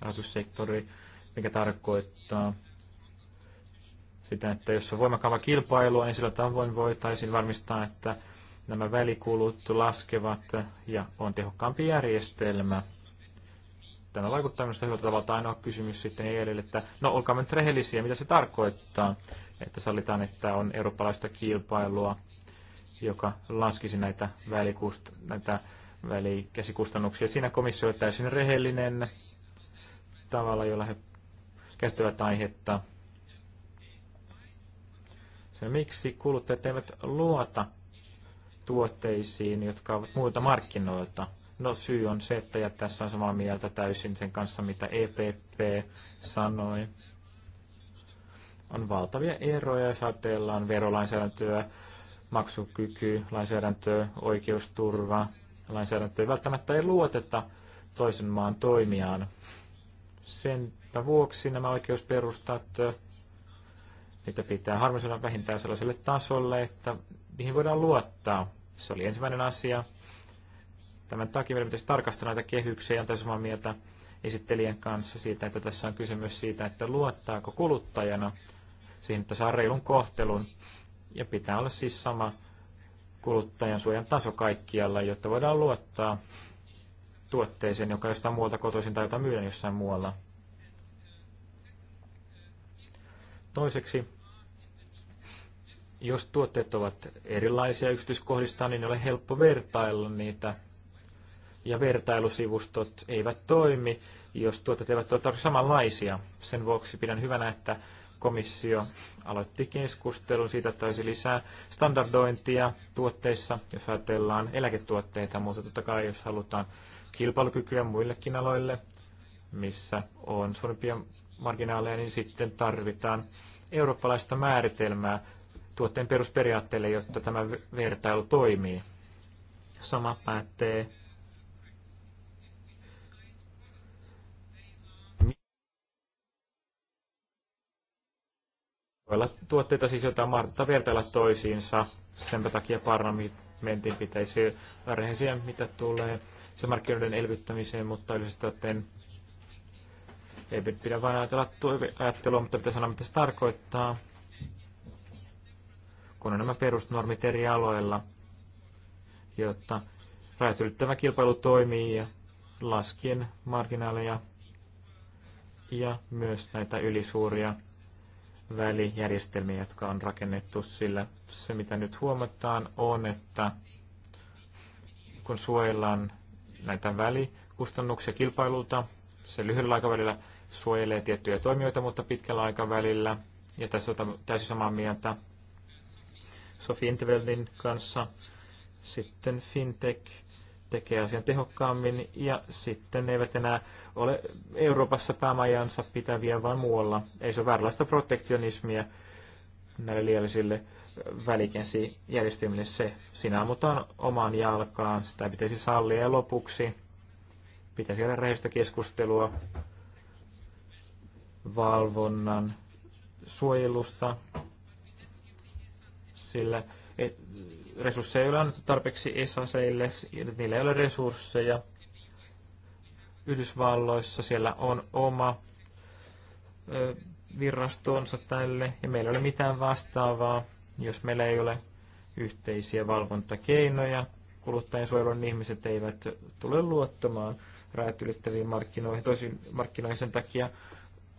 rahoitussektori, mikä tarkoittaa sitä, että jos on voimakkaava kilpailua, niin sillä tavoin voitaisiin varmistaa, että nämä välikulut laskevat ja on tehokkaampi järjestelmä. Tänä vaikuttaa minusta hyvältä tavalla. Ainoa kysymys sitten ei edelle, että no olkaa nyt rehellisiä, mitä se tarkoittaa, että sallitaan, että on eurooppalaista kilpailua, joka laskisi näitä, välikust, näitä välikäsikustannuksia. Siinä komissio on täysin rehellinen tavalla, jolla he käsittävät aihetta. Se, miksi kuluttajat eivät luota tuotteisiin, jotka ovat muilta markkinoilta – No syy on se, että tässä on samaa mieltä täysin sen kanssa, mitä EPP sanoi. On valtavia eroja, jos ajatellaan verolainsäädäntöä, maksukyky, lainsäädäntö, oikeusturva. lainsäädäntöä. välttämättä ei luoteta toisen maan toimijaan. Sen vuoksi nämä oikeusperustat, niitä pitää harmonisoida vähintään sellaiselle tasolle, että niihin voidaan luottaa. Se oli ensimmäinen asia. Tämän takia meidän pitäisi tarkastella näitä kehyksiä ja samaa mieltä esittelijän kanssa siitä, että tässä on kysymys siitä, että luottaako kuluttajana siihen, että saa reilun kohtelun. Ja pitää olla siis sama kuluttajan suojan taso kaikkialla, jotta voidaan luottaa tuotteeseen, joka on jostain muualta kotoisin tai jota myydään jossain muualla. Toiseksi, jos tuotteet ovat erilaisia yksityiskohdista, niin ei ole helppo vertailla niitä ja vertailusivustot eivät toimi, jos tuotteet eivät ole tuota samanlaisia. Sen vuoksi pidän hyvänä, että komissio aloitti keskustelun siitä, että olisi lisää standardointia tuotteissa, jos ajatellaan eläketuotteita, mutta totta kai jos halutaan kilpailukykyä muillekin aloille, missä on suurimpia marginaaleja, niin sitten tarvitaan eurooppalaista määritelmää tuotteen perusperiaatteelle, jotta tämä vertailu toimii. Sama pätee olla tuotteita siis, jotain mahdollista vertailla toisiinsa. Sen takia parlamentin pitäisi rehensiä, mitä tulee se markkinoiden elvyttämiseen, mutta yleisesti ottaen ei pidä vain ajatella ajattelua, mutta pitää sanoa, mitä se tarkoittaa. Kun on nämä perusnormit eri aloilla, jotta rajat kilpailu toimii ja laskien marginaaleja ja myös näitä ylisuuria välijärjestelmiä, jotka on rakennettu, sillä se mitä nyt huomataan on, että kun suojellaan näitä välikustannuksia kilpailulta, se lyhyellä aikavälillä suojelee tiettyjä toimijoita, mutta pitkällä aikavälillä, ja tässä on täysin samaa mieltä Sofi Interveldin kanssa, sitten fintech tekee asian tehokkaammin ja sitten ne eivät enää ole Euroopassa päämajansa pitäviä, vaan muualla. Ei se ole vääränlaista protektionismia näille liiallisille välikensijärjestelmille se. Sinä ammutaan omaan jalkaan, sitä pitäisi sallia ja lopuksi pitäisi olla rehellistä keskustelua valvonnan suojelusta, sillä et, resursseja ei ole annettu tarpeeksi ESASeille, niillä ei ole resursseja. Yhdysvalloissa siellä on oma virastonsa tälle, ja meillä ei ole mitään vastaavaa, jos meillä ei ole yhteisiä valvontakeinoja. Kuluttajansuojelun ihmiset eivät tule luottamaan rajat ylittäviin markkinoihin. Tosin markkinoihin sen takia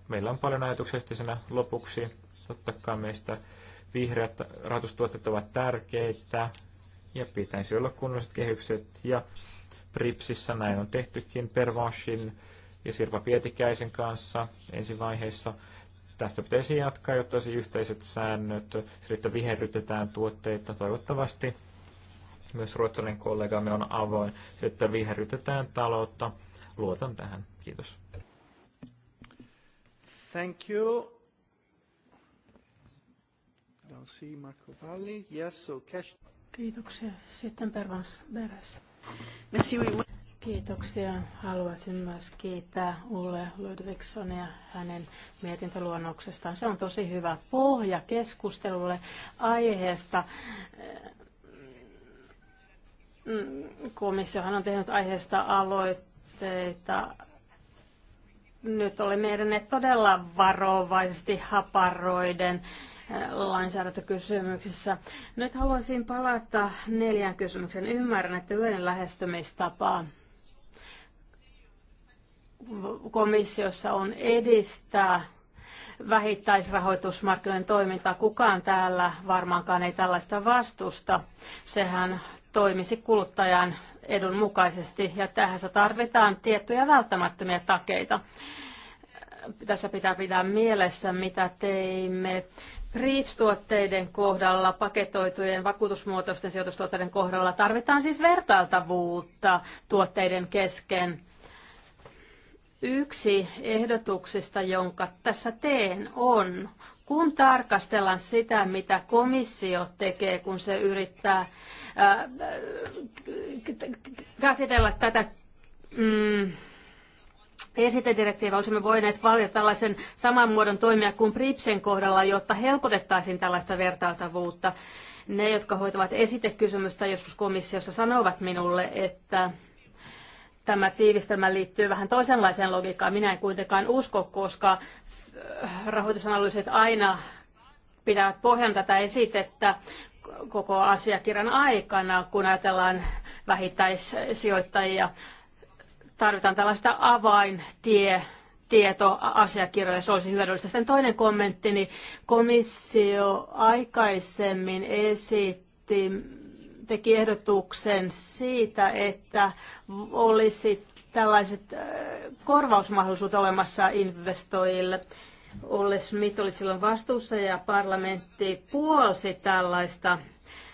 meillä on paljon ajatuksia yhteisenä lopuksi. Ottakaa meistä Vihreät rahoitustuotteet ovat tärkeitä ja pitäisi olla kunnolliset kehykset ja Pripsissä näin on tehtykin Pervanshin ja Sirpa Pietikäisen kanssa ensi vaiheessa. Tästä pitäisi jatkaa, jotta olisi yhteiset säännöt, että viherrytetään tuotteita toivottavasti. Myös ruotsalainen kollegamme on avoin, että viherrytetään taloutta. Luotan tähän. Kiitos. Thank you see Marco Valli. Yes, so cash. Kiitoksia. Sitten Pervans Beres. Merci, oui. Kiitoksia. Haluaisin myös kiittää Ulle Ludvigssonia hänen mietintöluonnoksestaan. Se on tosi hyvä pohja keskustelulle aiheesta. Komissiohan on tehnyt aiheesta aloitteita. Nyt olemme edenneet todella varovaisesti haparoiden lainsäädäntökysymyksissä. Nyt haluaisin palata neljän kysymyksen. Ymmärrän, että yleinen lähestymistapa komissiossa on edistää vähittäisrahoitusmarkkinoiden toimintaa. Kukaan täällä varmaankaan ei tällaista vastusta. Sehän toimisi kuluttajan edun mukaisesti ja tähän tarvitaan tiettyjä välttämättömiä takeita. Tässä pitää pitää mielessä, mitä teimme REIT-tuotteiden kohdalla, paketoitujen vakuutusmuotoisten sijoitustuotteiden kohdalla tarvitaan siis vertailtavuutta tuotteiden kesken. Yksi ehdotuksista, jonka tässä teen, on, kun tarkastellaan sitä, mitä komissio tekee, kun se yrittää äh, äh, käsitellä tätä mm, esitedirektiivä olisimme voineet valita tällaisen saman muodon toimia kuin PRIPSen kohdalla, jotta helpotettaisiin tällaista vertailtavuutta. Ne, jotka hoitavat esitekysymystä joskus komissiossa, sanovat minulle, että tämä tiivistelmä liittyy vähän toisenlaiseen logiikkaan. Minä en kuitenkaan usko, koska äh, rahoitusanalyysit aina pitävät pohjan tätä esitettä koko asiakirjan aikana, kun ajatellaan vähittäissijoittajia tarvitaan tällaista avaintie tietoasiakirjoja, se olisi hyödyllistä. Sitten toinen kommentti, niin komissio aikaisemmin esitti, teki ehdotuksen siitä, että olisi tällaiset äh, korvausmahdollisuudet olemassa investoijille. Olles Smith oli silloin vastuussa ja parlamentti puolsi tällaista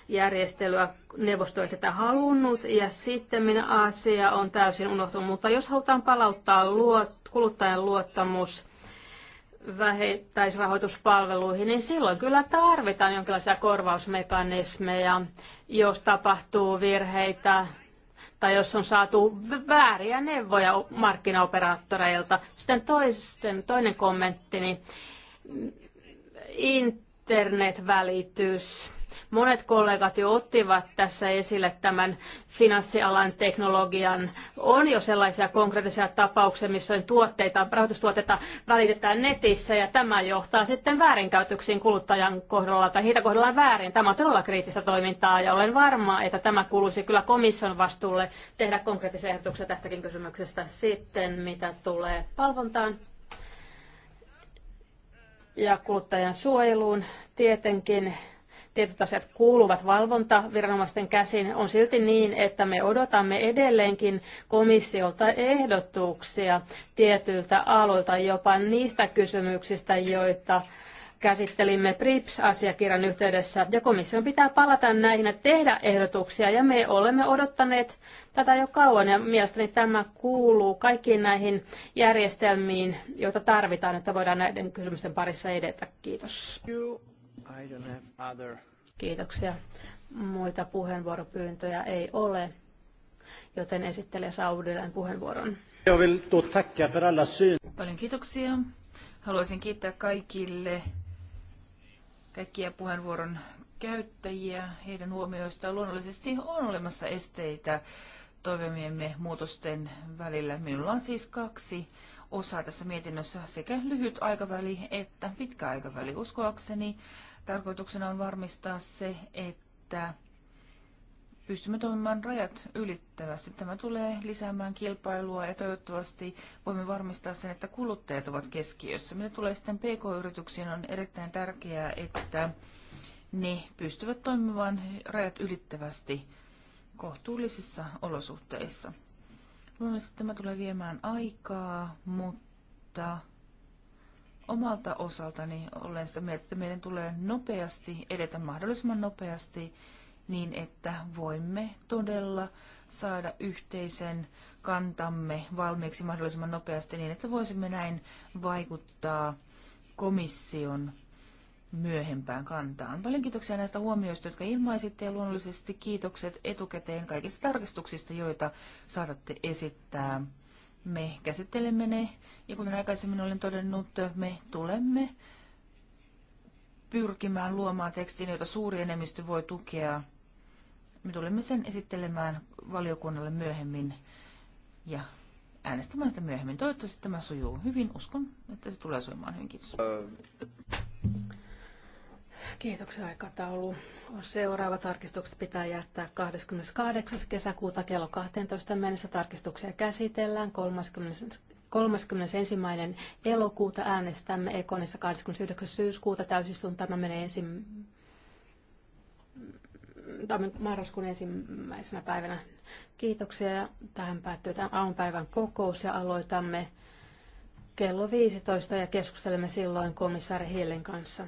järjestelyä neuvosto ei tätä halunnut ja sitten minä asia on täysin unohtunut. Mutta jos halutaan palauttaa luot, kuluttajan luottamus vähittäisrahoituspalveluihin, siis niin silloin kyllä tarvitaan jonkinlaisia korvausmekanismeja, jos tapahtuu virheitä tai jos on saatu vääriä neuvoja markkinaoperaattoreilta. Sitten toisten, toinen kommentti, niin internetvälitys Monet kollegat jo ottivat tässä esille tämän finanssialan teknologian. On jo sellaisia konkreettisia tapauksia, missä tuotteita, rahoitustuotteita välitetään netissä ja tämä johtaa sitten väärinkäytöksiin kuluttajan kohdalla tai heitä kohdalla väärin. Tämä on todella kriittistä toimintaa ja olen varma, että tämä kuuluisi kyllä komission vastuulle tehdä konkreettisia ehdotuksia tästäkin kysymyksestä sitten, mitä tulee palvontaan ja kuluttajan suojeluun tietenkin tietyt asiat kuuluvat valvontaviranomaisten käsiin, on silti niin, että me odotamme edelleenkin komissiolta ehdotuksia tietyiltä aloilta, jopa niistä kysymyksistä, joita käsittelimme PRIPS-asiakirjan yhteydessä, ja komission pitää palata näihin ja tehdä ehdotuksia, ja me olemme odottaneet tätä jo kauan, ja mielestäni tämä kuuluu kaikkiin näihin järjestelmiin, joita tarvitaan, että voidaan näiden kysymysten parissa edetä. Kiitos. I don't have other. Kiitoksia. Muita puheenvuoropyyntöjä ei ole, joten esittelee saa puheenvuoron. Jag vill då tacka för alla syn. Paljon kiitoksia. Haluaisin kiittää kaikille, kaikkia puheenvuoron käyttäjiä heidän huomioistaan. Luonnollisesti on olemassa esteitä toivomiemme muutosten välillä. Minulla on siis kaksi osaa tässä mietinnössä, sekä lyhyt aikaväli että pitkä aikaväli. Uskoakseni Tarkoituksena on varmistaa se, että pystymme toimimaan rajat ylittävästi. Tämä tulee lisäämään kilpailua ja toivottavasti voimme varmistaa sen, että kuluttajat ovat keskiössä. Mitä tulee sitten PK-yrityksiin, on erittäin tärkeää, että ne pystyvät toimimaan rajat ylittävästi kohtuullisissa olosuhteissa. Luonnollisesti tämä tulee viemään aikaa, mutta omalta osaltani olen sitä mieltä, että meidän tulee nopeasti edetä mahdollisimman nopeasti niin, että voimme todella saada yhteisen kantamme valmiiksi mahdollisimman nopeasti niin, että voisimme näin vaikuttaa komission myöhempään kantaan. Paljon kiitoksia näistä huomioista, jotka ilmaisitte ja luonnollisesti kiitokset etukäteen kaikista tarkistuksista, joita saatatte esittää me käsittelemme ne. Ja kuten aikaisemmin olen todennut, me tulemme pyrkimään luomaan tekstin, jota suuri enemmistö voi tukea. Me tulemme sen esittelemään valiokunnalle myöhemmin ja äänestämään sitä myöhemmin. Toivottavasti tämä sujuu hyvin. Uskon, että se tulee sujumaan hyvin. Kiitos. Kiitoksia aikataulu. Seuraava tarkistukset pitää jättää 28. kesäkuuta kello 12 mennessä. Tarkistuksia käsitellään 30, 31. elokuuta äänestämme Ekonissa 29. syyskuuta täysistunto. Tämä menee ensin tämän marraskuun ensimmäisenä päivänä. Kiitoksia. Tähän päättyy tämän aamupäivän kokous ja aloitamme kello 15 ja keskustelemme silloin komissaari Hillen kanssa.